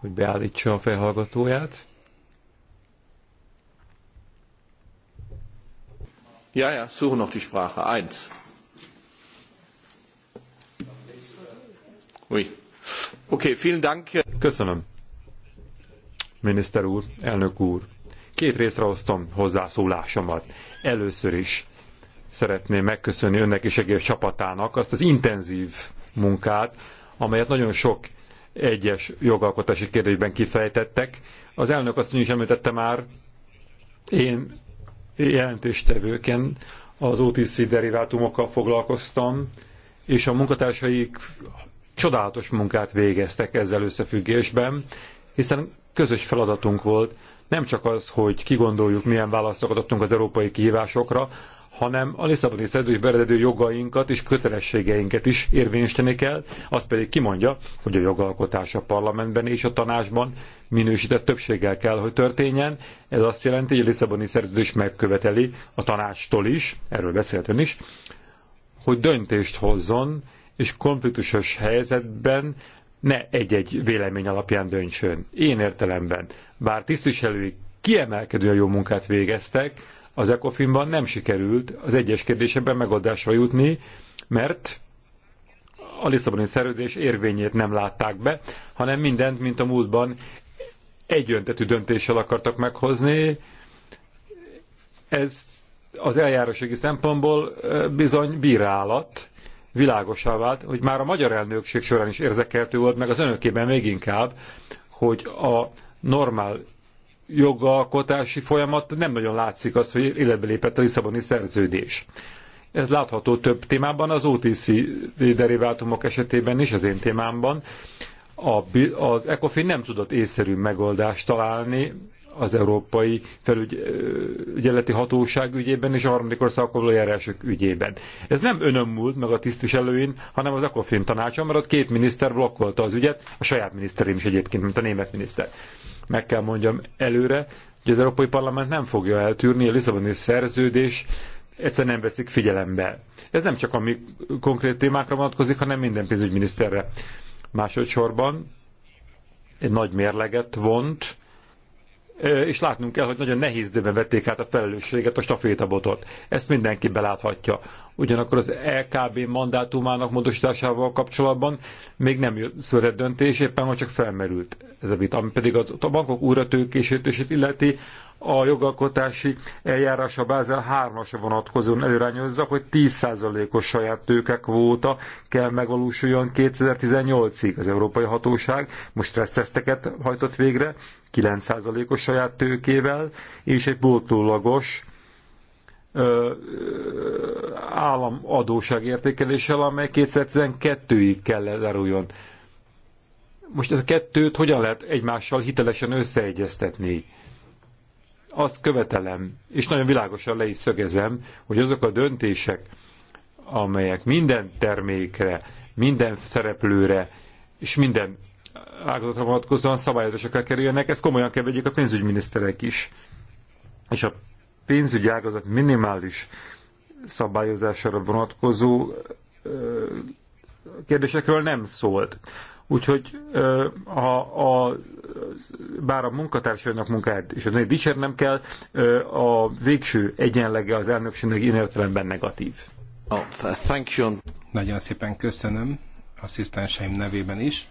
hogy beállítsa a felhallgatóját. Ja, ja, suche noch die Sprache. Eins. Oké, Okay, vielen Dank. Köszönöm. Miniszter úr, elnök úr, két részre osztom hozzászólásomat. Először is szeretném megköszönni önnek és egész csapatának azt az intenzív munkát, amelyet nagyon sok egyes jogalkotási kérdésben kifejtettek. Az elnök azt is említette már, én jelentéstevőként az OTC derivátumokkal foglalkoztam, és a munkatársaik csodálatos munkát végeztek ezzel összefüggésben, hiszen közös feladatunk volt nem csak az, hogy kigondoljuk, milyen válaszokat adtunk az európai kihívásokra, hanem a Lisszaboni szerződés berededő jogainkat és kötelességeinket is érvényesíteni kell, az pedig kimondja, hogy a jogalkotás a parlamentben és a tanácsban minősített többséggel kell, hogy történjen. Ez azt jelenti, hogy a Lisszaboni szerződés megköveteli a tanácstól is, erről beszéltem is, hogy döntést hozzon, és konfliktusos helyzetben ne egy-egy vélemény alapján döntsön. Én értelemben, bár tisztviselői kiemelkedően jó munkát végeztek, az ECOFIN-ban nem sikerült az egyes kérdésekben megoldásra jutni, mert a Lisszaboni szerződés érvényét nem látták be, hanem mindent, mint a múltban egyöntetű döntéssel akartak meghozni. Ez az eljárásogi szempontból bizony bírálat, világosá vált, hogy már a magyar elnökség során is érzekeltő volt, meg az önökében még inkább, hogy a normál jogalkotási folyamat nem nagyon látszik az, hogy életbe lépett a Lisszaboni szerződés. Ez látható több témában, az OTC derivátumok esetében is, az én témámban. A, az ECOFIN nem tudott észszerű megoldást találni az Európai Felügyeleti Hatóság ügyében és a harmadik országokkal járások ügyében. Ez nem önöm múlt meg a tisztviselőin, hanem az ECOFIN tanácsa, mert ott két miniszter blokkolta az ügyet, a saját miniszterém is egyébként, mint a német miniszter meg kell mondjam előre, hogy az Európai Parlament nem fogja eltűrni a Lisszaboni szerződés egyszerűen nem veszik figyelembe. Ez nem csak a mi konkrét témákra vonatkozik, hanem minden pénzügyminiszterre. Másodszorban egy nagy mérleget vont, és látnunk kell, hogy nagyon nehéz időben vették át a felelősséget, a stafétabotot. Ezt mindenki beláthatja ugyanakkor az LKB mandátumának módosításával kapcsolatban még nem született döntés, éppen ha csak felmerült ez a vita. Ami pedig az, a bankok újratőkésítését illeti, a jogalkotási eljárás a Bázel 3-asra vonatkozóan előrányozza, hogy 10%-os saját kvóta kell megvalósuljon 2018-ig. Az Európai Hatóság most stresszteszteket hajtott végre, 9%-os saját tőkével, és egy bultólagos államadóság értékeléssel, amely 2012-ig kell leruljon. Most ez a kettőt hogyan lehet egymással hitelesen összeegyeztetni? Azt követelem, és nagyon világosan le is szögezem, hogy azok a döntések, amelyek minden termékre, minden szereplőre és minden ágazatra vonatkozóan szabályozásra kerüljenek, ezt komolyan kell vegyék a pénzügyminiszterek is. És a pénzügyi ágazat minimális szabályozására vonatkozó kérdésekről nem szólt. Úgyhogy a, a, bár a munkatársainak munkáját és az dicsérnem kell, a végső egyenlege az elnökségnek én értelemben negatív. Oh, thank you. Nagyon szépen köszönöm asszisztenseim nevében is.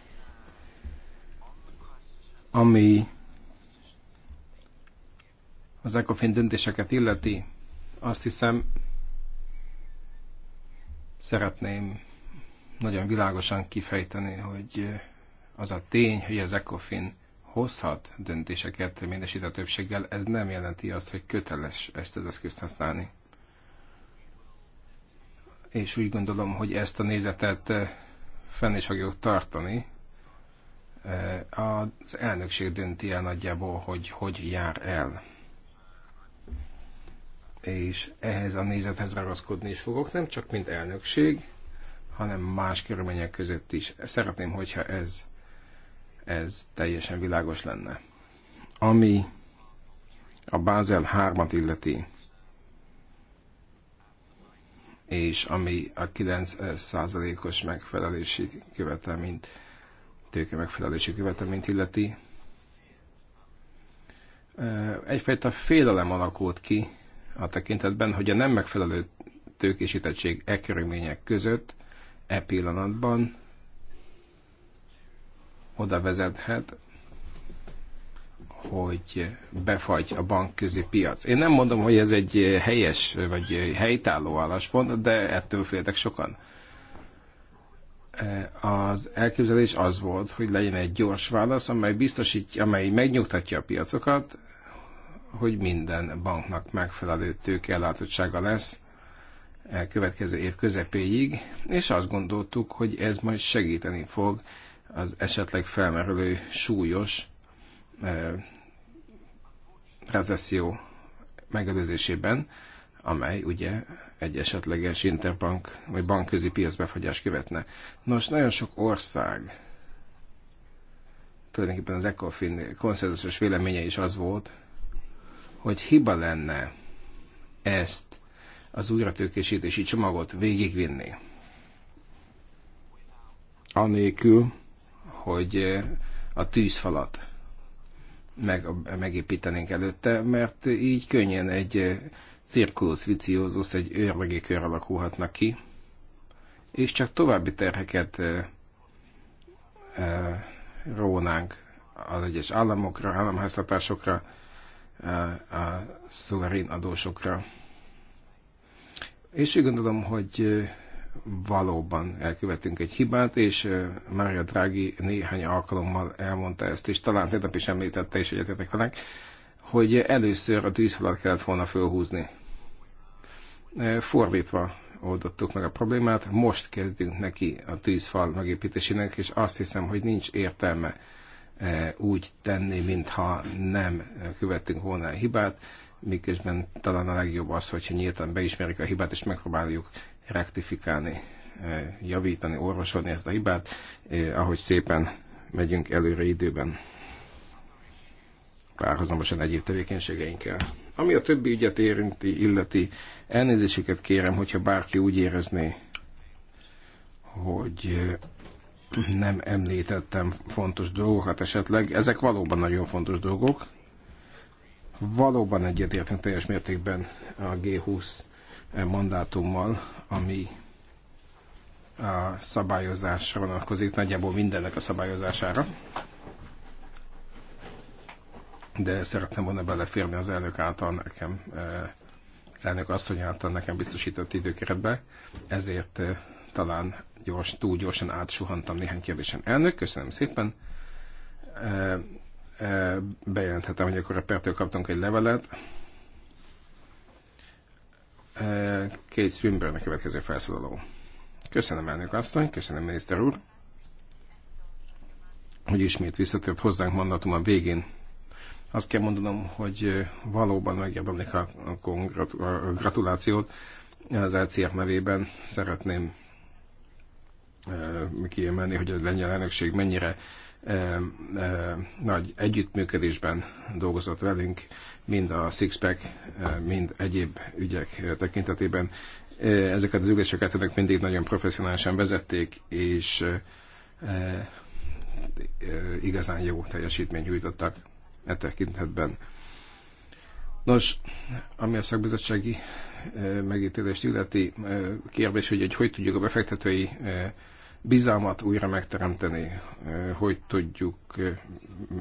Ami az ECOFIN döntéseket illeti, azt hiszem szeretném nagyon világosan kifejteni, hogy az a tény, hogy az ECOFIN hozhat döntéseket mindesített többséggel, ez nem jelenti azt, hogy köteles ezt az eszközt használni. És úgy gondolom, hogy ezt a nézetet eh, fenn is fogjuk tartani. Eh, az elnökség dönti el nagyjából, hogy hogy jár el és ehhez a nézethez ragaszkodni is fogok, nem csak mint elnökség, hanem más körülmények között is. Szeretném, hogyha ez, ez teljesen világos lenne. Ami a Bázel 3-at illeti, és ami a 9%-os megfelelési követelményt, tőke megfelelési követelményt illeti, egyfajta félelem alakult ki, a tekintetben, hogy a nem megfelelő tőkésítettség e körülmények között e pillanatban oda vezethet, hogy befagy a bankközi piac. Én nem mondom, hogy ez egy helyes vagy helytálló álláspont, de ettől féltek sokan. Az elképzelés az volt, hogy legyen egy gyors válasz, amely biztosítja, amely megnyugtatja a piacokat, hogy minden banknak megfelelő tőkeellátottsága lesz e következő év közepéig, és azt gondoltuk, hogy ez majd segíteni fog az esetleg felmerülő súlyos e, recesszió megelőzésében, amely ugye egy esetleges interbank vagy bankközi piacbefagyás követne. Nos, nagyon sok ország, tulajdonképpen az ECOFIN konszenzusos véleménye is az volt, hogy hiba lenne ezt az újratőkésítési csomagot végigvinni. Anélkül, hogy eh, a tűzfalat meg, megépítenénk előtte, mert így könnyen egy eh, cirkulusz viciózusz, egy őrlegi kör alakulhatnak ki, és csak további terheket e, e, rónánk az egyes államokra, államháztatásokra, a szuverén adósokra. És úgy gondolom, hogy valóban elkövetünk egy hibát, és Mária Drági néhány alkalommal elmondta ezt, és talán tegnap is említette, és egyetetek velek, hogy először a tűzfalat kellett volna fölhúzni. Fordítva oldottuk meg a problémát, most kezdünk neki a tűzfal megépítésének, és azt hiszem, hogy nincs értelme E, úgy tenni, mintha nem követtünk volna a hibát, miközben talán a legjobb az, hogyha nyíltan beismerik a hibát, és megpróbáljuk rektifikálni, e, javítani, orvosolni ezt a hibát, e, ahogy szépen megyünk előre időben párhuzamosan egyéb tevékenységeinkkel. Ami a többi ügyet érinti, illeti, elnézéseket kérem, hogyha bárki úgy érezné, hogy nem említettem fontos dolgokat esetleg. Ezek valóban nagyon fontos dolgok. Valóban egyetértünk teljes mértékben a G20 mandátummal, ami a szabályozásra vonatkozik, nagyjából mindennek a szabályozására. De szerettem volna beleférni az elnök által nekem, eh, az elnök asszony által nekem biztosított időkeretbe, ezért eh, talán gyors, túl gyorsan átsuhantam néhány kérdésen. Elnök, köszönöm szépen. Bejelenthetem, hogy akkor a pertől kaptunk egy levelet. Kate Swinburne a következő felszólaló. Köszönöm, elnök asszony, köszönöm, miniszter úr, hogy ismét visszatért hozzánk mandatum a végén. Azt kell mondanom, hogy valóban megérdemlik a, a gratulációt. Az LCR nevében szeretném kiemelni, hogy a lengyel elnökség mennyire nagy együttműködésben dolgozott velünk, mind a Sixpack, mind egyéb ügyek tekintetében. Ezeket az ügyeseket önök mindig nagyon professzionálisan vezették, és igazán jó teljesítményt nyújtottak e tekintetben. Nos, ami a szakbizottsági megítélést illeti kérdés, hogy hogy, hogy tudjuk a befektetői bizalmat újra megteremteni, hogy tudjuk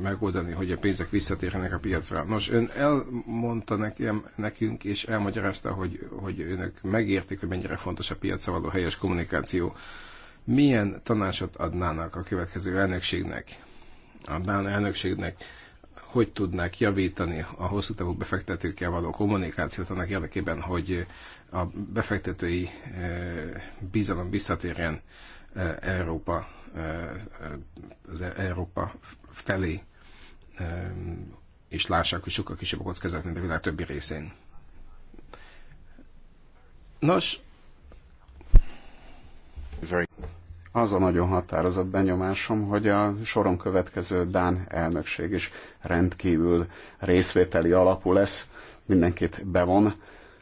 megoldani, hogy a pénzek visszatérjenek a piacra. Nos, ön elmondta nekem, nekünk, és elmagyarázta, hogy, hogy önök megértik, hogy mennyire fontos a piacra való helyes kommunikáció. Milyen tanácsot adnának a következő elnökségnek? Adnán elnökségnek, hogy tudnák javítani a hosszú távú befektetőkkel való kommunikációt annak érdekében, hogy a befektetői bizalom visszatérjen Európa, az Európa felé, és lássák, hogy sokkal kisebb a kockázat, mint a világ többi részén. Nos, az a nagyon határozott benyomásom, hogy a soron következő Dán elnökség is rendkívül részvételi alapú lesz, mindenkit bevon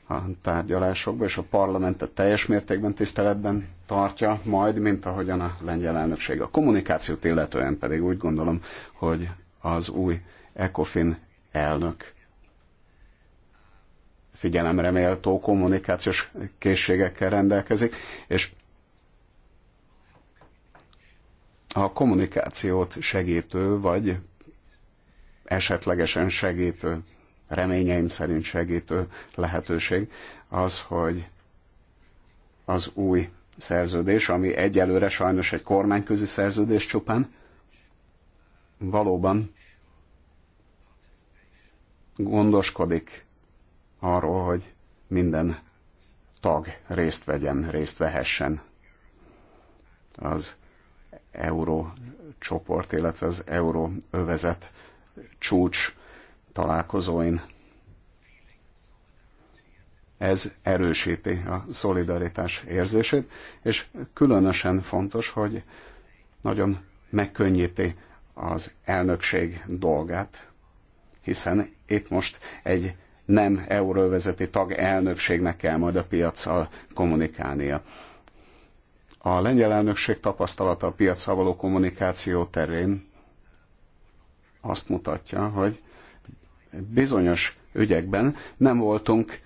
a tárgyalásokba, és a parlamentet teljes mértékben tiszteletben tartja majd, mint ahogyan a lengyel elnökség. A kommunikációt illetően pedig úgy gondolom, hogy az új ECOFIN elnök figyelemre méltó kommunikációs készségekkel rendelkezik, és a kommunikációt segítő, vagy esetlegesen segítő, reményeim szerint segítő lehetőség az, hogy az új szerződés, ami egyelőre sajnos egy kormányközi szerződés csupán, valóban gondoskodik arról, hogy minden tag részt vegyen, részt vehessen az euró csoport, illetve az euró övezet csúcs találkozóin ez erősíti a szolidaritás érzését, és különösen fontos, hogy nagyon megkönnyíti az elnökség dolgát, hiszen itt most egy nem euróvezeti tag elnökségnek kell majd a piaccal kommunikálnia. A lengyel elnökség tapasztalata a piaccal való kommunikáció terén azt mutatja, hogy bizonyos ügyekben nem voltunk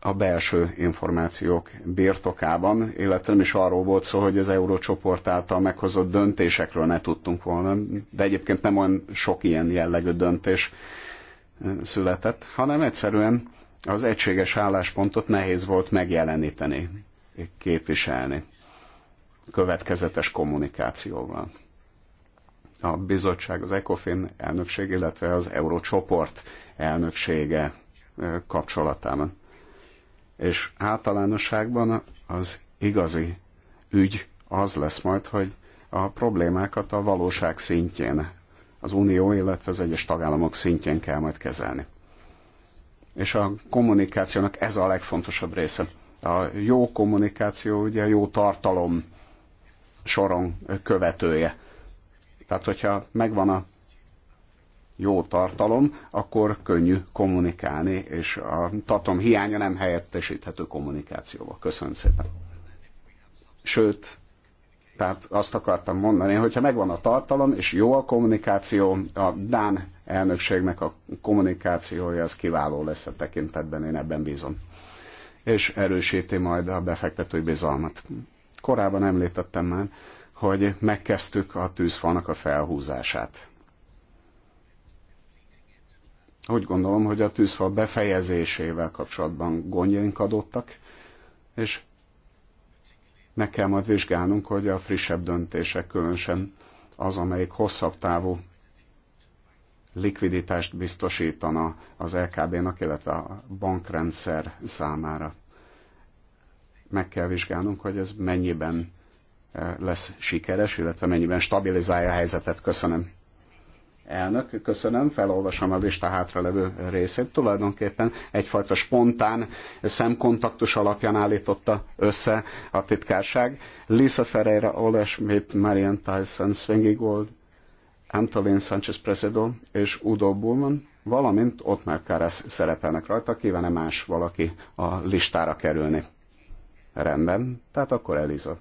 a belső információk birtokában, illetve nem is arról volt szó, hogy az eurócsoport által meghozott döntésekről ne tudtunk volna, de egyébként nem olyan sok ilyen jellegű döntés született, hanem egyszerűen az egységes álláspontot nehéz volt megjeleníteni, képviselni következetes kommunikációval. A bizottság, az ECOFIN elnökség, illetve az eurócsoport elnöksége kapcsolatában és általánosságban az igazi ügy az lesz majd, hogy a problémákat a valóság szintjén, az unió, illetve az egyes tagállamok szintjén kell majd kezelni. És a kommunikációnak ez a legfontosabb része. A jó kommunikáció, ugye a jó tartalom soron követője. Tehát, hogyha megvan a jó tartalom, akkor könnyű kommunikálni, és a tartalom hiánya nem helyettesíthető kommunikációval. Köszönöm szépen. Sőt, tehát azt akartam mondani, hogyha megvan a tartalom, és jó a kommunikáció, a Dán elnökségnek a kommunikációja az kiváló lesz a tekintetben, én ebben bízom. És erősíti majd a befektetői bizalmat. Korábban említettem már, hogy megkezdtük a tűzfalnak a felhúzását úgy gondolom, hogy a tűzfal befejezésével kapcsolatban gondjaink adottak, és meg kell majd vizsgálnunk, hogy a frissebb döntések, különösen az, amelyik hosszabb távú likviditást biztosítana az LKB-nak, illetve a bankrendszer számára. Meg kell vizsgálnunk, hogy ez mennyiben eh, lesz sikeres, illetve mennyiben stabilizálja a helyzetet. Köszönöm. Elnök, köszönöm, felolvasom a lista hátralevő részét. Tulajdonképpen egyfajta spontán szemkontaktus alapján állította össze a titkárság. Lisa Ferreira, Ole Schmidt, Marian Tyson, Svengi Gold, Antolin Sanchez Presedo és Udo Bullman, valamint Ottmar Karas szerepelnek rajta, kívánne más valaki a listára kerülni. Rendben, tehát akkor Eliza.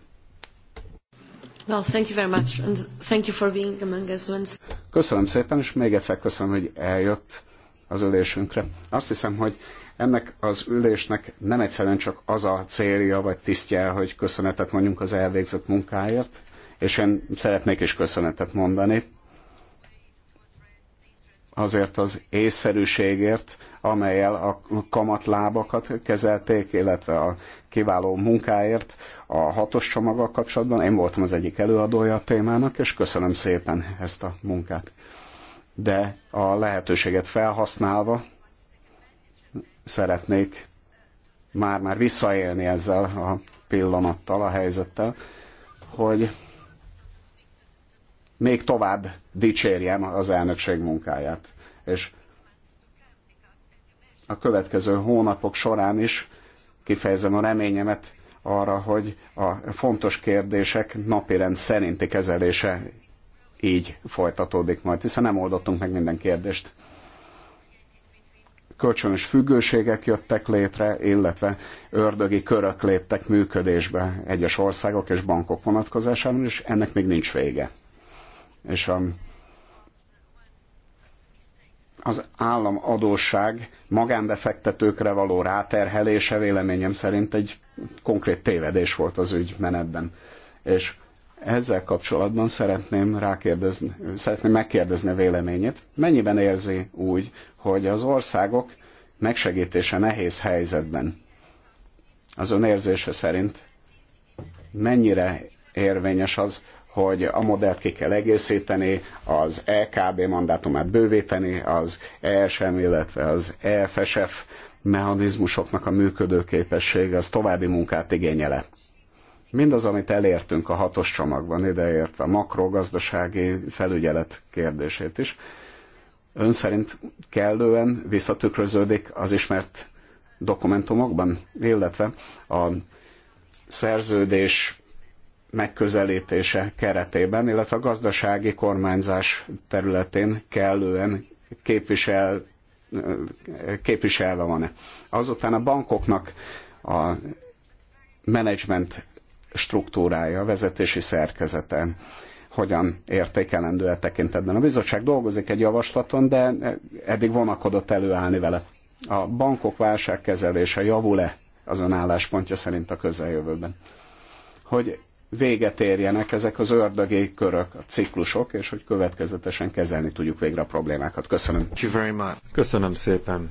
Well, thank you very much, and thank you for being among us once. Köszönöm szépen, és még egyszer köszönöm, hogy eljött az ülésünkre. Azt hiszem, hogy ennek az ülésnek nem egyszerűen csak az a célja vagy tisztje, hogy köszönetet mondjunk az elvégzett munkáért, és én szeretnék is köszönetet mondani azért az észszerűségért, amelyel a kamatlábakat kezelték, illetve a kiváló munkáért a hatos csomaggal kapcsolatban. Én voltam az egyik előadója a témának, és köszönöm szépen ezt a munkát. De a lehetőséget felhasználva szeretnék már-már visszaélni ezzel a pillanattal, a helyzettel, hogy még tovább dicsérjem az elnökség munkáját. És a következő hónapok során is kifejezem a reményemet arra, hogy a fontos kérdések napirend szerinti kezelése így folytatódik majd, hiszen nem oldottunk meg minden kérdést. Kölcsönös függőségek jöttek létre, illetve ördögi körök léptek működésbe egyes országok és bankok vonatkozásában, és ennek még nincs vége. És a az államadóság magánbefektetőkre való ráterhelése véleményem szerint egy konkrét tévedés volt az ügy menetben. És ezzel kapcsolatban szeretném, rákérdezni, szeretném megkérdezni a véleményét. Mennyiben érzi úgy, hogy az országok megsegítése nehéz helyzetben az ön érzése szerint mennyire érvényes az, hogy a modellt ki kell egészíteni, az EKB mandátumát bővíteni, az ESM, illetve az EFSF mechanizmusoknak a működőképessége, az további munkát igényele. Mindaz, amit elértünk a hatos csomagban, ideértve a makrogazdasági felügyelet kérdését is, ön szerint kellően visszatükröződik az ismert dokumentumokban, illetve a szerződés megközelítése keretében, illetve a gazdasági kormányzás területén kellően képvisel, képviselve van-e. Azután a bankoknak a menedzsment struktúrája, a vezetési szerkezete hogyan értékelendő e tekintetben. A bizottság dolgozik egy javaslaton, de eddig vonakodott előállni vele. A bankok válságkezelése javul-e az ön álláspontja szerint a közeljövőben? Hogy véget érjenek ezek az ördögi körök, a ciklusok, és hogy következetesen kezelni tudjuk végre a problémákat. Köszönöm. Köszönöm szépen.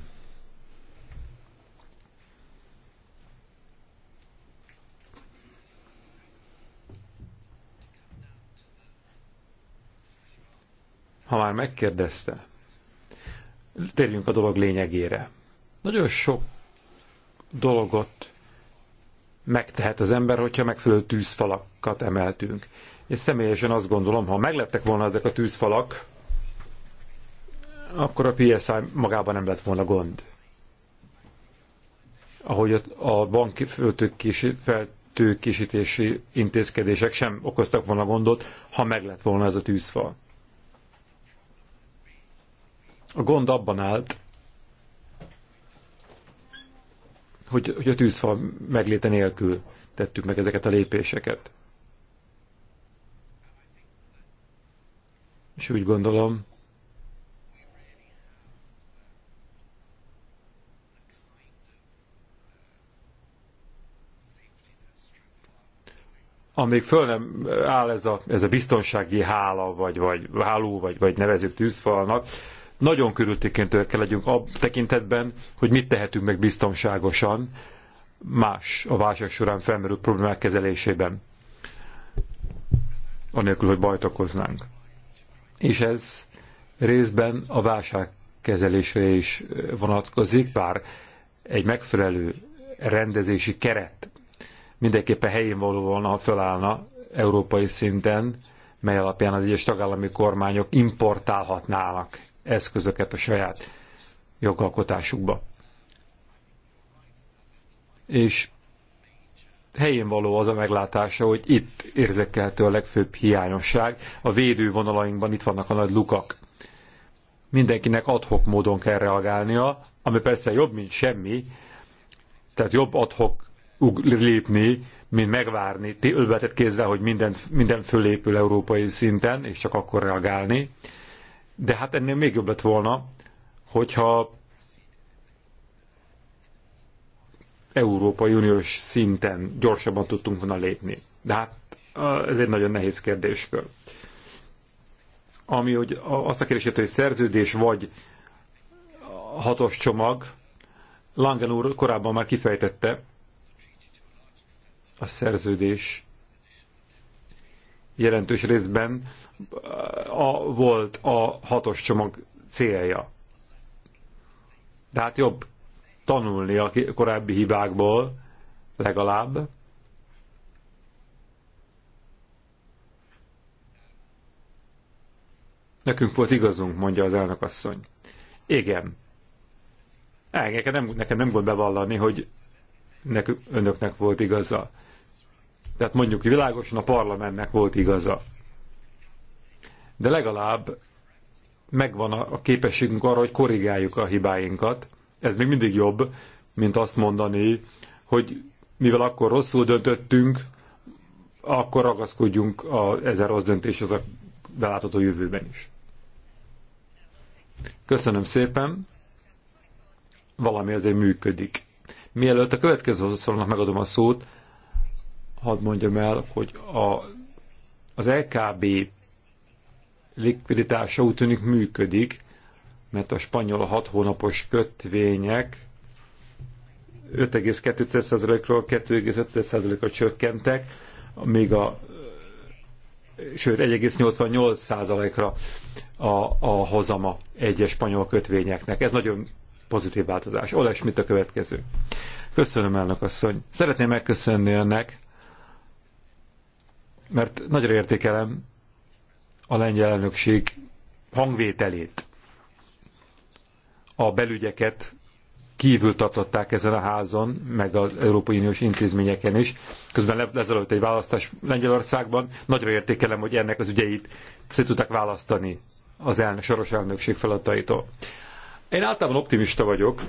Ha már megkérdezte, térjünk a dolog lényegére. Nagyon sok dologot megtehet az ember, hogyha megfelelő tűzfalakat emeltünk. És személyesen azt gondolom, ha meglettek volna ezek a tűzfalak, akkor a PSI magában nem lett volna gond. Ahogy a banki feltőkésítési intézkedések sem okoztak volna gondot, ha meg lett volna ez a tűzfal. A gond abban állt, hogy, hogy a tűzfal megléte nélkül tettük meg ezeket a lépéseket. És úgy gondolom, amíg föl nem áll ez a, ez a biztonsági hála, vagy, vagy háló, vagy, vagy nevezük tűzfalnak, nagyon körültékintőek kell legyünk a tekintetben, hogy mit tehetünk meg biztonságosan más a válság során felmerült problémák kezelésében, anélkül, hogy bajt okoznánk. És ez részben a kezelésre is vonatkozik, bár egy megfelelő rendezési keret mindenképpen helyén való volna, ha felállna európai szinten, mely alapján az egyes tagállami kormányok importálhatnának eszközöket a saját jogalkotásukba. És helyén való az a meglátása, hogy itt érzekelhető a legfőbb hiányosság. A védővonalainkban itt vannak a nagy lukak. Mindenkinek adhok módon kell reagálnia, ami persze jobb, mint semmi, tehát jobb adhok lépni, mint megvárni ölbetett kézzel, hogy minden, minden fölépül európai szinten, és csak akkor reagálni. De hát ennél még jobb lett volna, hogyha Európai Uniós szinten gyorsabban tudtunk volna lépni. De hát ez egy nagyon nehéz kérdéskör. Ami hogy azt a kérdését, hogy szerződés vagy hatos csomag, Langen úr korábban már kifejtette, a szerződés jelentős részben a, volt a hatos csomag célja. Tehát jobb tanulni a korábbi hibákból legalább. Nekünk volt igazunk, mondja az elnökasszony. Igen. Nekem nem, nekem nem gond bevallani, hogy nekünk, önöknek volt igaza. Tehát mondjuk világosan a parlamentnek volt igaza. De legalább megvan a képességünk arra, hogy korrigáljuk a hibáinkat. Ez még mindig jobb, mint azt mondani, hogy mivel akkor rosszul döntöttünk, akkor ragaszkodjunk a ezer rossz döntéshez a belátható jövőben is. Köszönöm szépen. Valami azért működik. Mielőtt a következő hozzászólónak megadom a szót, hadd mondjam el, hogy a, az LKB likviditása úgy tűnik működik, mert a spanyol 6 hónapos kötvények 5,2%-ról 2,5%-ra csökkentek, még a sőt 1,88%-ra a, a hozama egyes spanyol kötvényeknek. Ez nagyon pozitív változás. Oles, mit a következő? Köszönöm, elnök asszony. Szeretném megköszönni önnek mert nagyra értékelem a lengyel elnökség hangvételét. A belügyeket kívül tartották ezen a házon, meg az Európai Uniós intézményeken is. Közben lezelőtt egy választás Lengyelországban. Nagyra értékelem, hogy ennek az ügyeit szét tudták választani az elnök, soros elnökség feladataitól. Én általában optimista vagyok,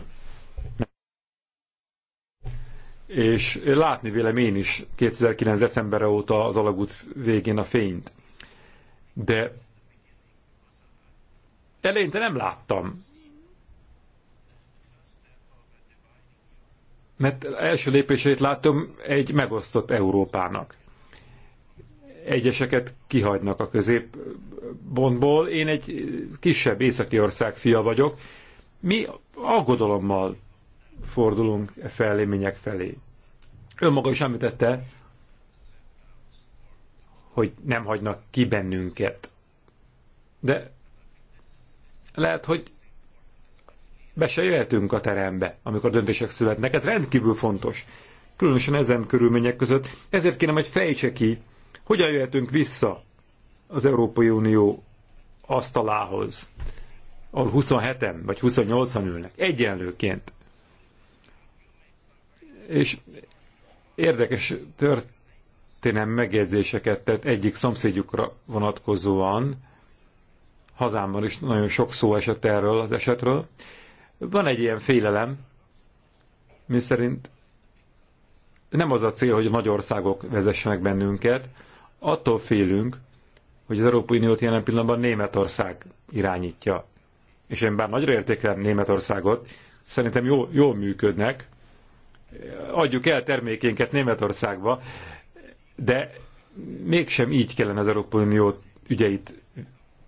és látni vélem én is 2009. decemberre óta az alagút végén a fényt. De eleinte nem láttam. Mert első lépését látom egy megosztott Európának. Egyeseket kihagynak a középbontból. Én egy kisebb északi ország fia vagyok. Mi aggodalommal fordulunk e fejlemények felé. Ön maga is említette, hogy nem hagynak ki bennünket. De lehet, hogy be se jöhetünk a terembe, amikor döntések születnek. Ez rendkívül fontos. Különösen ezen körülmények között. Ezért kérem, hogy fejtse ki, hogyan jöhetünk vissza az Európai Unió asztalához, ahol 27-en vagy 28-an ülnek, egyenlőként és érdekes történelmi megjegyzéseket tett egyik szomszédjukra vonatkozóan, hazámban is nagyon sok szó esett erről az esetről. Van egy ilyen félelem, mi szerint nem az a cél, hogy a nagy országok vezessenek bennünket, attól félünk, hogy az Európai Uniót jelen pillanatban Németország irányítja. És én bár nagyra értékelem Németországot, szerintem jól, jól működnek, adjuk el termékénket Németországba, de mégsem így kellene az Európai Unió ügyeit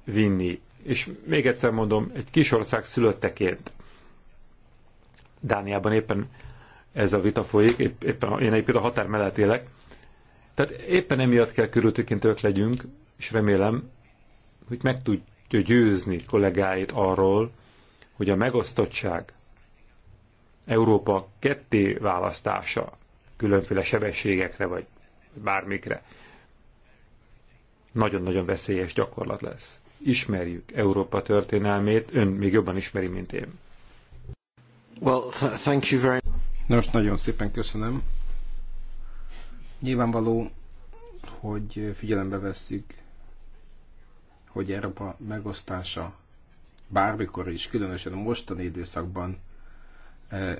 vinni. És még egyszer mondom, egy kis ország szülötteként. Dániában éppen ez a vita folyik, épp, éppen, én éppen a határ mellett élek. Tehát éppen emiatt kell ők legyünk, és remélem, hogy meg tudja győzni kollégáit arról, hogy a megosztottság, Európa ketté választása különféle sebességekre vagy bármikre nagyon-nagyon veszélyes gyakorlat lesz. Ismerjük Európa történelmét, ön még jobban ismeri, mint én. Well, th- thank you very Nos, nagyon szépen köszönöm. Nyilvánvaló, hogy figyelembe vesszük, hogy Európa megosztása bármikor is, különösen a mostani időszakban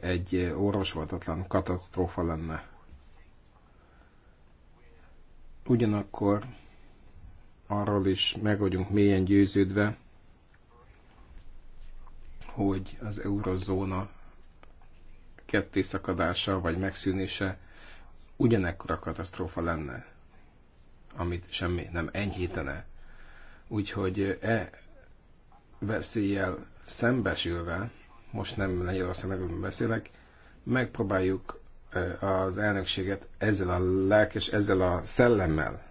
egy orvosoltatlan katasztrófa lenne. Ugyanakkor arról is meg vagyunk mélyen győződve, hogy az eurozóna ketté szakadása vagy megszűnése ugyanekkora katasztrófa lenne, amit semmi nem enyhítene. Úgyhogy e veszéllyel szembesülve most nem Lengyelország nevében beszélek, megpróbáljuk az elnökséget ezzel a lelkes, ezzel a szellemmel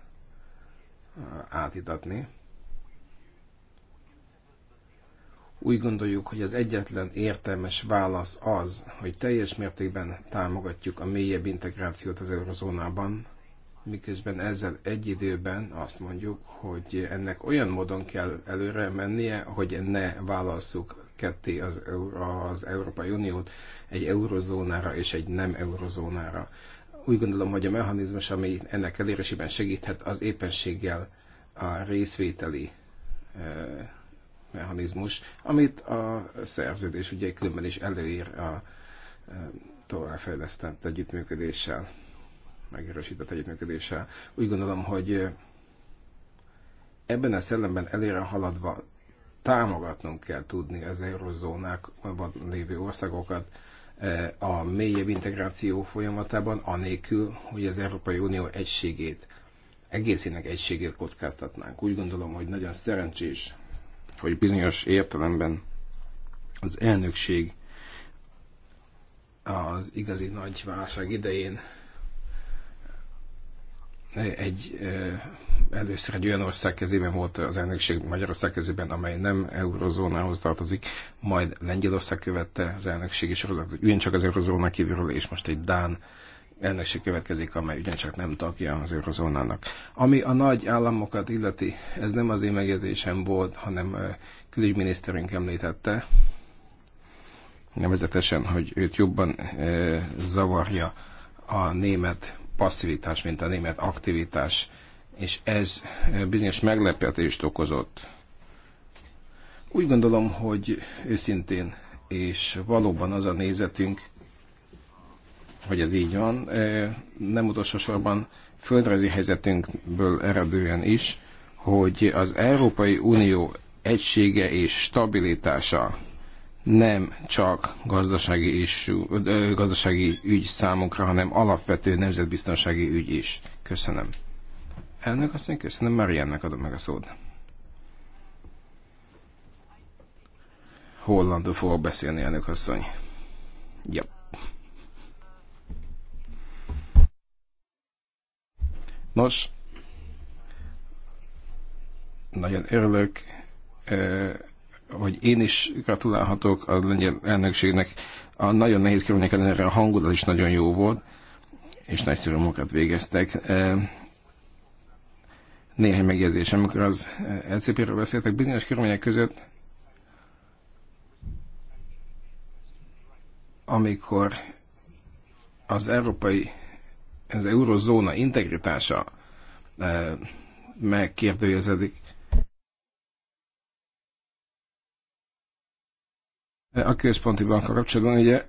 átitatni. Úgy gondoljuk, hogy az egyetlen értelmes válasz az, hogy teljes mértékben támogatjuk a mélyebb integrációt az eurozónában, miközben ezzel egy időben azt mondjuk, hogy ennek olyan módon kell előre mennie, hogy ne válasszuk ketté az, az Európai Uniót egy eurozónára és egy nem eurozónára. Úgy gondolom, hogy a mechanizmus, ami ennek elérésében segíthet, az éppenséggel a részvételi mechanizmus, amit a szerződés ugye különben is előír a továbbfejlesztett együttműködéssel, megerősített együttműködéssel. Úgy gondolom, hogy ebben a szellemben előre haladva támogatnunk kell tudni az eurozónákban lévő országokat eh, a mélyebb integráció folyamatában, anélkül, hogy az Európai Unió egységét, egészének egységét kockáztatnánk. Úgy gondolom, hogy nagyon szerencsés, hogy bizonyos értelemben az elnökség az igazi nagy válság idején egy először egy olyan ország kezében volt az elnökség Magyarország kezében, amely nem eurozónához tartozik, majd Lengyelország követte az elnökség, és ugyancsak az eurozóna kívülről, és most egy Dán elnökség következik, amely ugyancsak nem tagja az eurozónának. Ami a nagy államokat illeti, ez nem az én megjegyzésem volt, hanem külügyminiszterünk említette, nevezetesen, hogy őt jobban zavarja a német passzivitás, mint a német aktivitás, és ez bizonyos meglepetést okozott. Úgy gondolom, hogy őszintén és valóban az a nézetünk, hogy ez így van, e, nem utolsó sorban földrajzi helyzetünkből eredően is, hogy az Európai Unió egysége és stabilitása nem csak gazdasági, issue, gazdasági ügy számunkra, hanem alapvető nemzetbiztonsági ügy is. Köszönöm. Elnök mondja, köszönöm, Mariannek adom meg a szót. Hollandul fogok beszélni, elnök asszony. Ja. Nos, nagyon örülök hogy én is gratulálhatok a lengyel elnökségnek. A nagyon nehéz körülmények ellenére a hangulat is nagyon jó volt, és nagyszerű munkát végeztek. E, néhány megjegyzés, amikor az LCP-ről beszéltek, bizonyos körülmények között, amikor az európai, az eurozóna integritása e, megkérdőjeződik, a központi bankkal kapcsolatban, ugye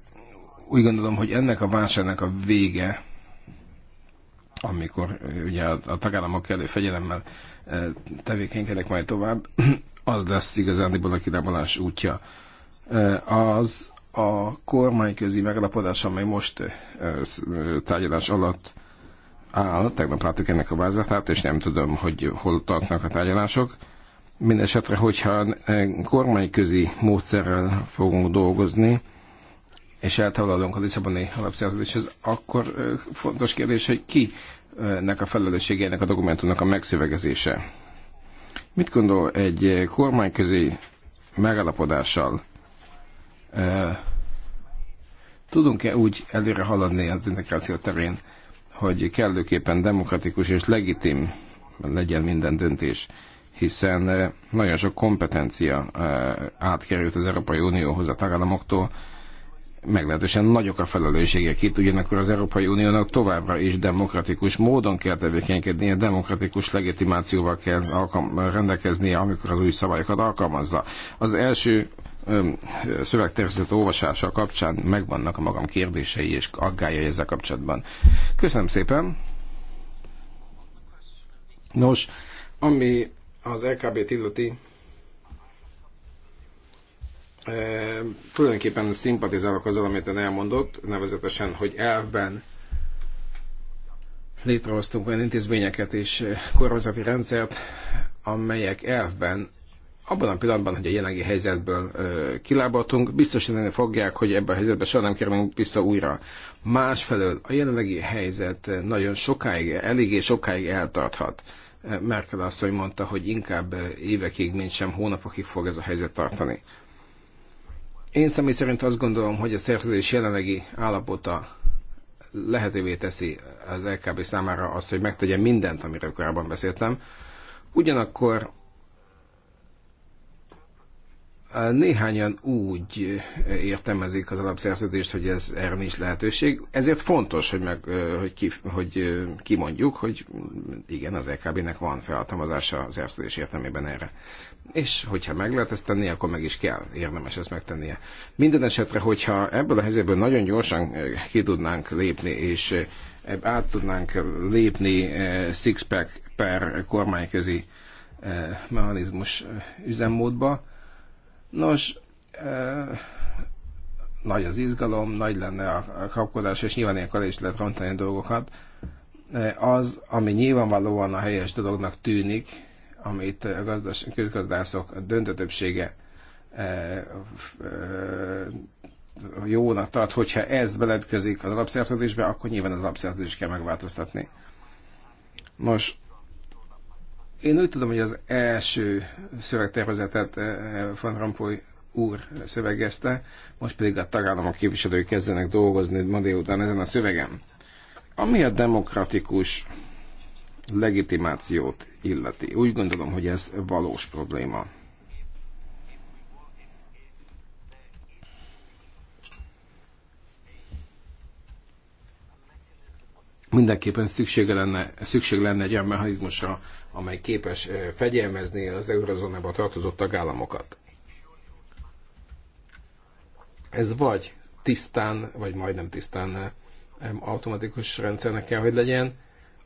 úgy gondolom, hogy ennek a válságnak a vége, amikor ugye a tagállamok elő fegyelemmel tevékenykednek majd tovább, az lesz igazán a kilábalás útja. Az a kormányközi megalapodás, amely most tárgyalás alatt áll, tegnap láttuk ennek a vázlatát, és nem tudom, hogy hol tartnak a tárgyalások, Mindenesetre, hogyha e, kormányközi módszerrel fogunk dolgozni, és eltávolodunk a Lisszaboni alapszerződéshez, akkor e, fontos kérdés, hogy ki e, nek a felelősségének a dokumentumnak a megszövegezése. Mit gondol egy kormányközi megállapodással? Tudunk-e úgy előre haladni az integráció terén, hogy kellőképpen demokratikus és legitim legyen minden döntés? hiszen eh, nagyon sok kompetencia eh, átkerült az Európai Unióhoz a tagállamoktól, meglehetősen nagyok a felelősségek itt, ugyanakkor az Európai Uniónak továbbra is demokratikus módon kell tevékenykednie, demokratikus legitimációval kell alkalm- rendelkeznie, amikor az új szabályokat alkalmazza. Az első szövegtervezet olvasása kapcsán megvannak a magam kérdései és aggályai ezzel kapcsolatban. Köszönöm szépen! Nos, ami az LKB-t illeti, e, tulajdonképpen szimpatizálok azzal, amit ön elmondott, nevezetesen, hogy elvben létrehoztunk olyan intézményeket és e, kormányzati rendszert, amelyek elvben abban a pillanatban, hogy a jelenlegi helyzetből ö, e, kilábaltunk, biztosítani fogják, hogy ebben a helyzetben soha nem kerülünk vissza újra. Másfelől a jelenlegi helyzet e, nagyon sokáig, eléggé sokáig eltarthat. Merkel asszony mondta, hogy inkább évekig, mint sem hónapokig fog ez a helyzet tartani. Én személy szerint azt gondolom, hogy a szerződés jelenlegi állapota lehetővé teszi az LKB számára azt, hogy megtegye mindent, amiről korábban beszéltem. Ugyanakkor Néhányan úgy értelmezik az alapszerződést, hogy ez erre nincs lehetőség, ezért fontos, hogy, meg, hogy, ki, hogy kimondjuk, hogy igen, az LKB-nek e van felhatalmazása az szerződés értelmében erre. És hogyha meg lehet ezt tenni, akkor meg is kell, érdemes ezt megtennie. Minden esetre, hogyha ebből a helyzetből nagyon gyorsan ki tudnánk lépni, és át tudnánk lépni six-pack per kormányközi mechanizmus üzemmódba, Nos, nagy az izgalom, nagy lenne a kapkodás, és nyilván ilyenkor is lehet rontani a dolgokat. Az, ami nyilvánvalóan a helyes dolognak tűnik, amit a gazdas, közgazdászok döntő többsége jónak tart, hogyha ez beledkezik az alapszerződésbe, akkor nyilván az alapszerződést kell megváltoztatni. Nos, én úgy tudom, hogy az első szövegtervezetet eh, Van Rompuy úr szövegezte, most pedig a tagállamok képviselői kezdenek dolgozni ma délután ezen a szövegem. Ami a demokratikus legitimációt illeti, úgy gondolom, hogy ez valós probléma. Mindenképpen szüksége lenne, szükség lenne egy olyan mechanizmusra, amely képes eh, fegyelmezni az eurozónába tartozó tagállamokat. Ez vagy tisztán, vagy majdnem tisztán eh, automatikus rendszernek kell, hogy legyen,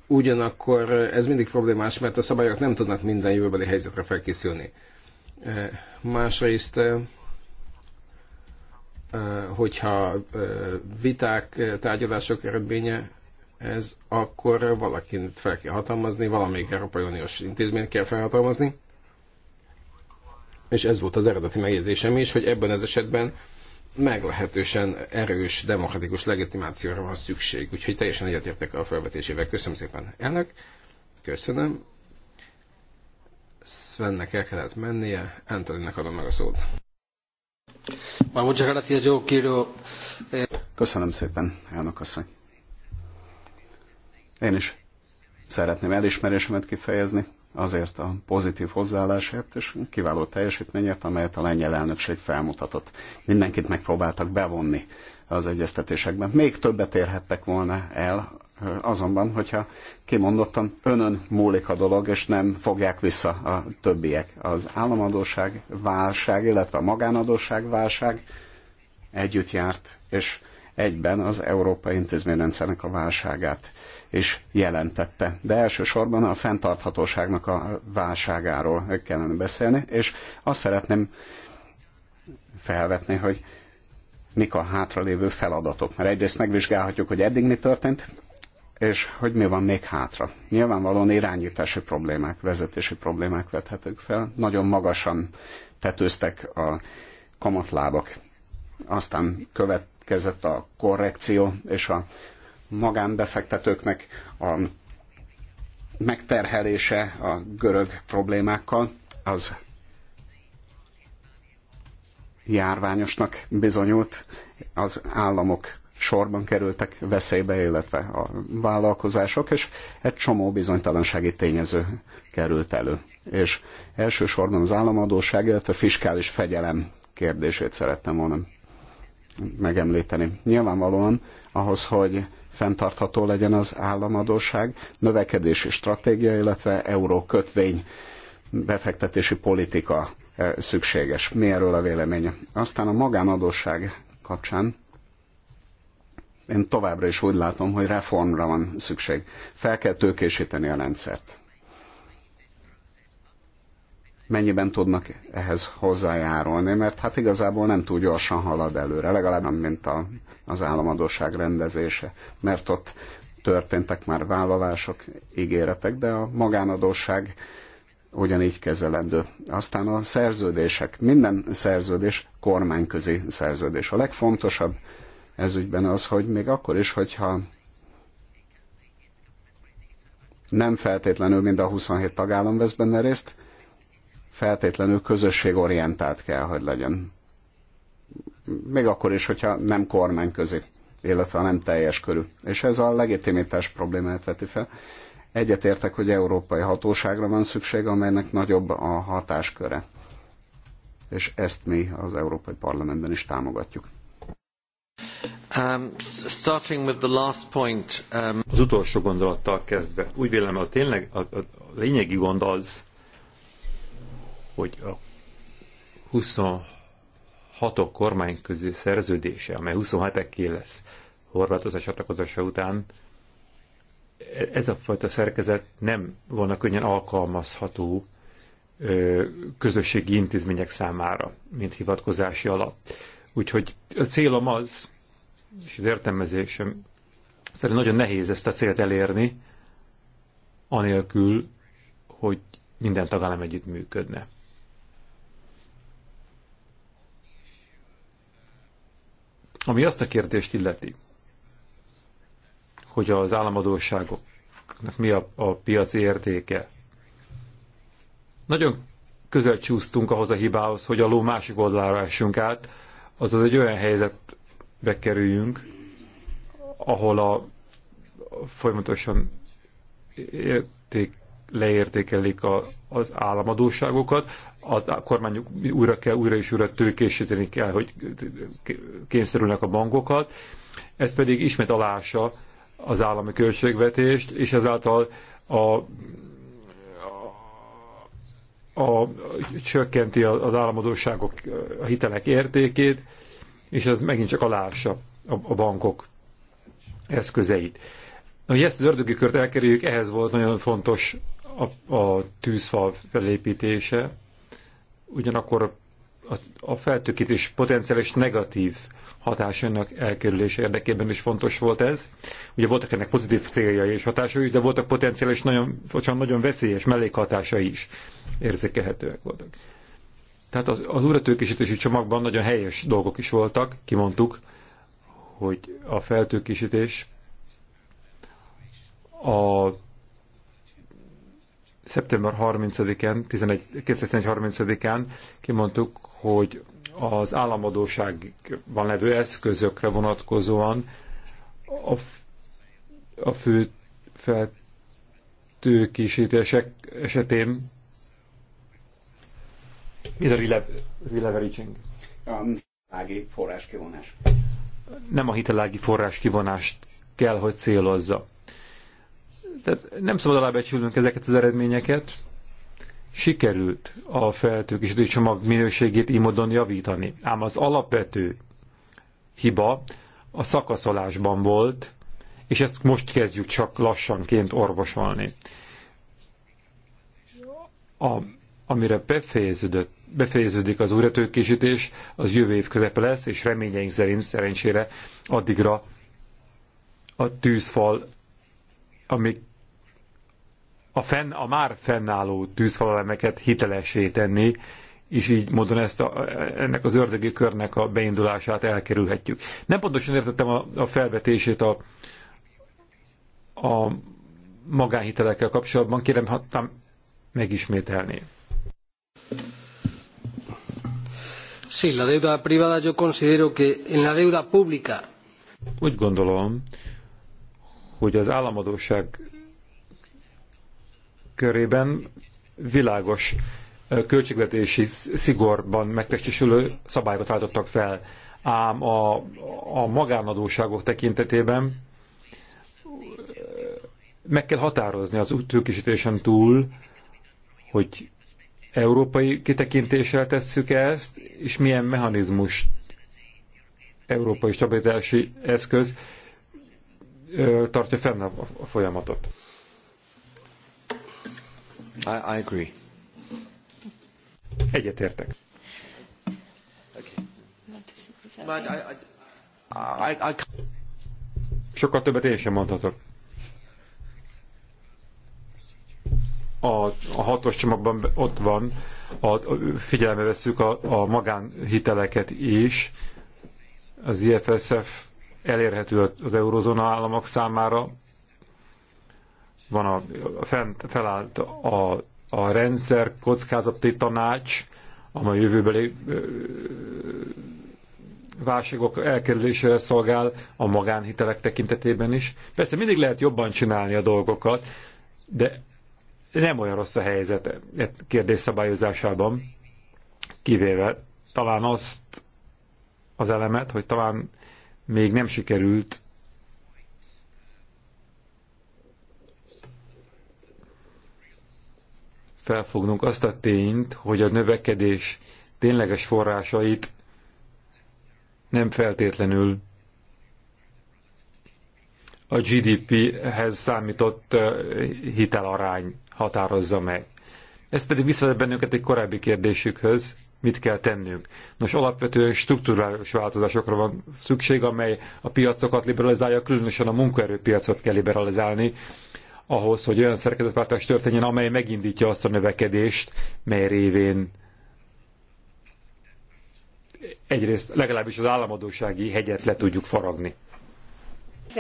ugyanakkor eh, ez mindig problémás, mert a szabályok nem tudnak minden jövőbeli helyzetre felkészülni. Másrészt, hogyha viták, tárgyalások eredménye ez, akkor valakit fel kell hatalmazni, valamelyik Európai Uniós intézményt kell felhatalmazni. És ez volt az eredeti megjegyzésem is, hogy ebben az esetben meglehetősen erős demokratikus legitimációra van szükség. Úgyhogy teljesen egyetértek a felvetésével. Köszönöm szépen, elnök. Köszönöm. Svennek el kellett mennie, Antoninek adom meg a szót. Eh, Köszönöm szépen, elnök asszony. Én is szeretném elismerésemet kifejezni azért a pozitív hozzáállásért és kiváló teljesítményért, amelyet a lengyel elnökség felmutatott. Mindenkit megpróbáltak bevonni az egyeztetésekben. Még többet érhettek volna el, azonban, hogyha kimondottan önön múlik a dolog, és nem fogják vissza a többiek. Az államadóság válság, illetve a magánadóság válság együtt járt, és egyben az európai intézményrendszernek a válságát is jelentette. De elsősorban a fenntarthatóságnak a válságáról kellene beszélni, és azt szeretném felvetni, hogy mik a hátralévő feladatok. Mert egyrészt megvizsgálhatjuk, hogy eddig mi történt, és hogy mi van még hátra. Nyilvánvalóan irányítási problémák, vezetési problémák vethetők fel. Nagyon magasan tetőztek a kamatlábak. Aztán következett a korrekció és a magánbefektetőknek a megterhelése a görög problémákkal az járványosnak bizonyult, az államok sorban kerültek veszélybe, illetve a vállalkozások, és egy csomó bizonytalansági tényező került elő. És elsősorban az államadóság, illetve fiskális fegyelem kérdését szerettem volna megemlíteni. Nyilvánvalóan ahhoz, hogy fenntartható legyen az államadóság, növekedési stratégia, illetve eurókötvény befektetési politika eh, szükséges. Mi erről a véleménye? Aztán a magánadóság kapcsán én továbbra is úgy látom, hogy reformra van szükség. Fel kell tőkésíteni a rendszert mennyiben tudnak ehhez hozzájárulni, mert hát igazából nem túl gyorsan halad előre, legalább nem, mint a, az államadóság rendezése, mert ott történtek már vállalások, ígéretek, de a magánadóság ugyanígy kezelendő. Aztán a szerződések, minden szerződés kormányközi szerződés. A legfontosabb ez ügyben az, hogy még akkor is, hogyha nem feltétlenül mind a 27 tagállam vesz benne részt, feltétlenül közösségorientált kell, hogy legyen. Még akkor is, hogyha nem kormányközi, illetve nem teljes körű. És ez a legitimitás problémát veti fel. Egyetértek, hogy európai hatóságra van szükség, amelynek nagyobb a hatásköre. És ezt mi az Európai Parlamentben is támogatjuk. Um, starting with the last point, um, Az utolsó gondolattal kezdve, úgy vélem, a tényleg a, a lényegi gond az, hogy a 26-ok közé szerződése, amely 27-ekké lesz Horvátország csatlakozása után, ez a fajta szerkezet nem volna könnyen alkalmazható közösségi intézmények számára, mint hivatkozási alap. Úgyhogy a célom az, és az értelmezésem szerint nagyon nehéz ezt a célt elérni, anélkül, hogy minden tagállam együtt működne. Ami azt a kérdést illeti, hogy az államadóságoknak mi a, a piaci értéke. Nagyon közel csúsztunk ahhoz a hibához, hogy a ló másik oldalára essünk át, azaz egy olyan helyzetbe kerüljünk, ahol a folyamatosan érték, leértékelik a, az államadóságokat, a kormányuk újra kell, újra és újra tőkésíteni kell, hogy kényszerülnek a bankokat. Ez pedig ismét alása az állami költségvetést, és ezáltal a, a, a csökkenti az államadóságok, a hitelek értékét, és ez megint csak alása a, a bankok eszközeit. Hogy ezt az ördögi kört elkerüljük, ehhez volt nagyon fontos a, a tűzfal felépítése, ugyanakkor a, a feltökítés potenciális negatív hatásának elkerülése érdekében is fontos volt ez. Ugye voltak ennek pozitív céljai és hatásai, de voltak potenciális, nagyon, bocsánat, nagyon veszélyes mellékhatásai is érzékelhetőek voltak. Tehát az, az újratőkésítési csomagban nagyon helyes dolgok is voltak, kimondtuk, hogy a feltőkésítés a szeptember 30 án 2030 án kimondtuk, hogy az államadóságban levő eszközökre vonatkozóan a, a fő feltőkésítések esetén mi a releveraging? hitelági um, forrás kivonás. Nem a hitelági forrás kivonást kell, hogy célozza. Tehát nem szabad alábecsülnünk ezeket az eredményeket. Sikerült a feltőkésítő csomag minőségét így módon javítani. Ám az alapvető hiba a szakaszolásban volt, és ezt most kezdjük csak lassanként orvosolni. A, amire befejeződött, befejeződik az újratőkésítés, az jövő év közepe lesz, és reményeink szerint szerencsére addigra a tűzfal amik a, fenn, a már fennálló tűzfalelemeket hitelessé tenni, és így módon ezt a, ennek az ördögi körnek a beindulását elkerülhetjük. Nem pontosan értettem a, a felvetését a, a magánhitelekkel kapcsolatban, kérem, hattam megismételni. Sí, la deuda privada yo considero que en la deuda pública. Úgy gondolom, hogy az államadóság körében világos költségvetési szigorban megtestesülő szabályokat váltottak fel, ám a, a magánadóságok tekintetében meg kell határozni az tőkésítésen túl, hogy európai kitekintéssel tesszük ezt, és milyen mechanizmus európai stabilitási eszköz tartja fenn a folyamatot. I, I agree. Egyetértek. Okay. Sokkal többet én sem mondhatok. a, a hatos csomagban ott van, a, a, figyelembe veszük a, a magánhiteleket is, az IFSF elérhető az eurozóna államok számára. Van a, fent, felállt a, a rendszer kockázati tanács, amely jövőbeli válságok elkerülésére szolgál a magánhitelek tekintetében is. Persze mindig lehet jobban csinálni a dolgokat, de nem olyan rossz a helyzet e kérdés szabályozásában, kivéve talán azt az elemet, hogy talán még nem sikerült felfognunk azt a tényt, hogy a növekedés tényleges forrásait nem feltétlenül a GDP-hez számított hitelarány határozza meg. Ez pedig visszavett bennünket egy korábbi kérdésükhöz, mit kell tennünk. Nos, alapvető strukturális változásokra van szükség, amely a piacokat liberalizálja, különösen a munkaerőpiacot kell liberalizálni, ahhoz, hogy olyan szerkezetváltás történjen, amely megindítja azt a növekedést, mely révén egyrészt legalábbis az államadósági hegyet le tudjuk faragni.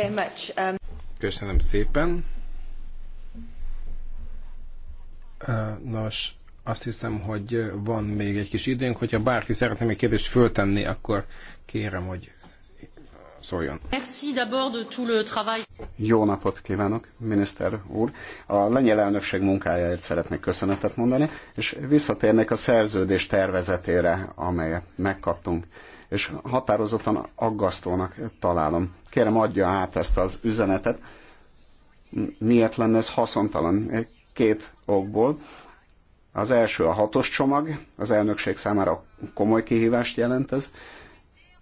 Um, Köszönöm szépen. Nos, azt hiszem, hogy van még egy kis időnk, hogyha bárki szeretne még kérdést föltenni, akkor kérem, hogy szóljon. Jó napot kívánok, miniszter úr! A lengyel elnökség munkájáért szeretnék köszönetet mondani, és visszatérnék a szerződés tervezetére, amelyet megkaptunk, és határozottan aggasztónak találom. Kérem, adja át ezt az üzenetet. Miért lenne ez haszontalan? Két okból. Az első a hatos csomag, az elnökség számára komoly kihívást jelent ez.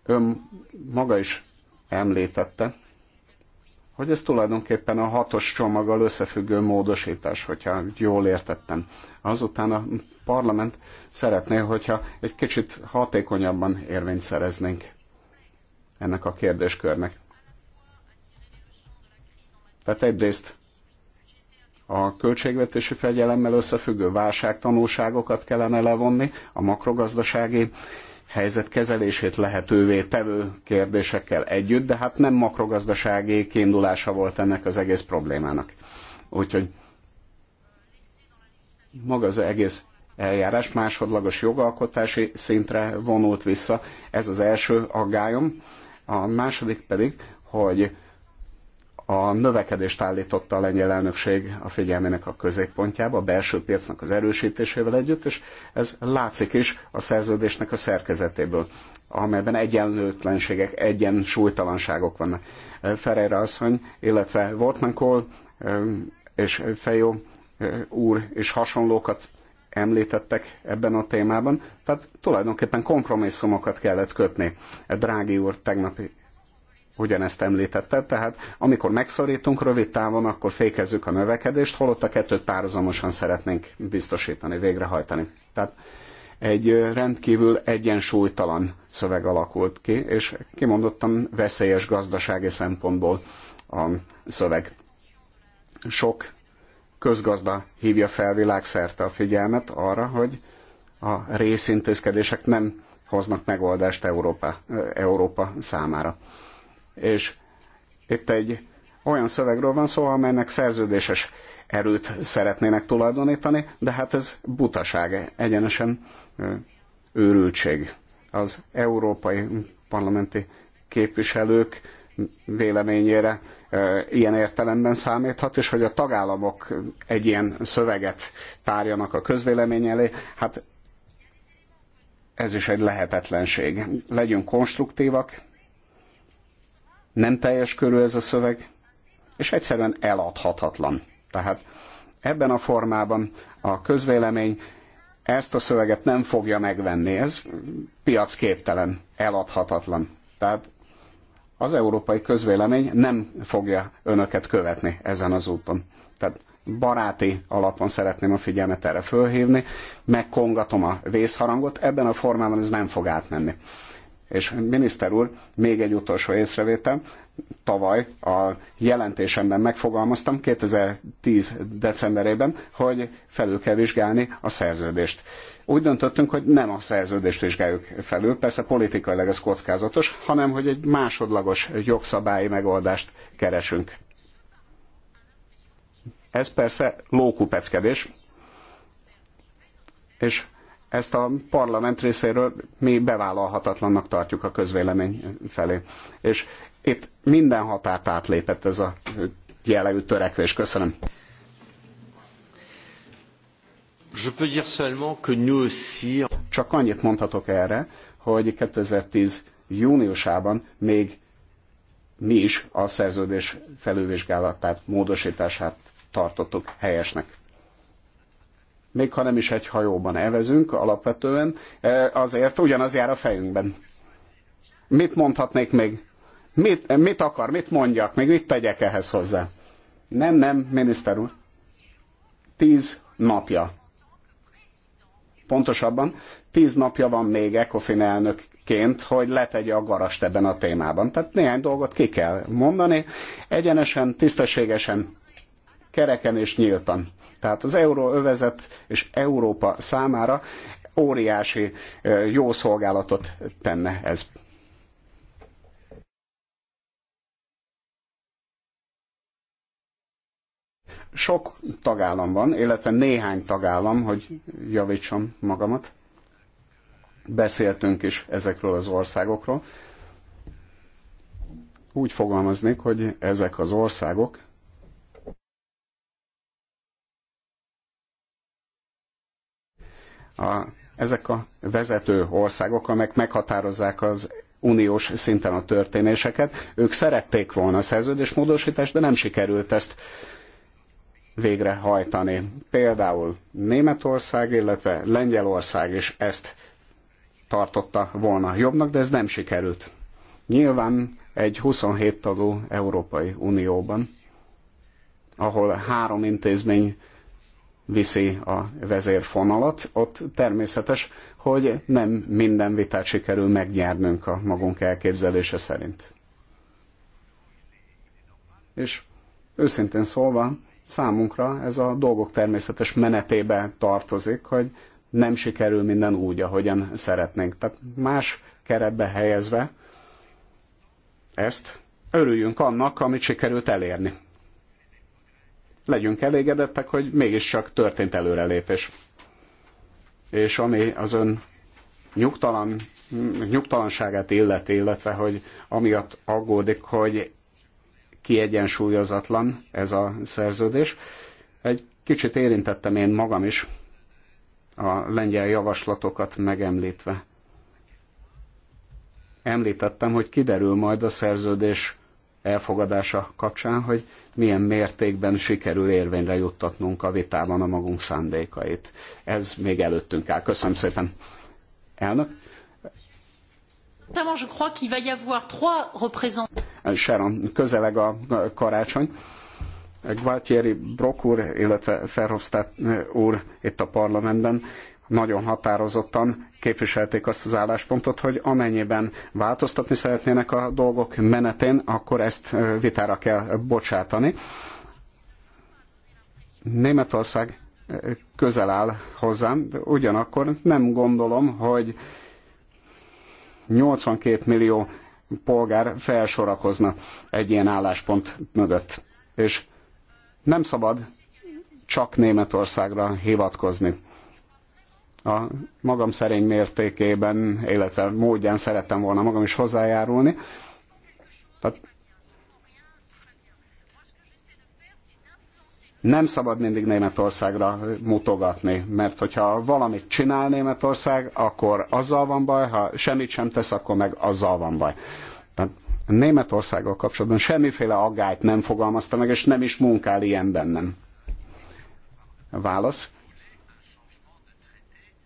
Ön maga is említette, hogy ez tulajdonképpen a hatos csomaggal összefüggő módosítás, hogyha jól értettem. Azután a parlament szeretné, hogyha egy kicsit hatékonyabban érvényt szereznénk ennek a kérdéskörnek. Tehát egyrészt a költségvetési fegyelemmel összefüggő válságtanulságokat kellene levonni, a makrogazdasági helyzet kezelését lehetővé tevő kérdésekkel együtt, de hát nem makrogazdasági kiindulása volt ennek az egész problémának. Úgyhogy maga az egész eljárás másodlagos jogalkotási szintre vonult vissza. Ez az első aggályom. A második pedig, hogy a növekedést állította a lengyel elnökség a figyelmének a középpontjába, a belső piacnak az erősítésével együtt, és ez látszik is a szerződésnek a szerkezetéből, amelyben egyenlőtlenségek, egyensúlytalanságok vannak. Ferreira asszony, illetve Wortmann Kohl és Fejó úr és hasonlókat említettek ebben a témában, tehát tulajdonképpen kompromisszumokat kellett kötni. Drági úr tegnap ugyanezt említette, tehát amikor megszorítunk rövid távon, akkor fékezzük a növekedést, holott a kettőt párhuzamosan szeretnénk biztosítani, végrehajtani. Tehát egy rendkívül egyensúlytalan szöveg alakult ki, és kimondottan veszélyes gazdasági szempontból a szöveg. Sok közgazda hívja fel világszerte a figyelmet arra, hogy a részintézkedések nem hoznak megoldást Európa, Európa számára és itt egy olyan szövegről van szó, amelynek szerződéses erőt szeretnének tulajdonítani, de hát ez butaság, egyenesen őrültség. Az európai parlamenti képviselők véleményére ilyen értelemben számíthat, és hogy a tagállamok egy ilyen szöveget tárjanak a közvélemény elé, hát ez is egy lehetetlenség. Legyünk konstruktívak, nem teljes körű ez a szöveg, és egyszerűen eladhatatlan. Tehát ebben a formában a közvélemény ezt a szöveget nem fogja megvenni. Ez piacképtelen, eladhatatlan. Tehát az európai közvélemény nem fogja önöket követni ezen az úton. Tehát baráti alapon szeretném a figyelmet erre fölhívni, megkongatom a vészharangot, ebben a formában ez nem fog átmenni. És miniszter úr, még egy utolsó észrevétel. Tavaly a jelentésemben megfogalmaztam, 2010. decemberében, hogy felül kell vizsgálni a szerződést. Úgy döntöttünk, hogy nem a szerződést vizsgáljuk felül, persze politikailag ez kockázatos, hanem hogy egy másodlagos jogszabályi megoldást keresünk. Ez persze lókupeckedés, és ezt a parlament részéről mi bevállalhatatlannak tartjuk a közvélemény felé. És itt minden határt átlépett ez a jellegű törekvés. Köszönöm. Csak annyit mondhatok erre, hogy 2010 júniusában még mi is a szerződés felülvizsgálatát, módosítását tartottuk helyesnek még ha nem is egy hajóban evezünk alapvetően, e, azért ugyanaz jár a fejünkben. Mit mondhatnék még? Mit, e, mit akar, mit mondjak, még mit tegyek ehhez hozzá? Nem, nem, miniszter úr. Tíz napja. Pontosabban, tíz napja van még ECOFIN elnökként, hogy letegye a garast ebben a témában. Tehát néhány dolgot ki kell mondani, egyenesen, tisztességesen, kereken és nyíltan tehát az euróövezet és Európa számára óriási jó szolgálatot tenne ez. Sok tagállam van, illetve néhány tagállam, hogy javítsam magamat. Beszéltünk is ezekről az országokról. Úgy fogalmaznék, hogy ezek az országok A, ezek a vezető országok, amelyek meghatározzák az uniós szinten a történéseket, ők szerették volna a szerződésmódosítást, de nem sikerült ezt végrehajtani. Például Németország, illetve Lengyelország is ezt tartotta volna jobbnak, de ez nem sikerült. Nyilván egy 27 tagú Európai Unióban, ahol három intézmény viszi a vezérfonalat, ott természetes, hogy nem minden vitát sikerül megnyernünk a magunk elképzelése szerint. És őszintén szólva, számunkra ez a dolgok természetes menetébe tartozik, hogy nem sikerül minden úgy, ahogyan szeretnénk. Tehát más keretbe helyezve ezt, örüljünk annak, amit sikerült elérni legyünk elégedettek, hogy mégiscsak történt előrelépés. És ami az ön nyugtalan, nyugtalanságát illeti, illetve hogy amiatt aggódik, hogy kiegyensúlyozatlan ez a szerződés. Egy kicsit érintettem én magam is a lengyel javaslatokat megemlítve. Említettem, hogy kiderül majd a szerződés elfogadása kapcsán, hogy milyen mértékben sikerül érvényre juttatnunk a vitában a magunk szándékait. Ez még előttünk áll. Köszönöm szépen. Elnök? je crois qu'il va y avoir trois représentants. Sharon, közeleg a karácsony. Gualtieri Brok úr, illetve Ferhofstadt úr itt a parlamentben nagyon határozottan képviselték azt az álláspontot, hogy amennyiben változtatni szeretnének a dolgok menetén, akkor ezt vitára kell bocsátani. Németország közel áll hozzám, de ugyanakkor nem gondolom, hogy 82 millió polgár felsorakozna egy ilyen álláspont mögött. És nem szabad csak Németországra hivatkozni a magam szerény mértékében, illetve módján szerettem volna magam is hozzájárulni. Tehát nem szabad mindig Németországra mutogatni, mert hogyha valamit csinál Németország, akkor azzal van baj, ha semmit sem tesz, akkor meg azzal van baj. Tehát Németországgal kapcsolatban semmiféle aggályt nem fogalmazta meg, és nem is munkál ilyen bennem. Válasz.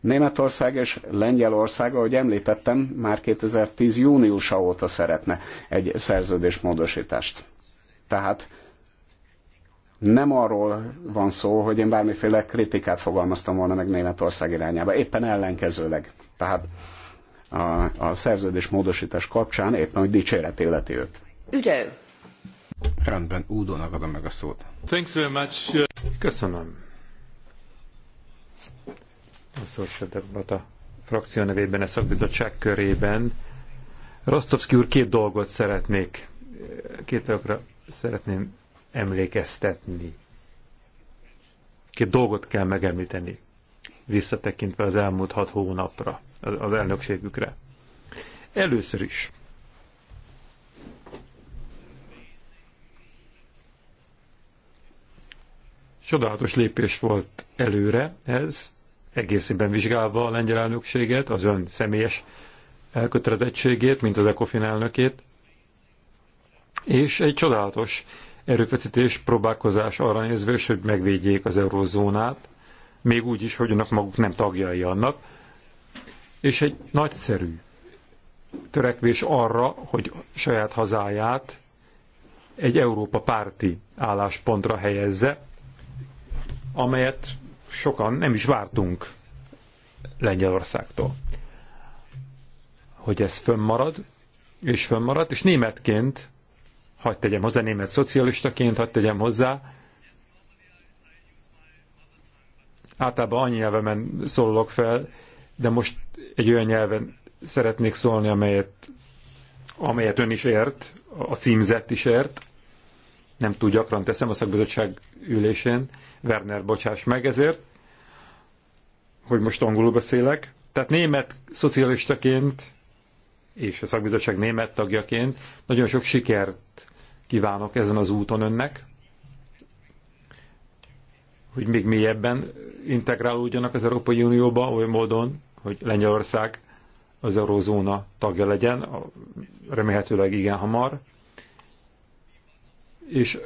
Németország és Lengyelország, ahogy említettem, már 2010 júniusa óta szeretne egy szerződésmódosítást. Tehát nem arról van szó, hogy én bármiféle kritikát fogalmaztam volna meg Németország irányába, éppen ellenkezőleg. Tehát a, a szerződés módosítás kapcsán éppen, hogy dicséret illeti őt. Udo. Rendben, Údónak adom meg a szót. Thanks very much. Köszönöm a Szociáldemokrata frakció nevében, a szakbizottság körében. Rostovszki úr, két dolgot szeretnék, két dolgokra szeretném emlékeztetni. Két dolgot kell megemlíteni, visszatekintve az elmúlt hat hónapra, az, az elnökségükre. Először is Csodálatos lépés volt előre ez, egészében vizsgálva a lengyel elnökséget, az ön személyes elkötelezettségét, mint az ECOFIN elnökét, és egy csodálatos erőfeszítés, próbálkozás arra nézve, hogy megvédjék az eurózónát, még úgy is, hogy önök maguk nem tagjai annak, és egy nagyszerű törekvés arra, hogy saját hazáját egy Európa párti álláspontra helyezze, amelyet sokan nem is vártunk Lengyelországtól, hogy ez fönnmarad, és fönnmarad, és németként, hagyd tegyem hozzá, német szocialistaként, hagyd tegyem hozzá, általában annyi nyelvemen szólok fel, de most egy olyan nyelven szeretnék szólni, amelyet, amelyet ön is ért, a címzett is ért, nem túl gyakran teszem a szakbizottság ülésén, Werner bocsáss meg ezért, hogy most angolul beszélek. Tehát német szocialistaként és a szakbizottság német tagjaként nagyon sok sikert kívánok ezen az úton önnek, hogy még mélyebben integrálódjanak az Európai Unióba oly módon, hogy Lengyelország az eurózóna tagja legyen, remélhetőleg igen hamar. És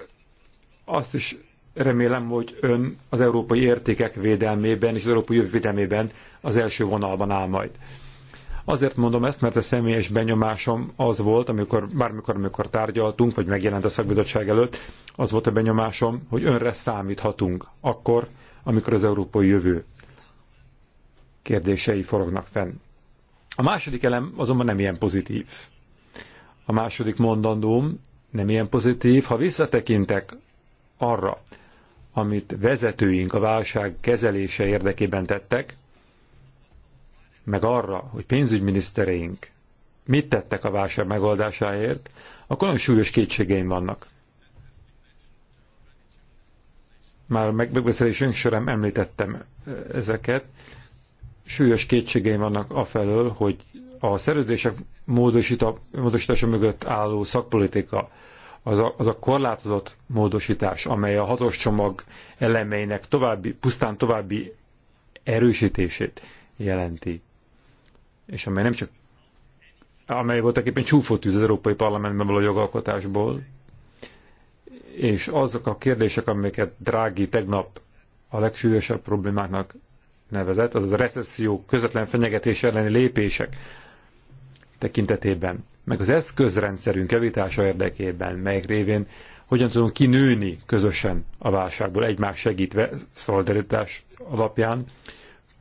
azt is Remélem, hogy ön az európai értékek védelmében és az európai jövő védelmében az első vonalban áll majd. Azért mondom ezt, mert a személyes benyomásom az volt, amikor bármikor, amikor tárgyaltunk, vagy megjelent a szakbizottság előtt, az volt a benyomásom, hogy önre számíthatunk akkor, amikor az európai jövő kérdései forognak fenn. A második elem azonban nem ilyen pozitív. A második mondandóm nem ilyen pozitív. Ha visszatekintek arra, amit vezetőink a válság kezelése érdekében tettek, meg arra, hogy pénzügyminisztereink mit tettek a válság megoldásáért, akkor nagyon súlyos kétségeim vannak. Már megbeszélésünk során említettem ezeket. Súlyos kétségeim vannak afelől, hogy a szerződések módosítása mögött álló szakpolitika az a, az a korlátozott módosítás, amely a hatos csomag elemeinek további, pusztán további erősítését jelenti, és amely nem csak amely voltak éppen csúfótűz az Európai Parlamentben való jogalkotásból, és azok a kérdések, amiket Drági tegnap a legsúlyosabb problémáknak nevezett, az a recesszió közvetlen fenyegetés elleni lépések, tekintetében, meg az eszközrendszerünk javítása érdekében, melyek révén hogyan tudunk kinőni közösen a válságból, egymás segítve, szolidaritás alapján,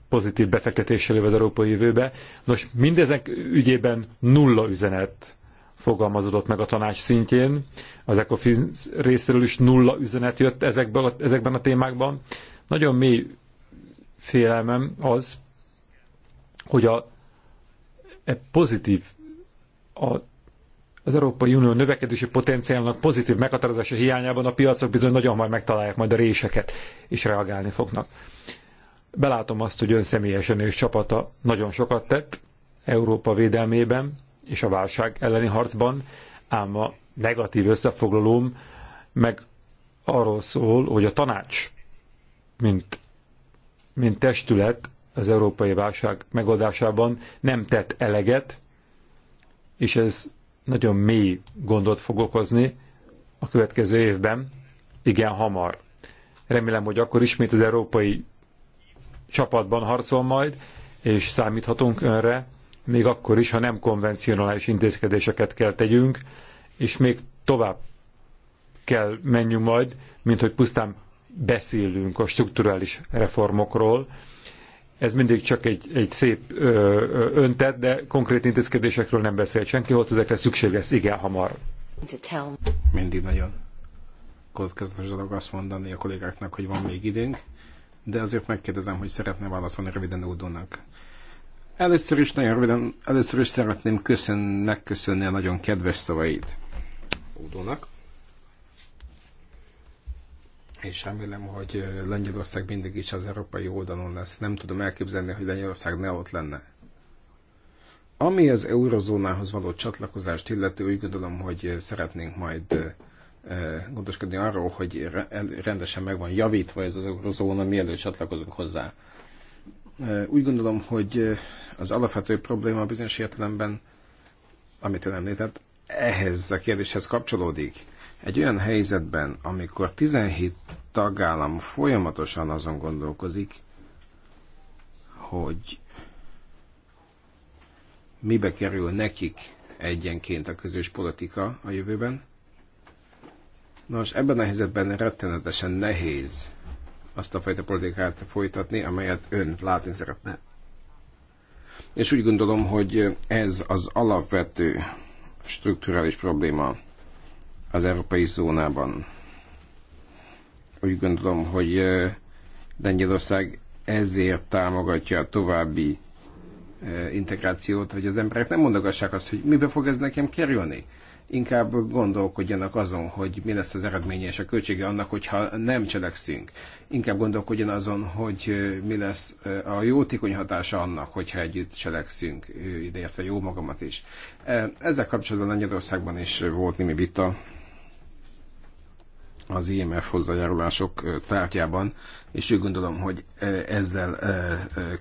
pozitív befektetéssel az európai jövőbe. Nos, mindezek ügyében nulla üzenet fogalmazódott meg a tanács szintjén, az ECOFIN részéről is nulla üzenet jött ezekből, ezekben a témákban. Nagyon mély félelmem az, hogy a e pozitív a, az Európai Unió növekedési potenciálnak pozitív meghatározása hiányában a piacok bizony nagyon hamar megtalálják majd a réseket, és reagálni fognak. Belátom azt, hogy ön személyesen és csapata nagyon sokat tett Európa védelmében és a válság elleni harcban, ám a negatív összefoglalóm meg arról szól, hogy a tanács, mint, mint testület az európai válság megoldásában nem tett eleget, és ez nagyon mély gondot fog okozni a következő évben, igen hamar. Remélem, hogy akkor ismét az európai csapatban harcol majd, és számíthatunk önre, még akkor is, ha nem konvencionális intézkedéseket kell tegyünk, és még tovább kell menjünk majd, mint hogy pusztán beszélünk a strukturális reformokról, ez mindig csak egy, egy szép ö, ö, öntet, de konkrét intézkedésekről nem beszélt senki, hogy ezekre szükség lesz igen hamar. Mindig nagyon kockázatos dolog azt mondani a kollégáknak, hogy van még időnk, de azért megkérdezem, hogy szeretne válaszolni röviden Ódónak. Először is nagyon röviden, először is szeretném köszön, megköszönni a nagyon kedves szavait Udónak és remélem, hogy Lengyelország mindig is az európai oldalon lesz. Nem tudom elképzelni, hogy Lengyelország ne ott lenne. Ami az eurozónához való csatlakozást illeti, úgy gondolom, hogy szeretnénk majd gondoskodni arról, hogy rendesen meg van javítva ez az eurozóna, mielőtt csatlakozunk hozzá. Úgy gondolom, hogy az alapvető probléma bizonyos értelemben, amit ön említett, ehhez a kérdéshez kapcsolódik egy olyan helyzetben, amikor 17 tagállam folyamatosan azon gondolkozik, hogy mibe kerül nekik egyenként a közös politika a jövőben. Nos, ebben a helyzetben rettenetesen nehéz azt a fajta politikát folytatni, amelyet ön látni szeretne. És úgy gondolom, hogy ez az alapvető strukturális probléma az európai zónában. Úgy gondolom, hogy Lengyelország ezért támogatja a további integrációt, hogy az emberek nem mondogassák azt, hogy mibe fog ez nekem kerülni. Inkább gondolkodjanak azon, hogy mi lesz az eredménye és a költsége annak, hogyha nem cselekszünk. Inkább gondolkodjon azon, hogy mi lesz a jótékony hatása annak, hogyha együtt cselekszünk, ideértve jó magamat is. Ezzel kapcsolatban Lengyelországban is volt némi vita, az IMF hozzájárulások tárgyában, és úgy gondolom, hogy ezzel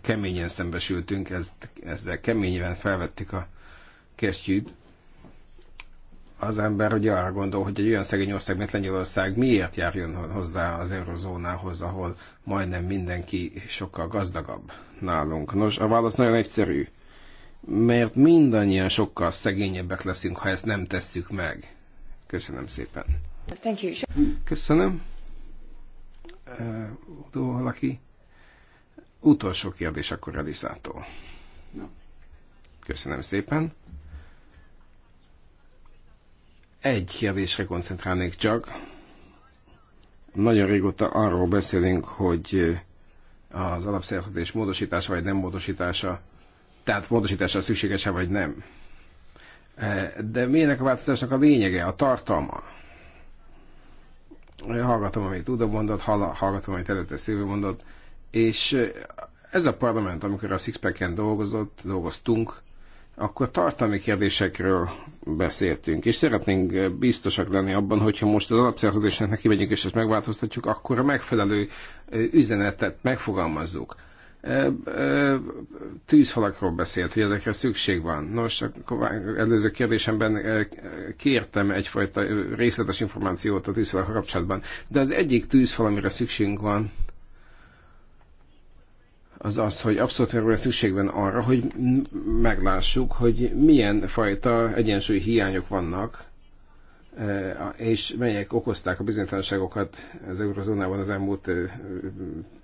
keményen szembesültünk, ezzel keményen felvettük a kesztyűt. Az ember ugye arra gondol, hogy egy olyan szegény ország, mint Lengyelország miért járjon hozzá az eurozónához, ahol majdnem mindenki sokkal gazdagabb nálunk. Nos, a válasz nagyon egyszerű. Mert mindannyian sokkal szegényebbek leszünk, ha ezt nem tesszük meg. Köszönöm szépen. Thank you. Köszönöm. Udó valaki. Utolsó kérdés akkor Radisától. Köszönöm szépen. Egy kérdésre koncentrálnék csak. Nagyon régóta arról beszélünk, hogy az alapszerződés módosítása vagy nem módosítása, tehát módosítása szükséges vagy nem. De milyenek a változásnak a lényege, a tartalma? hallgatom, amit Uda mondott, hallgatom, amit előtte Szilvi mondott, és ez a parlament, amikor a Sixpack-en dolgozott, dolgoztunk, akkor tartalmi kérdésekről beszéltünk, és szeretnénk biztosak lenni abban, hogyha most az alapszerződésnek neki megyünk, és ezt megváltoztatjuk, akkor a megfelelő üzenetet megfogalmazzuk tűzfalakról beszélt, hogy ezekre szükség van. Nos, akkor előző kérdésemben kértem egyfajta részletes információt a tűzfalak kapcsolatban, de az egyik tűzfal, amire szükségünk van, az az, hogy abszolút szükség van arra, hogy meglássuk, hogy milyen fajta egyensúly hiányok vannak, és melyek okozták a bizonytalanságokat az eurozónában az elmúlt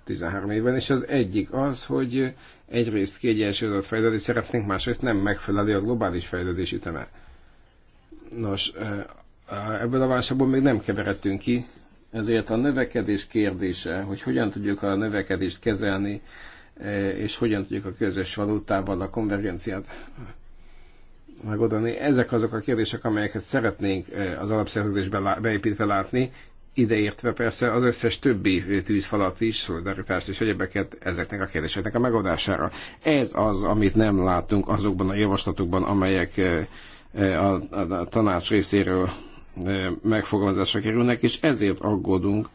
13 évben, és az egyik az, hogy egyrészt kiegyensúlyozott fejlődés szeretnénk, másrészt nem megfelelő a globális fejlődés üteme. Nos, ebből a válságból még nem keveredtünk ki, ezért a növekedés kérdése, hogy hogyan tudjuk a növekedést kezelni, és hogyan tudjuk a közös valutával a konvergenciát megoldani. Ezek azok a kérdések, amelyeket szeretnénk az alapszerződésben beépítve látni, ideértve persze az összes többi tűzfalat is, szolidaritást és egyebeket ezeknek a kérdéseknek a megoldására. Ez az, amit nem látunk azokban a javaslatokban, amelyek eh, eh, a, a, a tanács részéről eh, megfogalmazásra kerülnek, és ezért aggódunk,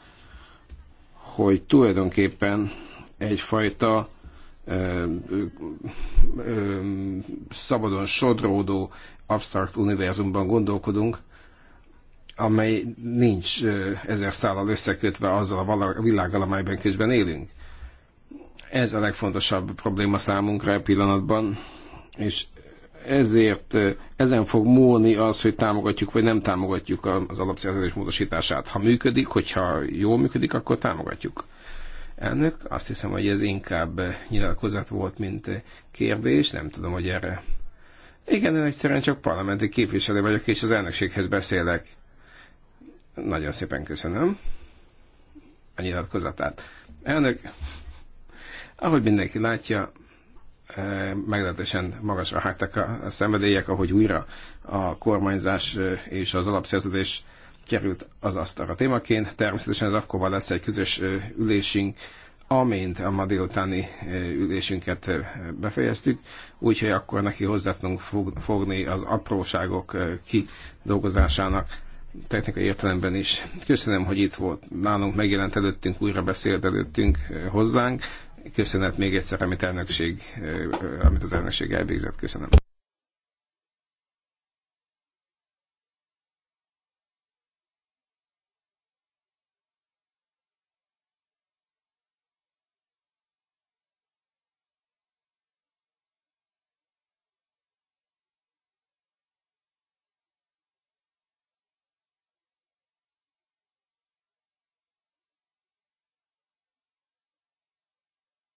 hogy tulajdonképpen egyfajta ö, ö, szabadon sodródó absztrakt univerzumban gondolkodunk, amely nincs ezer szállal összekötve azzal a világgal, amelyben közben élünk. Ez a legfontosabb probléma számunkra a e pillanatban, és ezért ezen fog múlni az, hogy támogatjuk vagy nem támogatjuk az alapszerződés módosítását. Ha működik, hogyha jól működik, akkor támogatjuk. Elnök, azt hiszem, hogy ez inkább nyilatkozat volt, mint kérdés, nem tudom, hogy erre. Igen, én egyszerűen csak parlamenti képviselő vagyok, és az elnökséghez beszélek. Nagyon szépen köszönöm a nyilatkozatát. Elnök, ahogy mindenki látja, eh, meglehetősen magasra hágtak a szenvedélyek, ahogy újra a kormányzás eh, és az alapszerződés került az asztalra témaként. Természetesen az afkóval lesz egy közös eh, ülésünk, amint a ma délutáni ülésünket befejeztük, úgyhogy akkor neki hozzá tudunk fogni az apróságok kidolgozásának technikai értelemben is. Köszönöm, hogy itt volt nálunk, megjelent előttünk, újra beszélt előttünk eh, hozzánk. Köszönet még egyszer, amit, elnökség, eh, amit az elnökség elvégzett. Köszönöm.